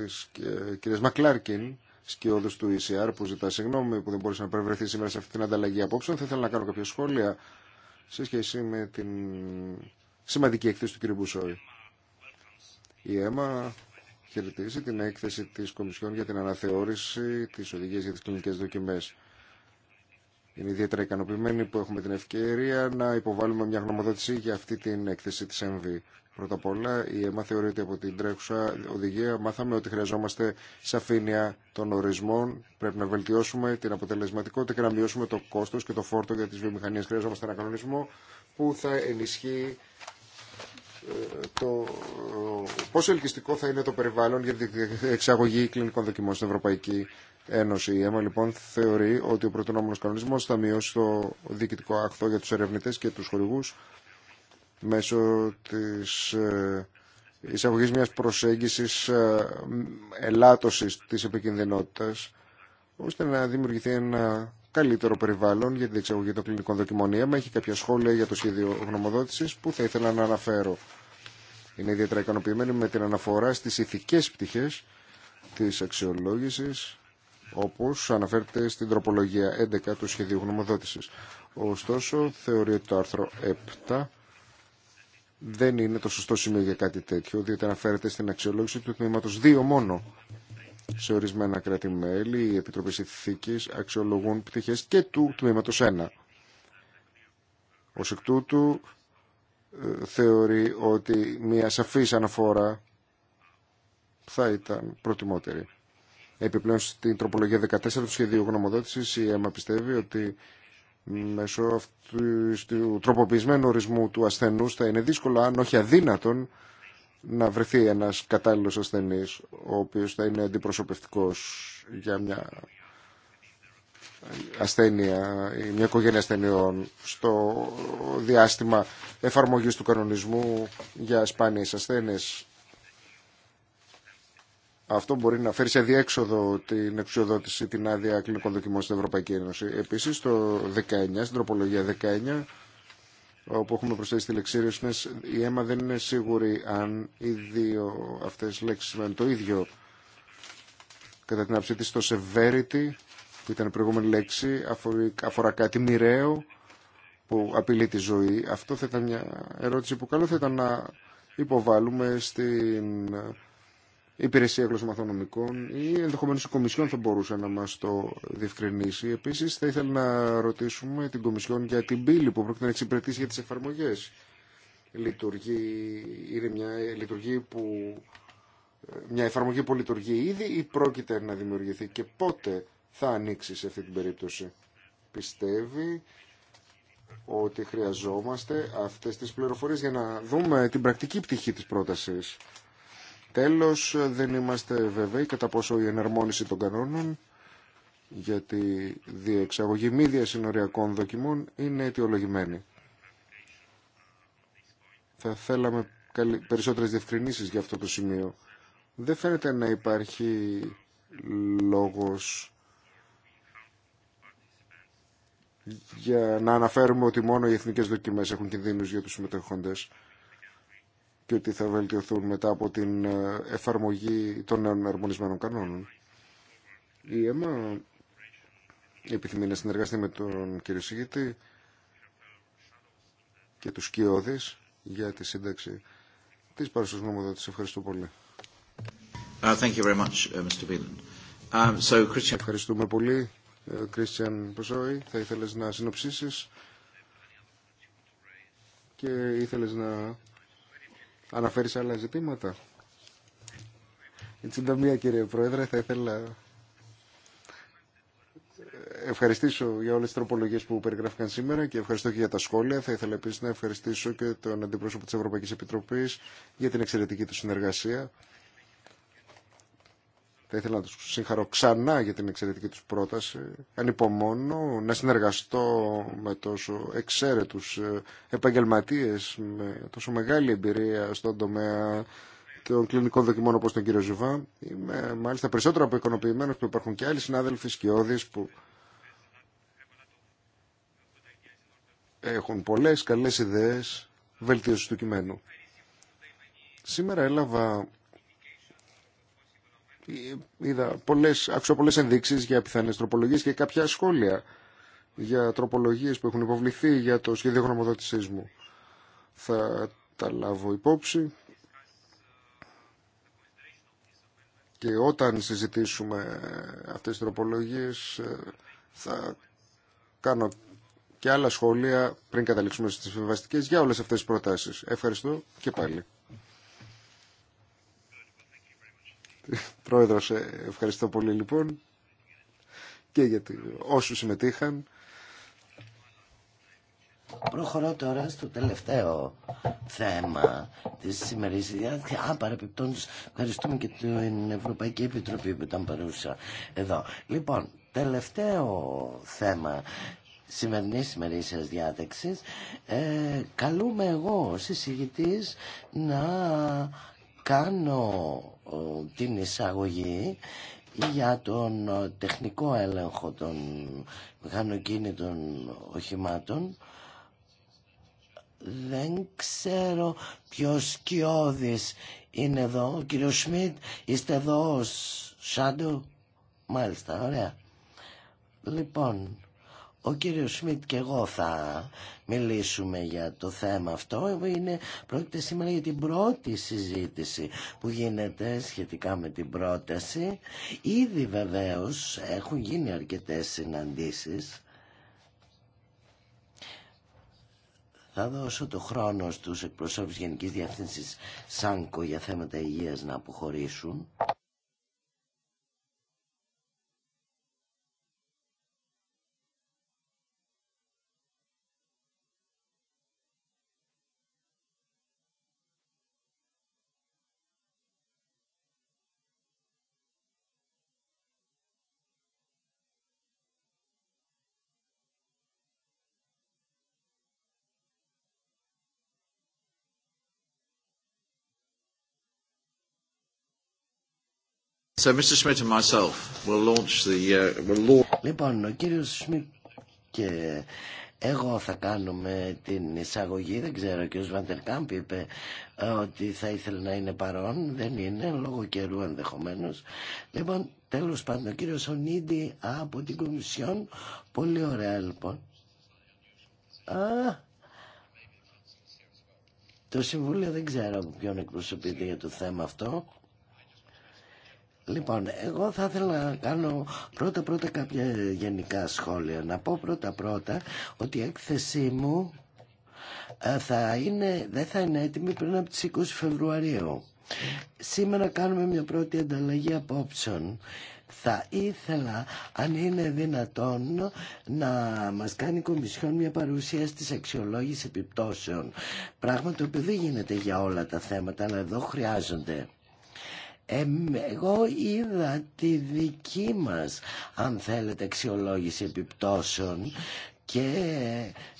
Speaker 1: κυρία Μακλάρκιν, σκιώδη του ECR που ζητά συγγνώμη που δεν μπορούσε να παρευρεθεί σήμερα σε αυτή την ανταλλαγή απόψεων, θα ήθελα να κάνω κάποια σχόλια σε σχέση με την σημαντική εκθέση του κύριου Μπουσόη. Η ΕΜΑ χαιρετίζει την έκθεση τη Κομισιόν για την αναθεώρηση τη οδηγία για τι κλινικέ δοκιμέ, Είναι ιδιαίτερα ικανοποιημένοι που έχουμε την ευκαιρία να υποβάλουμε μια γνωμοδότηση για αυτή την έκθεση της ΕΜΒΗ. Πρώτα απ' όλα, η ΕΜΑ θεωρείται από την τρέχουσα οδηγία. Μάθαμε ότι χρειαζόμαστε σαφήνεια των ορισμών. Πρέπει να βελτιώσουμε την αποτελεσματικότητα και να μειώσουμε το κόστο και το φόρτο για τι βιομηχανίε. Χρειαζόμαστε ένα κανονισμό που θα ενισχύει ε, το ε, πόσο ελκυστικό θα είναι το περιβάλλον για την εξαγωγή κλινικών δοκιμών στην Ευρωπαϊκή Ένωση. Η ΕΜΑ λοιπόν θεωρεί ότι ο πρώτονόμονο κανονισμό θα μειώσει το διοικητικό αχθό για του ερευνητέ και του χορηγού μέσω της ε, εισαγωγής μιας προσέγγισης ε, ελάττωσης της επικινδυνότητας ώστε να δημιουργηθεί ένα καλύτερο περιβάλλον για την εξαγωγή των κλινικών δοκιμών. Έχει κάποια σχόλια για το σχέδιο γνωμοδότησης που θα ήθελα να αναφέρω. Είναι ιδιαίτερα ικανοποιημένη με την αναφορά στις ηθικές πτυχές της αξιολόγησης όπως αναφέρεται στην τροπολογία 11 του σχεδίου γνωμοδότησης. Ωστόσο, θεωρεί το άρθρο 7 δεν είναι το σωστό σημείο για κάτι τέτοιο, διότι αναφέρεται στην αξιολόγηση του τμήματο 2 μόνο. Σε ορισμένα κράτη-μέλη, οι Επιτροπές Ηθική αξιολογούν πτυχές και του τμήματο 1. Ω εκ τούτου, ε, θεωρεί ότι μια σαφή αναφορά θα ήταν προτιμότερη. Επιπλέον στην τροπολογία 14 του σχεδίου γνωμοδότηση, η ΕΜΑ πιστεύει ότι μέσω αυτού του τροποποιημένου ορισμού του ασθενούς θα είναι δύσκολο αν όχι αδύνατον να βρεθεί ένας κατάλληλο ασθενή ο οποίος θα είναι αντιπροσωπευτικό για μια ασθένεια μια οικογένεια ασθενειών στο διάστημα εφαρμογής του κανονισμού για σπάνιες ασθένειες αυτό μπορεί να φέρει σε διέξοδο την εξοδότηση, την άδεια κλινικών δοκιμών στην Ευρωπαϊκή Ένωση. Επίση, το 19, στην τροπολογία 19, όπου έχουμε προσθέσει τη λέξη η αίμα δεν είναι σίγουρη αν οι δύο αυτές λέξει σημαίνουν το ίδιο. Κατά την άψη τη, το severity, που ήταν η προηγούμενη λέξη, αφορά κάτι μοιραίο που απειλεί τη ζωή. Αυτό θα ήταν μια ερώτηση που καλό θα ήταν να υποβάλουμε στην υπηρεσία γλωσσομαθονομικών ή ενδεχομένως η Κομισιόν θα μπορούσε να μας το διευκρινίσει. Επίσης θα ήθελα να ρωτήσουμε την Κομισιόν για την πύλη που πρόκειται να εξυπηρετήσει για τις εφαρμογές. Λειτουργεί, είναι μια που μια εφαρμογή που λειτουργεί ήδη ή πρόκειται να δημιουργηθεί και πότε θα ανοίξει σε αυτή την περίπτωση. Πιστεύει ότι χρειαζόμαστε αυτές τις πληροφορίες για να δούμε την πρακτική πτυχή της πρότασης Τέλος, δεν είμαστε βέβαιοι κατά πόσο η εναρμόνιση των κανόνων για τη διεξαγωγή μη διασυνοριακών δοκιμών είναι αιτιολογημένη. Θα θέλαμε περισσότερες διευκρινήσεις για αυτό το σημείο. Δεν φαίνεται να υπάρχει λόγος για να αναφέρουμε ότι μόνο οι εθνικές δοκιμές έχουν κινδύνους για τους συμμετεχόντες και ότι θα βελτιωθούν μετά από την ε, εφαρμογή των νέων αρμονισμένων κανόνων. Η ΕΜΑ επιθυμεί να συνεργαστεί με τον κύριο Σιγητή και τους Κιώδης για τη σύνταξη της παρουσίας νομοδότησης. Ευχαριστώ πολύ. Uh, thank you very much, uh, um, so, Christian... Ευχαριστούμε πολύ, Κρίστιαν ε, Ποζόη. Θα ήθελες να συνοψίσεις και ήθελες να Αναφέρεις άλλα ζητήματα. Έτσι μία κύριε Πρόεδρε, θα ήθελα ευχαριστήσω για όλες τις τροπολογίες που περιγράφηκαν σήμερα και ευχαριστώ και για τα σχόλια. Θα ήθελα επίσης να ευχαριστήσω και τον Αντιπρόσωπο της Ευρωπαϊκής Επιτροπής για την εξαιρετική του συνεργασία θα ήθελα να του συγχαρώ ξανά για την εξαιρετική του πρόταση. Ανυπομονώ να συνεργαστώ με τόσο εξαίρετου ε, επαγγελματίες, με τόσο μεγάλη εμπειρία στον τομέα των κλινικών δοκιμών όπω τον κύριο Ζουβά. Είμαι μάλιστα περισσότερο από που υπάρχουν και άλλοι συνάδελφοι σκιώδης που έχουν πολλές καλέ ιδέε βελτίωση του κειμένου. Σήμερα έλαβα ε, είδα πολλές, άκουσα πολλές ενδείξεις για πιθανές τροπολογίες και κάποια σχόλια για τροπολογίες που έχουν υποβληθεί για το σχέδιο γνωμοδότησής μου. Θα τα λάβω υπόψη και όταν συζητήσουμε αυτές τις τροπολογίες ε, θα κάνω και άλλα σχόλια πριν καταλήξουμε στις συμβαστικές για όλες αυτές τις προτάσεις. Ευχαριστώ και πάλι. Πρόεδρος, ε, ευχαριστώ πολύ λοιπόν και για όσους συμμετείχαν.
Speaker 2: Προχωρώ τώρα στο τελευταίο θέμα της σημερινής διάθεσης. Α, παραπιπτόντως, ευχαριστούμε και την Ευρωπαϊκή Επιτροπή που ήταν παρούσα εδώ. Λοιπόν, τελευταίο θέμα σημερινής σημερινής διάταξης. Ε, καλούμε εγώ ως εισηγητής να κάνω ε, την εισαγωγή για τον ε, τεχνικό έλεγχο των μηχανοκίνητων οχημάτων δεν ξέρω ποιος κοιόδης είναι εδώ. Ο κύριος Σμιτ, είστε εδώ ως Σάντου. Μάλιστα, ωραία. Λοιπόν, ο κύριο Σμιτ και εγώ θα μιλήσουμε για το θέμα αυτό. Είναι, πρόκειται σήμερα για την πρώτη συζήτηση που γίνεται σχετικά με την πρόταση. Ήδη βεβαίω έχουν γίνει αρκετέ συναντήσεις. Θα δώσω το χρόνο στους εκπροσώπους Γενικής Διεύθυνσης ΣΑΝΚΟ για θέματα υγείας να αποχωρήσουν. Λοιπόν, ο κύριος Σμιτ και εγώ θα κάνουμε την εισαγωγή, δεν ξέρω, ο κύριο Βαντερκάμπ είπε ε, ότι θα ήθελε να είναι παρόν, δεν είναι, λόγω καιρού ενδεχομένω. Λοιπόν, τέλος πάντων, ο κύριο Σονίδη από την Κομισιόν, πολύ ωραία λοιπόν. το Συμβούλιο δεν ξέρω ποιον εκπροσωπείται για το θέμα αυτό. Λοιπόν, εγώ θα ήθελα να κάνω πρώτα-πρώτα κάποια γενικά σχόλια. Να πω πρώτα-πρώτα ότι η έκθεσή μου ε, θα είναι, δεν θα είναι έτοιμη πριν από τις 20 Φεβρουαρίου. Σήμερα κάνουμε μια πρώτη ανταλλαγή απόψεων. Θα ήθελα, αν είναι δυνατόν, να μας κάνει η Κομισιόν μια παρουσία της αξιολόγηση επιπτώσεων. Πράγμα το οποίο δεν γίνεται για όλα τα θέματα, αλλά εδώ χρειάζονται. Ε, εγώ είδα τη δική μας, αν θέλετε, αξιολόγηση επιπτώσεων και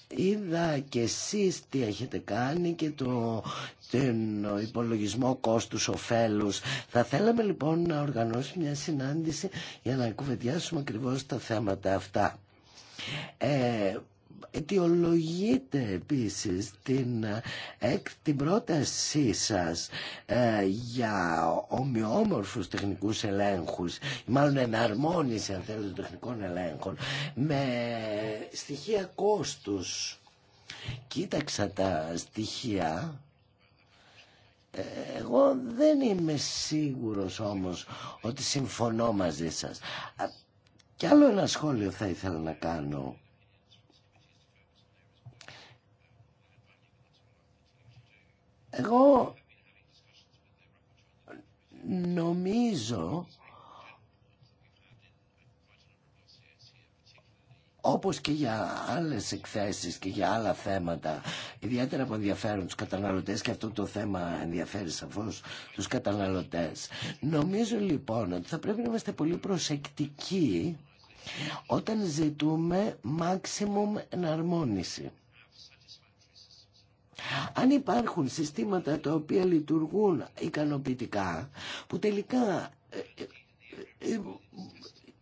Speaker 2: είδα και εσείς τι έχετε κάνει και το τον υπολογισμό κόστους κόστους-οφέλους. Θα θέλαμε λοιπόν να οργανώσουμε μια συνάντηση για να κουβεντιάσουμε ακριβώς τα θέματα αυτά. Ε, αιτιολογείτε επίσης την, ε, την πρότασή σας ε, για ομοιόμορφους τεχνικούς ελέγχους μάλλον εναρμόνιση αν θέλετε τεχνικών ελέγχων με στοιχεία κόστους κοίταξα τα στοιχεία ε, εγώ δεν είμαι σίγουρος όμως ότι συμφωνώ μαζί σας κι άλλο ένα σχόλιο θα ήθελα να κάνω Εγώ νομίζω όπως και για άλλες εκθέσεις και για άλλα θέματα ιδιαίτερα που ενδιαφέρουν τους καταναλωτές και αυτό το θέμα ενδιαφέρει σαφώς τους καταναλωτές νομίζω λοιπόν ότι θα πρέπει να είμαστε πολύ προσεκτικοί όταν ζητούμε maximum εναρμόνιση αν υπάρχουν συστήματα τα οποία λειτουργούν ικανοποιητικά, που τελικά ε, ε, ε,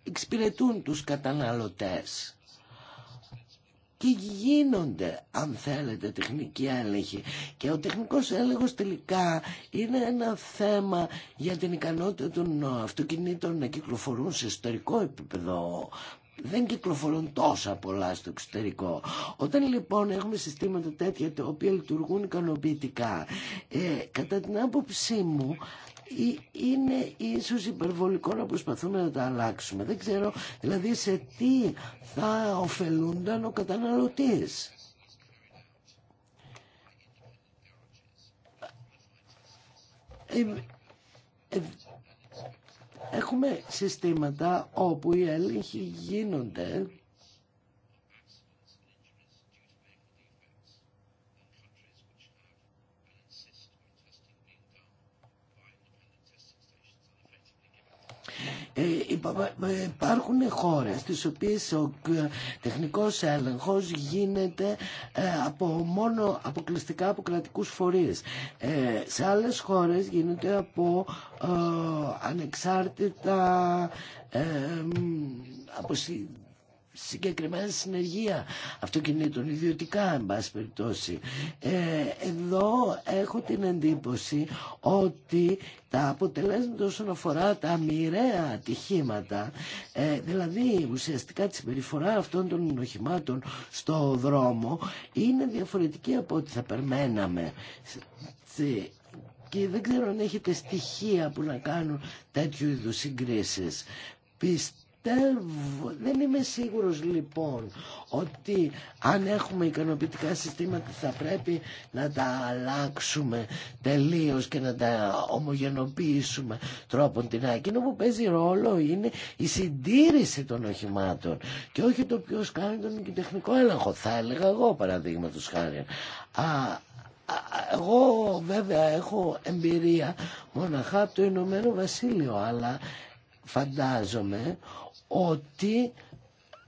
Speaker 2: εξυπηρετούν τους καταναλωτές και γίνονται αν θέλετε τεχνική έλεγχοι και ο τεχνικός έλεγχος τελικά είναι ένα θέμα για την ικανότητα των αυτοκινήτων να κυκλοφορούν σε ιστορικό επίπεδο δεν κυκλοφορούν τόσα πολλά στο εξωτερικό. Όταν λοιπόν έχουμε συστήματα τέτοια τα οποία λειτουργούν ικανοποιητικά, ε, κατά την άποψή μου ε, είναι ίσως υπερβολικό να προσπαθούμε να τα αλλάξουμε. Δεν ξέρω δηλαδή σε τι θα ωφελούνταν ο καταναλωτής. ε, ε Έχουμε συστήματα όπου οι έλεγχοι γίνονται Ε, ε, ε, υπάρχουν χώρες τις οποίες ο τεχνικός έλεγχος γίνεται από μόνο αποκλειστικά από κρατικούς φορείς. Σε άλλες χώρες γίνεται από ανεξάρτητα από συγκεκριμένα συνεργεία αυτοκινήτων, ιδιωτικά εν πάση περιπτώσει. Ε, εδώ έχω την εντύπωση ότι τα αποτελέσματα όσον αφορά τα μοιραία ατυχήματα, ε, δηλαδή ουσιαστικά τη συμπεριφορά αυτών των οχημάτων στο δρόμο, είναι διαφορετική από ό,τι θα περμέναμε. και δεν ξέρω αν έχετε στοιχεία που να κάνουν τέτοιου είδους συγκρίσεις δεν είμαι σίγουρος λοιπόν ότι αν έχουμε ικανοποιητικά συστήματα θα πρέπει να τα αλλάξουμε τελείως και να τα ομογενοποιήσουμε τρόπον την Εκείνο που παίζει ρόλο είναι η συντήρηση των οχημάτων και όχι το ποιο κάνει τον τεχνικό έλεγχο. Θα έλεγα εγώ παραδείγματος χάρη. εγώ βέβαια έχω εμπειρία μοναχά από το Ηνωμένο Βασίλειο αλλά φαντάζομαι ότι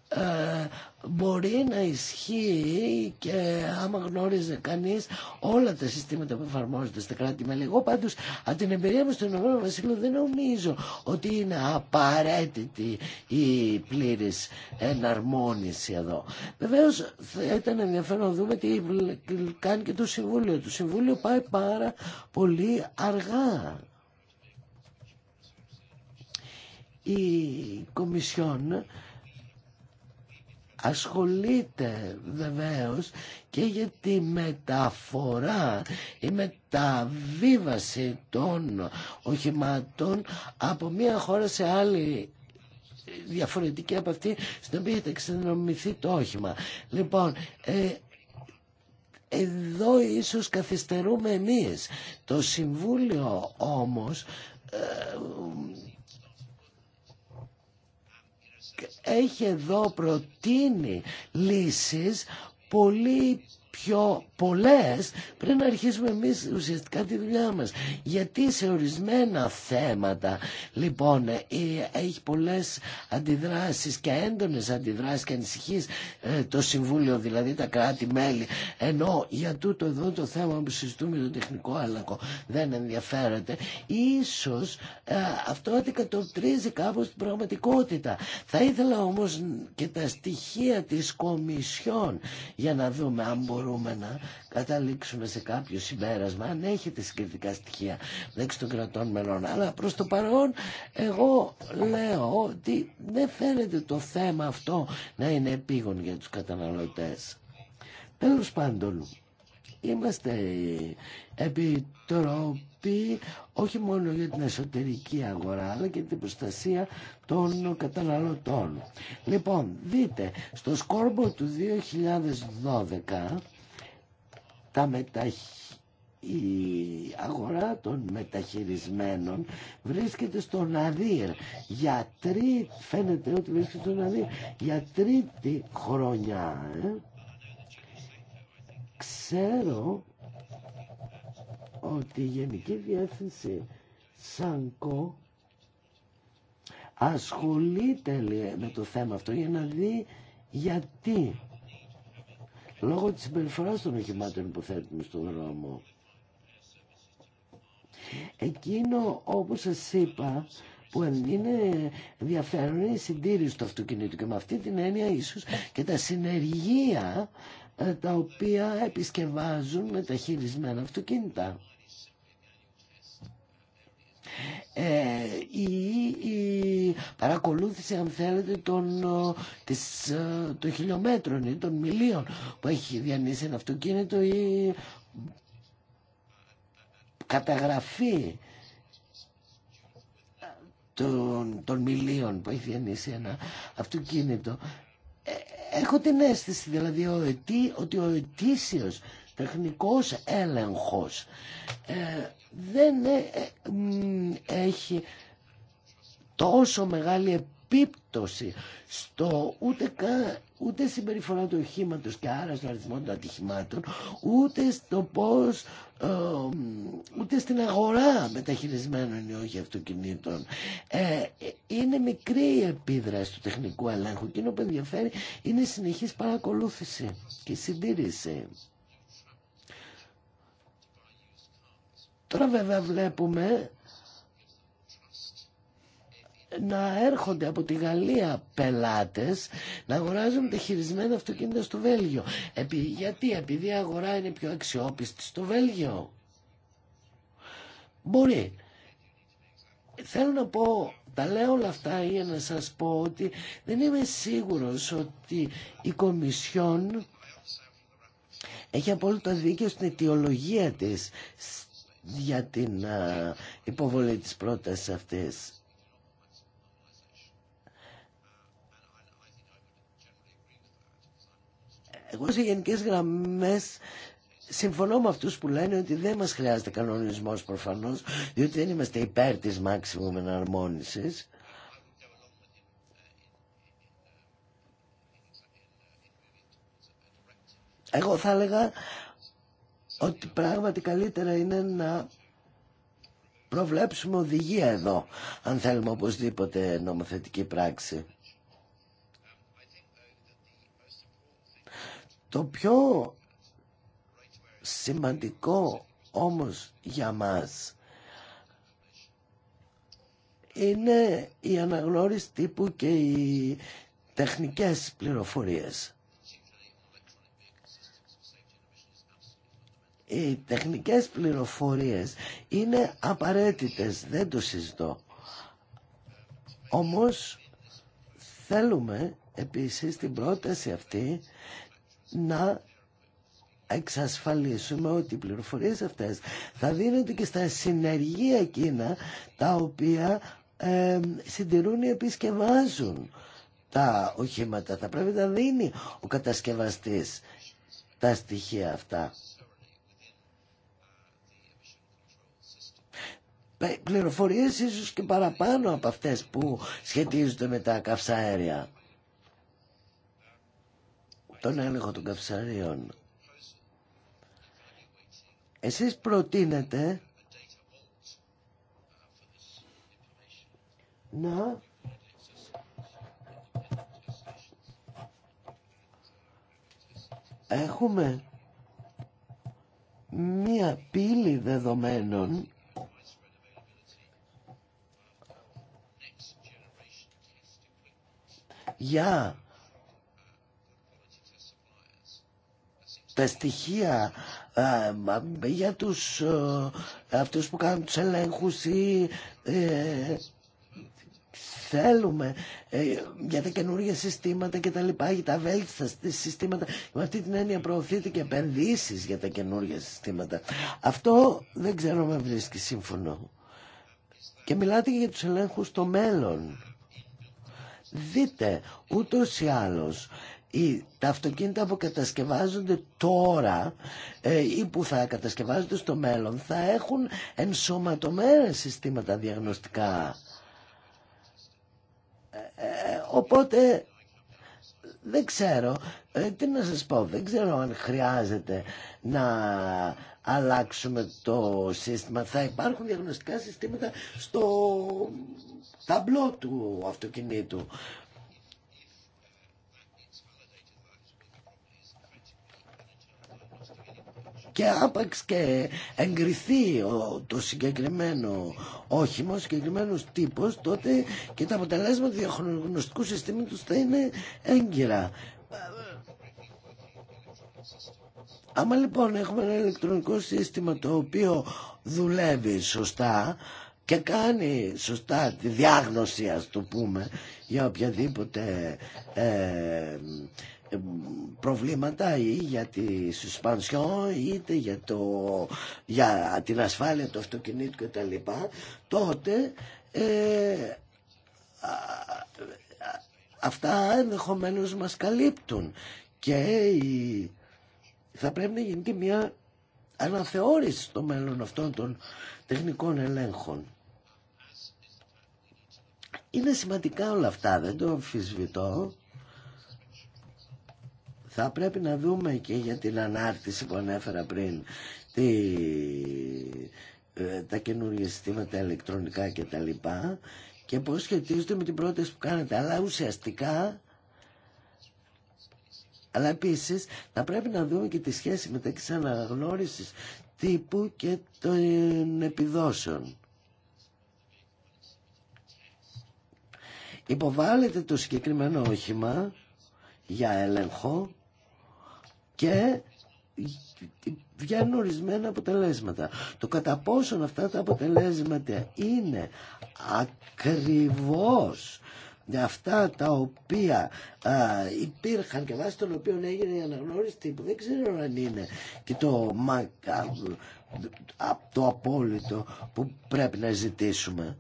Speaker 2: ε, μπορεί να ισχύει και άμα γνώριζε κανείς όλα τα συστήματα που εφαρμόζονται στα κράτη-μέλη. Εγώ πάντως από την εμπειρία μου στον Ευρώπη Βασίλειο δεν νομίζω ότι είναι απαραίτητη η πλήρης εναρμόνιση εδώ. Βεβαίως θα ήταν ενδιαφέρον να δούμε τι κάνει και το Συμβούλιο. Το Συμβούλιο πάει πάρα πολύ αργά. η Κομισιόν ασχολείται βεβαίως και για τη μεταφορά η μεταβίβαση των οχημάτων από μία χώρα σε άλλη διαφορετική από αυτή στην οποία θα ξενομηθεί το όχημα. Λοιπόν, ε, εδώ ίσως καθυστερούμε εμείς. Το Συμβούλιο όμως ε, έχει εδώ προτείνει λύσεις πολύ πιο πολλέ πριν να αρχίσουμε εμείς ουσιαστικά τη δουλειά μας. Γιατί σε ορισμένα θέματα λοιπόν ε, έχει πολλέ αντιδράσεις και έντονες αντιδράσεις και ανησυχείς ε, το Συμβούλιο δηλαδή τα κράτη-μέλη ενώ για τούτο εδώ το θέμα που συζητούμε το τεχνικό άλλακο δεν ενδιαφέρεται ίσως ε, αυτό αντικατοπτρίζει κάπω την πραγματικότητα. Θα ήθελα όμω και τα στοιχεία τη Κομισιόν για να δούμε αν μπορούμε μπορούμε να καταλήξουμε σε κάποιο συμπέρασμα αν έχετε συγκριτικά στοιχεία μεταξύ των κρατών μελών. Αλλά προς το παρόν εγώ λέω ότι δεν φαίνεται το θέμα αυτό να είναι επίγον για τους καταναλωτές. Τέλος πάντων, είμαστε επί αυτή όχι μόνο για την εσωτερική αγορά αλλά και την προστασία των καταναλωτών. Λοιπόν, δείτε, στο σκόρμπο του 2012 τα η αγορά των μεταχειρισμένων βρίσκεται στον Αδύρ για τρίτη, φαίνεται ότι βρίσκεται στον Αδύρ για τρίτη χρονιά ε, ξέρω ότι η Γενική Διεύθυνση ΣΑΝΚΟ ασχολείται με το θέμα αυτό για να δει γιατί λόγω της συμπεριφορά των οχημάτων που θέτουμε στον δρόμο. Εκείνο όπως σας είπα που είναι ενδιαφέρον είναι η συντήρηση του αυτοκινήτου και με αυτή την έννοια ίσως και τα συνεργεία ε, τα οποία επισκευάζουν χειρισμένα αυτοκίνητα. Ε, η, παρακολούθηση αν θέλετε των, ε, των χιλιόμετρων ή των μιλίων που έχει διανύσει ένα αυτοκίνητο ή καταγραφή των, των μιλίων που έχει διανύσει ένα αυτοκίνητο. Ε, έχω την αίσθηση δηλαδή ο ότι ο ετήσιος τεχνικός έλεγχος ε, δεν ε, ε, έχει τόσο μεγάλη επίπτωση στο ούτε, κα, ούτε συμπεριφορά του οχήματος και άρα στο αριθμό των ατυχημάτων ούτε στο πώς ε, ούτε στην αγορά μεταχειρισμένων ή όχι αυτοκινήτων είναι μικρή η επίδραση του τεχνικού ελέγχου εκείνο που ενδιαφέρει είναι η συνεχής παρακολούθηση και συντήρηση Τώρα βέβαια βλέπουμε να έρχονται από τη Γαλλία πελάτες να αγοράζουν τα χειρισμένα αυτοκίνητα στο Βέλγιο. γιατί, επειδή η αγορά είναι πιο αξιόπιστη στο Βέλγιο. Μπορεί. Θέλω να πω, τα λέω όλα αυτά για να σας πω ότι δεν είμαι σίγουρος ότι η Κομισιόν έχει απόλυτο δίκιο στην αιτιολογία της, για την ε, υποβολή της πρότασης αυτής. Εγώ σε γενικές γραμμές συμφωνώ με αυτούς που λένε ότι δεν μας χρειάζεται κανονισμός προφανώς, διότι δεν είμαστε υπέρ της maximum εναρμόνισης. Εγώ θα έλεγα ότι πράγματι καλύτερα είναι να προβλέψουμε οδηγία εδώ, αν θέλουμε οπωσδήποτε νομοθετική πράξη. Το πιο σημαντικό όμως για μας είναι η αναγνώριση τύπου και οι τεχνικές πληροφορίες. οι τεχνικές πληροφορίες είναι απαραίτητες, δεν το συζητώ. Όμως θέλουμε επίσης την πρόταση αυτή να εξασφαλίσουμε ότι οι πληροφορίες αυτές θα δίνονται και στα συνεργεία εκείνα τα οποία ε, συντηρούν ή επισκευάζουν τα οχήματα. Θα πρέπει να δίνει ο κατασκευαστής τα στοιχεία αυτά. πληροφορίες ίσως και παραπάνω από αυτές που σχετίζονται με τα καυσαέρια. Τον έλεγχο των καυσαρίων. Εσείς προτείνετε να έχουμε μία πύλη δεδομένων για τα στοιχεία ε, για τους ε, αυτούς που κάνουν τους ελέγχους ή ε, θέλουμε για τα καινούργια συστήματα και τα λοιπά, για τα βέλτιστα συστήματα. Με αυτή την έννοια προωθείται και επενδύσει για τα καινούργια συστήματα. Αυτό δεν ξέρω με βρίσκει σύμφωνο. Και μιλάτε και για τους ελέγχους στο μέλλον. Δείτε, ούτως ή άλλως, τα αυτοκίνητα που κατασκευάζονται τώρα ε, ή που θα κατασκευάζονται στο μέλλον θα έχουν ενσωματωμένα συστήματα διαγνωστικά. Ε, ε οπότε δεν ξέρω, ε, τι να σας πω, δεν ξέρω αν χρειάζεται να αλλάξουμε το σύστημα. Θα υπάρχουν διαγνωστικά συστήματα στο ταμπλό του αυτοκινήτου. και άπαξ και εγκριθεί το συγκεκριμένο όχημα, ο συγκεκριμένο τύπο, τότε και τα αποτελέσματα του διαχρονογνωστικού συστήματο θα είναι έγκυρα. Άμα λοιπόν έχουμε ένα ηλεκτρονικό σύστημα το οποίο δουλεύει σωστά, και κάνει σωστά τη διάγνωση ας το πούμε για οποιαδήποτε ε, προβλήματα ή για τη σουσπανσιό είτε για, το, για την ασφάλεια του αυτοκινήτου και τα λοιπά, τότε ε, αυτά ενδεχομένω μας καλύπτουν και θα πρέπει να γίνει και μια αναθεώρηση στο μέλλον αυτών των τεχνικών ελέγχων. Είναι σημαντικά όλα αυτά, δεν το αμφισβητώ. Θα πρέπει να δούμε και για την ανάρτηση που ανέφερα πριν, ε, τα καινούργια συστήματα ηλεκτρονικά Και, τα λοιπά, και πώς σχετίζονται με την πρόταση που κάνετε. Αλλά ουσιαστικά αλλά επίσης, θα πρέπει να δούμε και τη σχέση μεταξύ αναγνώριση τύπου και των επιδόσεων. υποβάλλεται το συγκεκριμένο όχημα για έλεγχο και βγαίνουν ορισμένα αποτελέσματα. Το κατά πόσον αυτά τα αποτελέσματα είναι ακριβώς αυτά τα οποία υπήρχαν και βάσει των οποίων έγινε η αναγνώριση τύπου δεν ξέρω αν είναι και το, μα, το απόλυτο που πρέπει να ζητήσουμε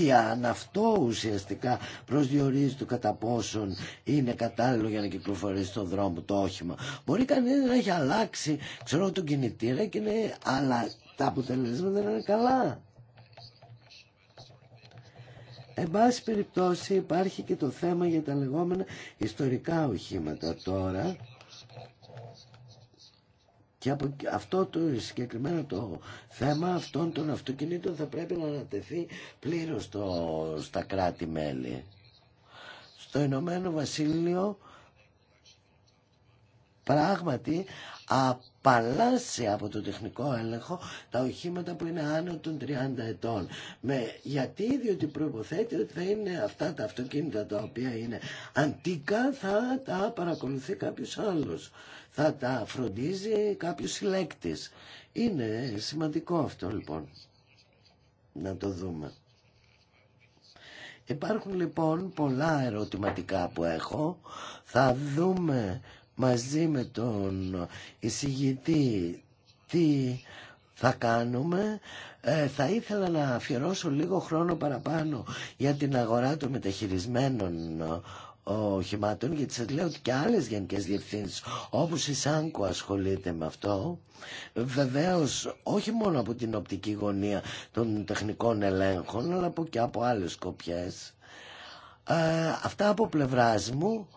Speaker 2: ή αν αυτό ουσιαστικά προσδιορίζει το κατά πόσον είναι κατάλληλο για να κυκλοφορήσει στον δρόμο το όχημα. Μπορεί κανείς να έχει αλλάξει, ξέρω, τον κινητήρα και αλλά τα αποτελέσματα δεν είναι καλά. Εν πάση περιπτώσει υπάρχει και το θέμα για τα λεγόμενα ιστορικά οχήματα τώρα και από αυτό το συγκεκριμένο το θέμα αυτών των αυτοκινήτων θα πρέπει να ανατεθεί πλήρως στα κράτη-μέλη. Στο Ηνωμένο Βασίλειο πράγματι απαλλάσσει από το τεχνικό έλεγχο τα οχήματα που είναι άνω των 30 ετών. Με, γιατί, διότι προποθέτει ότι θα είναι αυτά τα αυτοκίνητα τα οποία είναι αντίκα θα τα παρακολουθεί κάποιος άλλος θα τα φροντίζει κάποιος συλλέκτης. Είναι σημαντικό αυτό λοιπόν να το δούμε. Υπάρχουν λοιπόν πολλά ερωτηματικά που έχω. Θα δούμε μαζί με τον εισηγητή τι θα κάνουμε. Ε, θα ήθελα να αφιερώσω λίγο χρόνο παραπάνω για την αγορά των μεταχειρισμένων οχημάτων γιατί σας λέω ότι και άλλες γενικές διευθύνσεις όπως η ΣΑΝΚΟ ασχολείται με αυτό βεβαίως όχι μόνο από την οπτική γωνία των τεχνικών ελέγχων αλλά από και από άλλες κοπιές ε, αυτά από πλευράς μου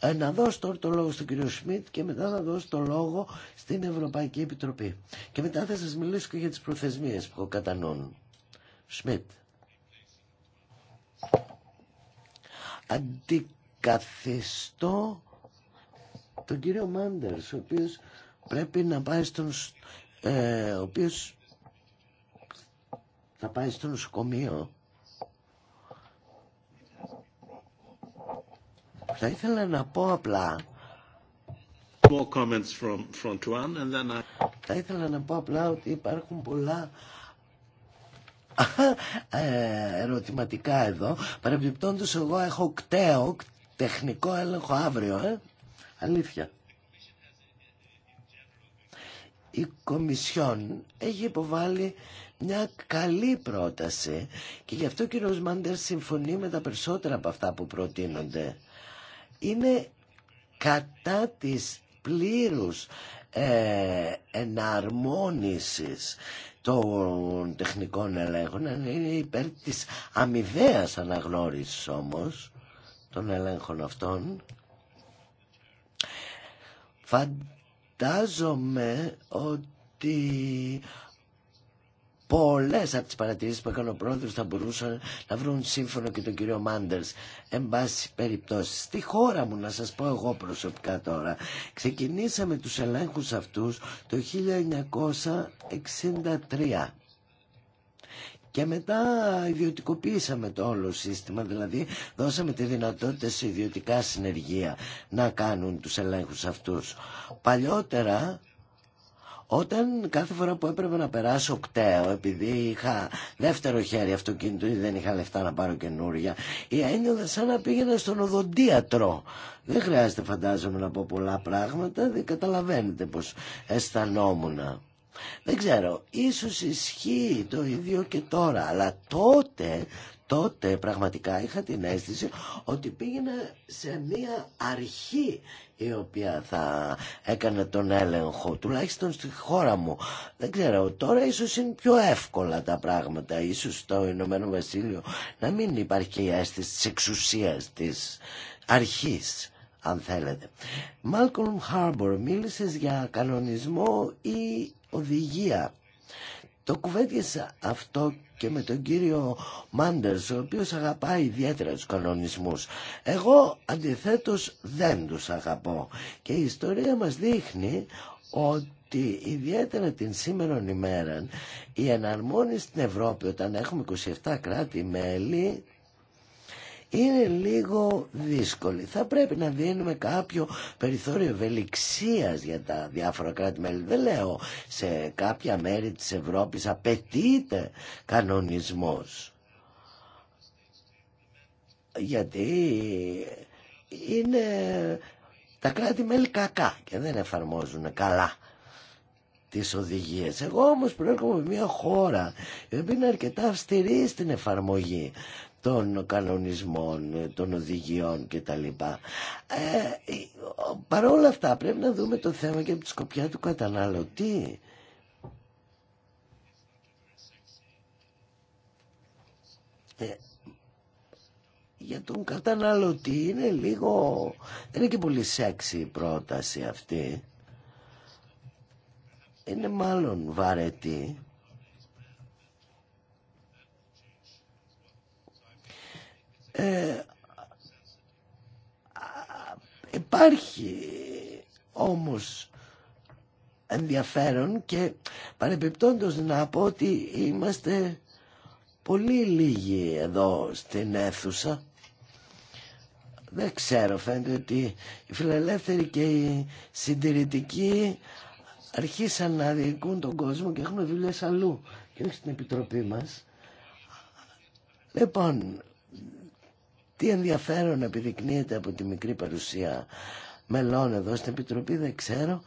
Speaker 2: ε, να δώσω τώρα το λόγο στον κύριο Σμιτ και μετά να δώσω το λόγο στην Ευρωπαϊκή Επιτροπή και μετά θα σας μιλήσω και για τις προθεσμίες που κατά Σμιτ αντί καθιστώ τον κύριο Μάντερς, ο οποίος πρέπει να πάει στον... Ε, ο οποίος θα πάει στο νοσοκομείο. Θα ήθελα να πω απλά... More comments from, from Tuan and then I... Θα ήθελα να πω απλά ότι υπάρχουν πολλά ε, ερωτηματικά εδώ. Παρεμπιπτόντως εγώ έχω κταίω τεχνικό έλεγχο αύριο, ε. Αλήθεια. Η Κομισιόν έχει υποβάλει μια καλή πρόταση και γι' αυτό ο κ. Μάντερ συμφωνεί με τα περισσότερα από αυτά που προτείνονται. Είναι κατά της πλήρους ε, εναρμόνισης των τεχνικών ελέγχων, είναι υπέρ της αμοιβαίας αναγνώρισης όμως των ελέγχων αυτών. Φαντάζομαι ότι πολλές από τις παρατηρήσεις που έκανε ο πρόεδρος θα μπορούσαν να βρουν σύμφωνο και τον κύριο Μάντερς. Εν πάση περιπτώσει, στη χώρα μου να σας πω εγώ προσωπικά τώρα, ξεκινήσαμε τους ελέγχους αυτούς το 1963 και μετά ιδιωτικοποίησαμε το όλο σύστημα, δηλαδή δώσαμε τη δυνατότητα σε ιδιωτικά συνεργεία να κάνουν τους ελέγχους αυτούς. Παλιότερα όταν κάθε φορά που έπρεπε να περάσω κταίο, επειδή είχα δεύτερο χέρι αυτοκίνητο ή δεν είχα λεφτά να πάρω καινούρια, ή ένιωθα σαν να πήγαινα στον οδοντίατρο. Δεν χρειάζεται φαντάζομαι να πω πολλά πράγματα, δεν καταλαβαίνετε πως αισθανόμουν. Δεν ξέρω, ίσως ισχύει το ίδιο και τώρα, αλλά τότε, τότε πραγματικά είχα την αίσθηση ότι πήγαινα σε μία αρχή η οποία θα έκανε τον έλεγχο, τουλάχιστον στη χώρα μου. Δεν ξέρω, τώρα ίσως είναι πιο εύκολα τα πράγματα, ίσως στο Ηνωμένο Βασίλειο να μην υπάρχει η αίσθηση της εξουσίας της αρχής αν θέλετε. Μάλκολμ Χάρμπορ μίλησες για κανονισμό ή οδηγία. Το κουβέντιασα αυτό και με τον κύριο Μάντερς, ο οποίος αγαπάει ιδιαίτερα τους κανονισμούς. Εγώ αντιθέτως δεν τους αγαπώ. Και η ιστορία μας δείχνει ότι ιδιαίτερα την σήμερον ημέρα η εναρμόνιση στην Ευρώπη όταν έχουμε 27 κράτη-μέλη είναι λίγο δύσκολη. Θα πρέπει να δίνουμε κάποιο περιθώριο ευελιξία για τα διάφορα κράτη-μέλη. Δεν λέω σε κάποια μέρη της Ευρώπης απαιτείται κανονισμός. Γιατί είναι τα κράτη-μέλη κακά και δεν εφαρμόζουν καλά τις οδηγίες. Εγώ όμως προέρχομαι από μια χώρα η είναι αρκετά αυστηρή στην εφαρμογή των κανονισμών, των οδηγιών κτλ. Ε, Παρ' όλα αυτά πρέπει να δούμε το θέμα και από τη σκοπιά του καταναλωτή. Ε, για τον καταναλωτή είναι λίγο... δεν είναι και πολύ σεξι η πρόταση αυτή. Είναι μάλλον βαρετή. Ε, υπάρχει όμως ενδιαφέρον και παρεμπιπτόντως να πω ότι είμαστε πολύ λίγοι εδώ στην αίθουσα. Δεν ξέρω, φαίνεται ότι οι φιλελεύθεροι και οι συντηρητικοί αρχίσαν να διοικούν τον κόσμο και έχουν δουλειές αλλού και όχι στην Επιτροπή μας. Λοιπόν, τι ενδιαφέρον επιδεικνύεται από τη μικρή παρουσία μελών εδώ στην Επιτροπή δεν ξέρω.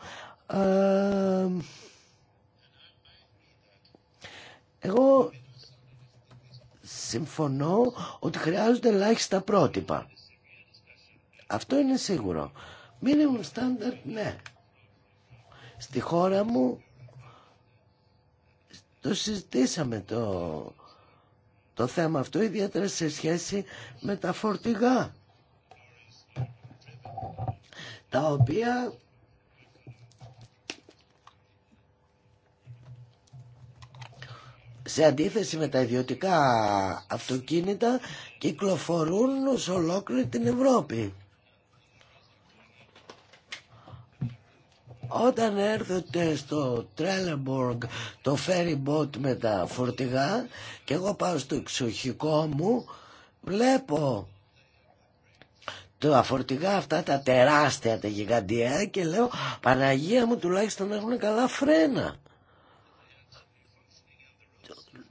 Speaker 2: εγώ συμφωνώ ότι χρειάζονται ελάχιστα πρότυπα. Αυτό είναι σίγουρο. Minimum standard, ναι. Στη χώρα μου το συζητήσαμε το το θέμα αυτό, ιδιαίτερα σε σχέση με τα φορτηγά, τα οποία σε αντίθεση με τα ιδιωτικά αυτοκίνητα κυκλοφορούν σε ολόκληρη την Ευρώπη. Όταν έρθετε στο Τρέλεμποργκ το ferry boat με τα φορτηγά και εγώ πάω στο εξοχικό μου βλέπω τα φορτηγά αυτά τα τεράστια τα γιγαντιαία και λέω Παναγία μου τουλάχιστον έχουν καλά φρένα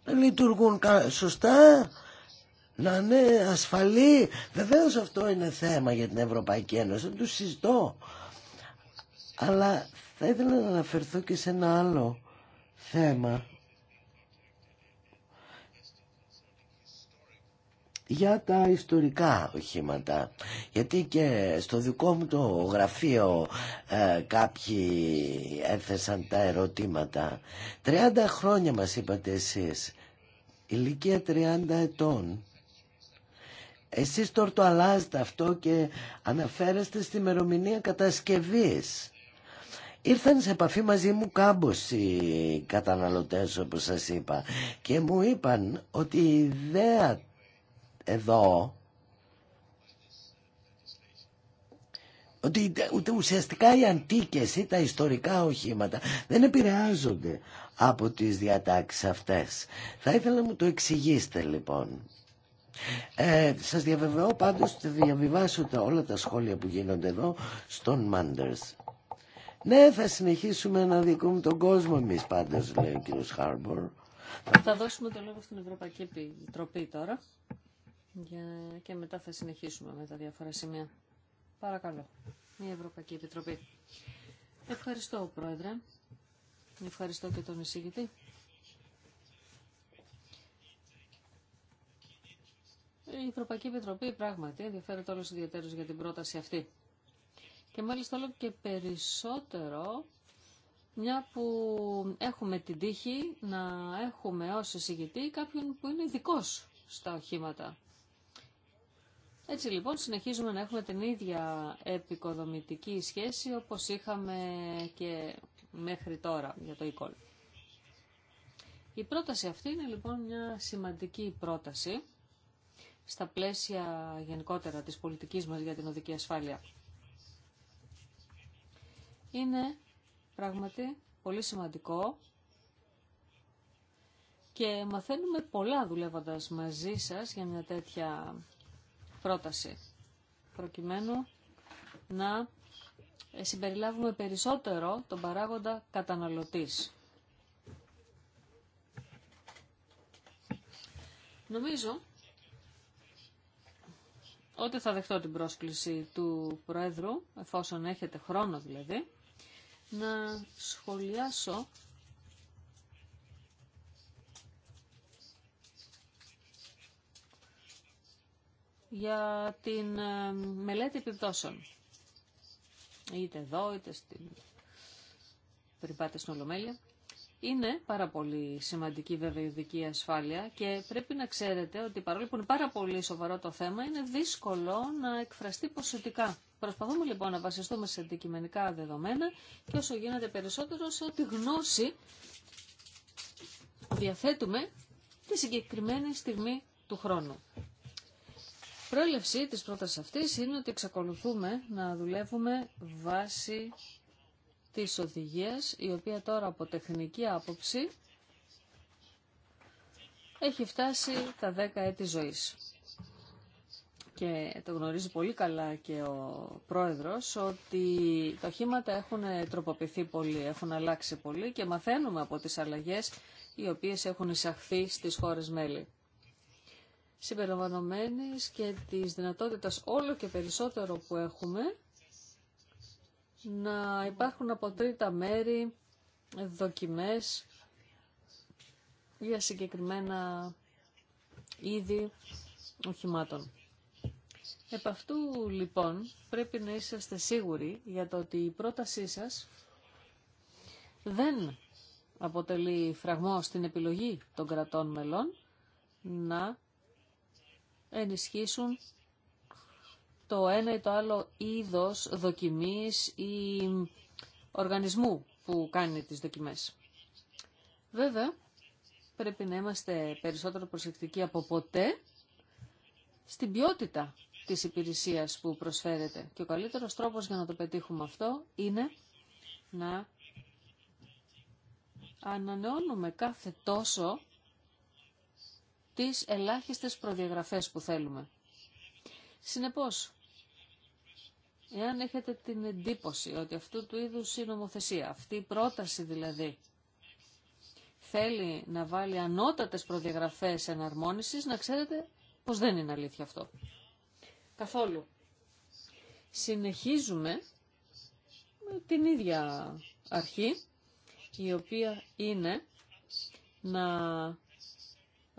Speaker 2: λειτουργούν σωστά να είναι ασφαλή βεβαίως αυτό είναι θέμα για την Ευρωπαϊκή Ένωση δεν το συζητώ αλλά θα ήθελα να αναφερθώ και σε ένα άλλο θέμα. για τα ιστορικά οχήματα. Γιατί και στο δικό μου το γραφείο ε, κάποιοι έθεσαν τα ερωτήματα. 30 χρόνια μας είπατε εσείς, ηλικία 30 ετών. Εσείς τώρα το αλλάζετε αυτό και αναφέρεστε στη μερομηνία κατασκευής. Ήρθαν σε επαφή μαζί μου κάμπος οι καταναλωτές όπως σας είπα και μου είπαν ότι η ιδέα εδώ ότι ουσιαστικά οι αντίκες ή τα ιστορικά οχήματα δεν επηρεάζονται από τις διατάξεις αυτές. Θα ήθελα να μου το εξηγήσετε λοιπόν. Ε, σας διαβεβαιώ πάντως ότι διαβιβάσω όλα τα σχόλια που γίνονται εδώ στον Μάντερς. Ναι, θα συνεχίσουμε να δικούμε τον κόσμο εμεί πάντω, λέει ο κ. Χάρμπορ.
Speaker 3: Θα δώσουμε το λόγο στην Ευρωπαϊκή Επιτροπή τώρα και μετά θα συνεχίσουμε με τα διάφορα σημεία. Παρακαλώ, η Ευρωπαϊκή Επιτροπή. Ευχαριστώ, Πρόεδρε. Ευχαριστώ και τον εισηγητή. Η Ευρωπαϊκή Επιτροπή πράγματι ενδιαφέρεται όλο ιδιαίτερω για την πρόταση αυτή και μάλιστα όλο και περισσότερο μια που έχουμε την τύχη να έχουμε ως εισηγητή κάποιον που είναι ειδικό στα οχήματα. Έτσι λοιπόν συνεχίζουμε να έχουμε την ίδια επικοδομητική σχέση όπως είχαμε και μέχρι τώρα για το e Η πρόταση αυτή είναι λοιπόν μια σημαντική πρόταση στα πλαίσια γενικότερα της πολιτικής μας για την οδική ασφάλεια είναι πράγματι πολύ σημαντικό και μαθαίνουμε πολλά δουλεύοντας μαζί σας για μια τέτοια πρόταση προκειμένου να ε, συμπεριλάβουμε περισσότερο τον παράγοντα καταναλωτής. Νομίζω ότι θα δεχτώ την πρόσκληση του Προέδρου, εφόσον έχετε χρόνο δηλαδή, να σχολιάσω για την ε, μελέτη επιπτώσεων. Είτε εδώ, είτε στην... πριν πάτε στην Ολομέλεια. Είναι πάρα πολύ σημαντική βέβαια η ασφάλεια και πρέπει να ξέρετε ότι παρόλο που είναι πάρα πολύ σοβαρό το θέμα, είναι δύσκολο να εκφραστεί ποσοτικά. Προσπαθούμε λοιπόν να βασιστούμε σε αντικειμενικά δεδομένα και όσο γίνεται περισσότερο σε ό,τι γνώση διαθέτουμε τη συγκεκριμένη στιγμή του χρόνου. Πρόλευση της πρότασης αυτής είναι ότι εξακολουθούμε να δουλεύουμε βάσει της οδηγίας, η οποία τώρα από τεχνική άποψη έχει φτάσει τα δέκα έτη ζωής. Και το γνωρίζει πολύ καλά και ο πρόεδρος ότι τα οχήματα έχουν τροποποιηθεί πολύ, έχουν αλλάξει πολύ και μαθαίνουμε από τις αλλαγές οι οποίες έχουν εισαχθεί στις χώρες μέλη. Συμπεριλαμβανομένης και της δυνατότητας όλο και περισσότερο που έχουμε να υπάρχουν από τρίτα μέρη δοκιμές για συγκεκριμένα είδη οχημάτων. Επ' αυτού λοιπόν πρέπει να είσαστε σίγουροι για το ότι η πρότασή σας δεν αποτελεί φραγμό στην επιλογή των κρατών μελών να ενισχύσουν το ένα ή το άλλο είδος δοκιμής ή οργανισμού που κάνει τις δοκιμές. Βέβαια, πρέπει να είμαστε περισσότερο προσεκτικοί από ποτέ στην ποιότητα της υπηρεσίας που προσφέρεται. Και ο καλύτερος τρόπος για να το πετύχουμε αυτό είναι να ανανεώνουμε κάθε τόσο τις ελάχιστες προδιαγραφές που θέλουμε. Συνεπώς, Εάν έχετε την εντύπωση ότι αυτού του είδους η νομοθεσία, αυτή η πρόταση δηλαδή, θέλει να βάλει ανώτατες προδιαγραφές εναρμόνισης, να ξέρετε πως δεν είναι αλήθεια αυτό. Καθόλου. Συνεχίζουμε με την ίδια αρχή, η οποία είναι να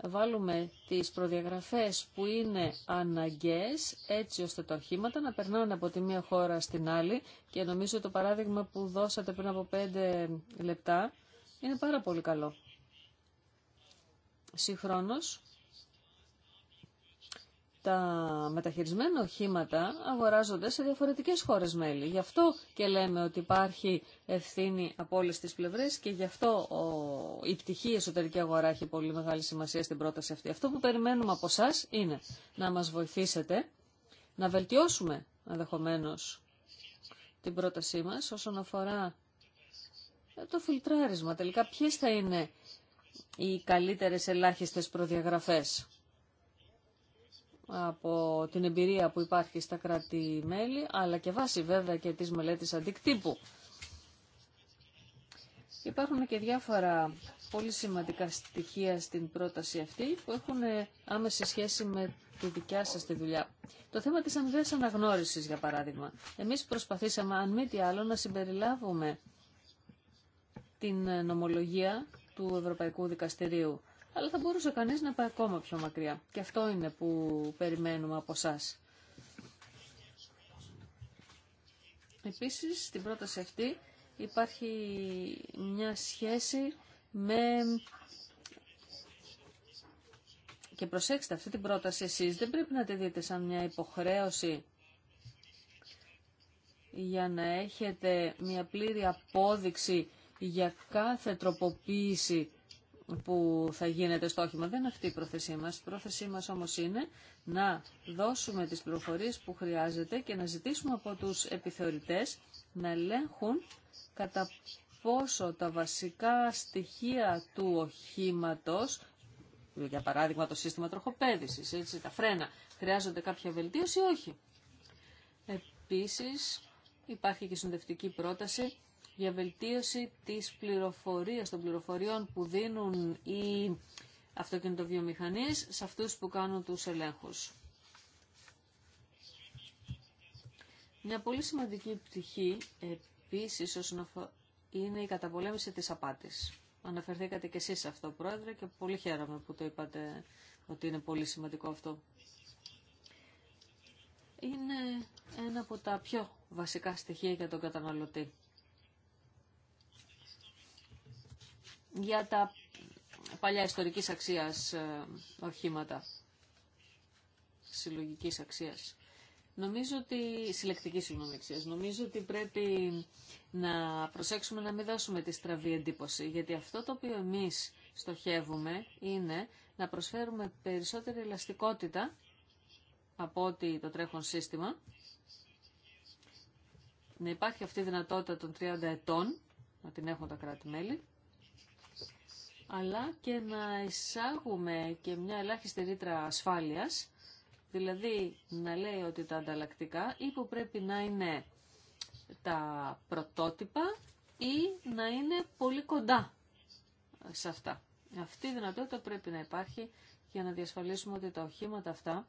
Speaker 3: βάλουμε τις προδιαγραφές που είναι αναγκαίες έτσι ώστε τα οχήματα να περνάνε από τη μία χώρα στην άλλη και νομίζω το παράδειγμα που δώσατε πριν από πέντε λεπτά είναι πάρα πολύ καλό. Συγχρόνως τα μεταχειρισμένα οχήματα αγοράζονται σε διαφορετικές χώρες μέλη. Γι' αυτό και λέμε ότι υπάρχει ευθύνη από όλες τις πλευρές και γι' αυτό ο, η πτυχή εσωτερική αγορά έχει πολύ μεγάλη σημασία στην πρόταση αυτή. Αυτό που περιμένουμε από εσά είναι να μας βοηθήσετε να βελτιώσουμε ενδεχομένω την πρότασή μας όσον αφορά το φιλτράρισμα. Τελικά ποιες θα είναι οι καλύτερες ελάχιστες προδιαγραφές από την εμπειρία που υπάρχει στα κράτη-μέλη, αλλά και βάσει βέβαια και της μελέτης αντικτύπου. Υπάρχουν και διάφορα πολύ σημαντικά στοιχεία στην πρόταση αυτή που έχουν ε, άμεση σχέση με τη δικιά σας τη δουλειά. Το θέμα της αμοιβαίας αναγνώρισης, για παράδειγμα. Εμείς προσπαθήσαμε, αν μη τι άλλο, να συμπεριλάβουμε την νομολογία του Ευρωπαϊκού Δικαστηρίου αλλά θα μπορούσε κανείς να πάει ακόμα πιο μακριά. Και αυτό είναι που περιμένουμε από εσά. Επίσης, στην πρόταση αυτή υπάρχει μια σχέση με... Και προσέξτε, αυτή την πρόταση εσείς δεν πρέπει να τη δείτε σαν μια υποχρέωση για να έχετε μια πλήρη απόδειξη για κάθε τροποποίηση που θα γίνεται στο όχημα. Δεν είναι αυτή η πρόθεσή μας. Η πρόθεσή μας όμως είναι να δώσουμε τις πληροφορίες που χρειάζεται και να ζητήσουμε από τους επιθεωρητές να ελέγχουν κατά πόσο τα βασικά στοιχεία του οχήματος, για παράδειγμα το σύστημα τροχοπέδησης, έτσι, τα φρένα, χρειάζονται κάποια βελτίωση ή όχι. Επίσης, υπάρχει και συνδευτική πρόταση για βελτίωση της πληροφορίας των πληροφοριών που δίνουν οι αυτοκινητοβιομηχανείς σε αυτούς που κάνουν τους ελέγχους. Μια πολύ σημαντική πτυχή επίσης είναι η καταπολέμηση της απάτης. Αναφερθήκατε και εσείς σε αυτό, Πρόεδρε, και πολύ χαίρομαι που το είπατε ότι είναι πολύ σημαντικό αυτό. Είναι ένα από τα πιο βασικά στοιχεία για τον καταναλωτή. για τα παλιά ιστορικής αξίας ε, οχήματα, συλλογικής αξίας. Νομίζω ότι, συλλεκτική συγγνώμη νομίζω ότι πρέπει να προσέξουμε να μην δώσουμε τη στραβή εντύπωση, γιατί αυτό το οποίο εμείς στοχεύουμε είναι να προσφέρουμε περισσότερη ελαστικότητα από ό,τι το τρέχον σύστημα, να υπάρχει αυτή η δυνατότητα των 30 ετών, να την έχουν τα κράτη-μέλη, αλλά και να εισάγουμε και μια ελάχιστη ρήτρα ασφάλειας, δηλαδή να λέει ότι τα ανταλλακτικά ή που πρέπει να είναι τα πρωτότυπα ή να είναι πολύ κοντά σε αυτά. Αυτή η δυνατότητα πρέπει να υπάρχει για να διασφαλίσουμε ότι τα οχήματα αυτά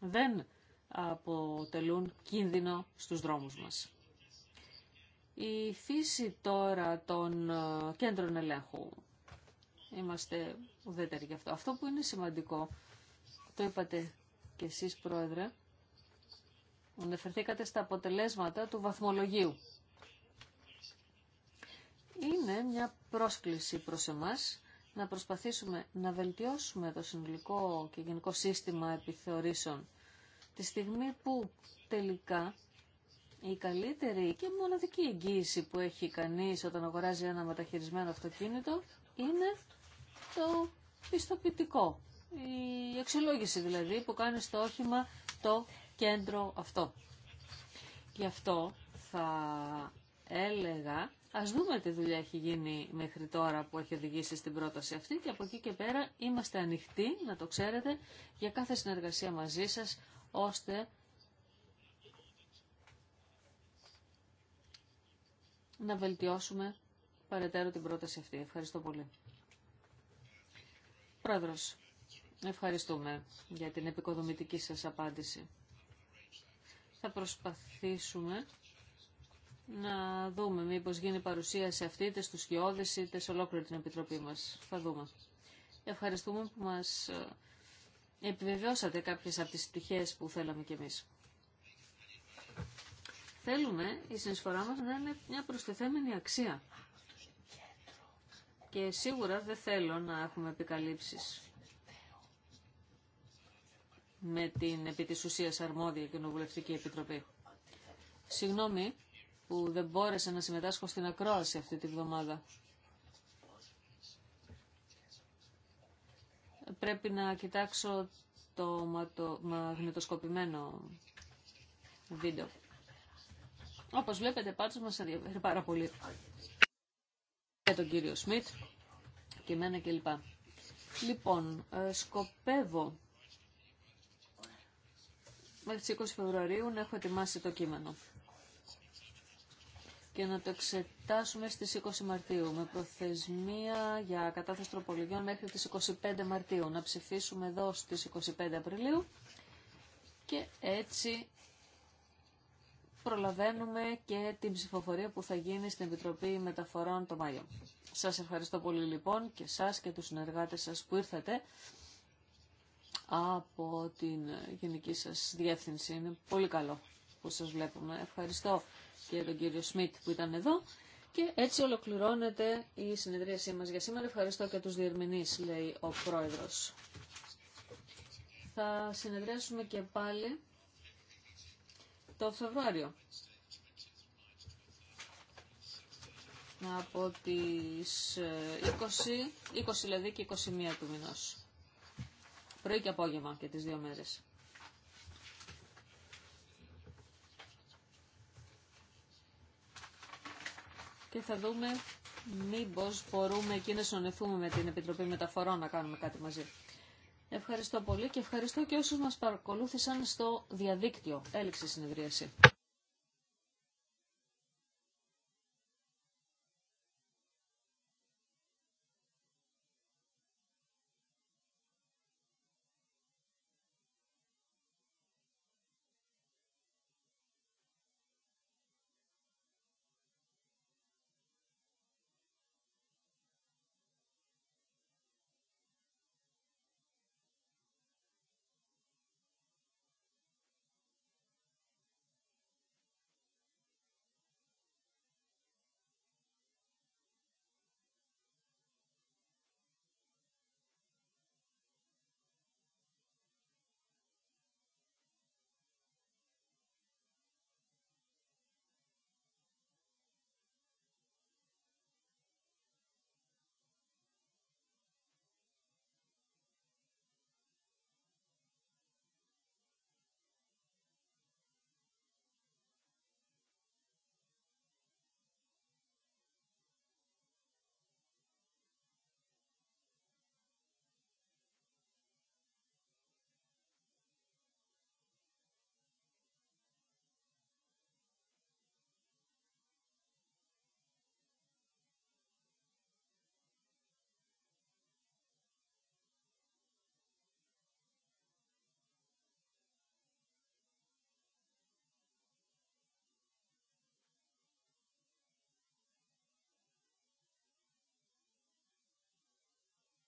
Speaker 3: δεν αποτελούν κίνδυνο στους δρόμους μας. Η φύση τώρα των ε, κέντρων ελέγχου. Είμαστε ουδέτεροι γι' αυτό. Αυτό που είναι σημαντικό, το είπατε και εσείς πρόεδρε, αναφερθήκατε στα αποτελέσματα του βαθμολογίου. Είναι μια πρόσκληση προς εμάς να προσπαθήσουμε να βελτιώσουμε το συνολικό και γενικό σύστημα επιθεωρήσεων τη στιγμή που τελικά η καλύτερη και μοναδική εγγύηση που έχει κανείς όταν αγοράζει ένα μεταχειρισμένο αυτοκίνητο είναι το πιστοποιητικό. Η αξιολόγηση δηλαδή που κάνει στο όχημα το κέντρο αυτό. Γι' αυτό θα έλεγα ας δούμε τι δουλειά έχει γίνει μέχρι τώρα που έχει οδηγήσει στην πρόταση αυτή και από εκεί και πέρα είμαστε ανοιχτοί, να το ξέρετε, για κάθε συνεργασία μαζί σας ώστε να βελτιώσουμε παρετέρω την πρόταση αυτή. Ευχαριστώ πολύ. Πρόεδρος, ευχαριστούμε για την επικοδομητική σας απάντηση. Θα προσπαθήσουμε να δούμε μήπως γίνει παρουσίαση αυτή είτε στους σκιώδες είτε σε ολόκληρη την Επιτροπή μας. Θα δούμε. Ευχαριστούμε που μας ε, επιβεβαιώσατε κάποιες από τις πτυχές που θέλαμε κι εμείς. Θέλουμε η συνεισφορά μας να είναι μια προστιθέμενη αξία. Και σίγουρα δεν θέλω να έχουμε επικαλύψεις με την επί της ουσίας αρμόδια κοινοβουλευτική επιτροπή. Συγγνώμη που δεν μπόρεσα να συμμετάσχω στην ακρόαση αυτή τη βδομάδα. Πρέπει να κοιτάξω το μαγνητοσκοπημένο βίντεο. Όπως βλέπετε πάντως μας ενδιαφέρει πάρα πολύ και τον κύριο Σμιτ και εμένα κλπ. Λοιπόν, ε, σκοπεύω μέχρι τις 20 Φεβρουαρίου να έχω ετοιμάσει το κείμενο και να το εξετάσουμε στις 20 Μαρτίου με προθεσμία για κατάθεση τροπολογιών μέχρι τις 25 Μαρτίου. Να ψηφίσουμε εδώ στις 25 Απριλίου και έτσι προλαβαίνουμε και την ψηφοφορία που θα γίνει στην Επιτροπή Μεταφορών το Μάιο. Σας ευχαριστώ πολύ λοιπόν και σας και τους συνεργάτες σας που ήρθατε από την γενική σας διεύθυνση. Είναι πολύ καλό που σας βλέπουμε. Ευχαριστώ και τον κύριο Σμιτ που ήταν εδώ. Και έτσι ολοκληρώνεται η συνεδρίασή μας για σήμερα. Ευχαριστώ και τους διερμηνείς, λέει ο πρόεδρος. Θα συνεδριάσουμε και πάλι το Φεβρουάριο. Από τις 20, ε, 20 δηλαδή και 21 του μηνός. Πρωί και απόγευμα και τις δύο μέρες. Και θα δούμε μήπως μπορούμε και να συνονεθούμε με την Επιτροπή Μεταφορών να κάνουμε κάτι μαζί. Ευχαριστώ πολύ και ευχαριστώ και όσους μας παρακολούθησαν στο διαδίκτυο. Έληξε η συνεδρίαση.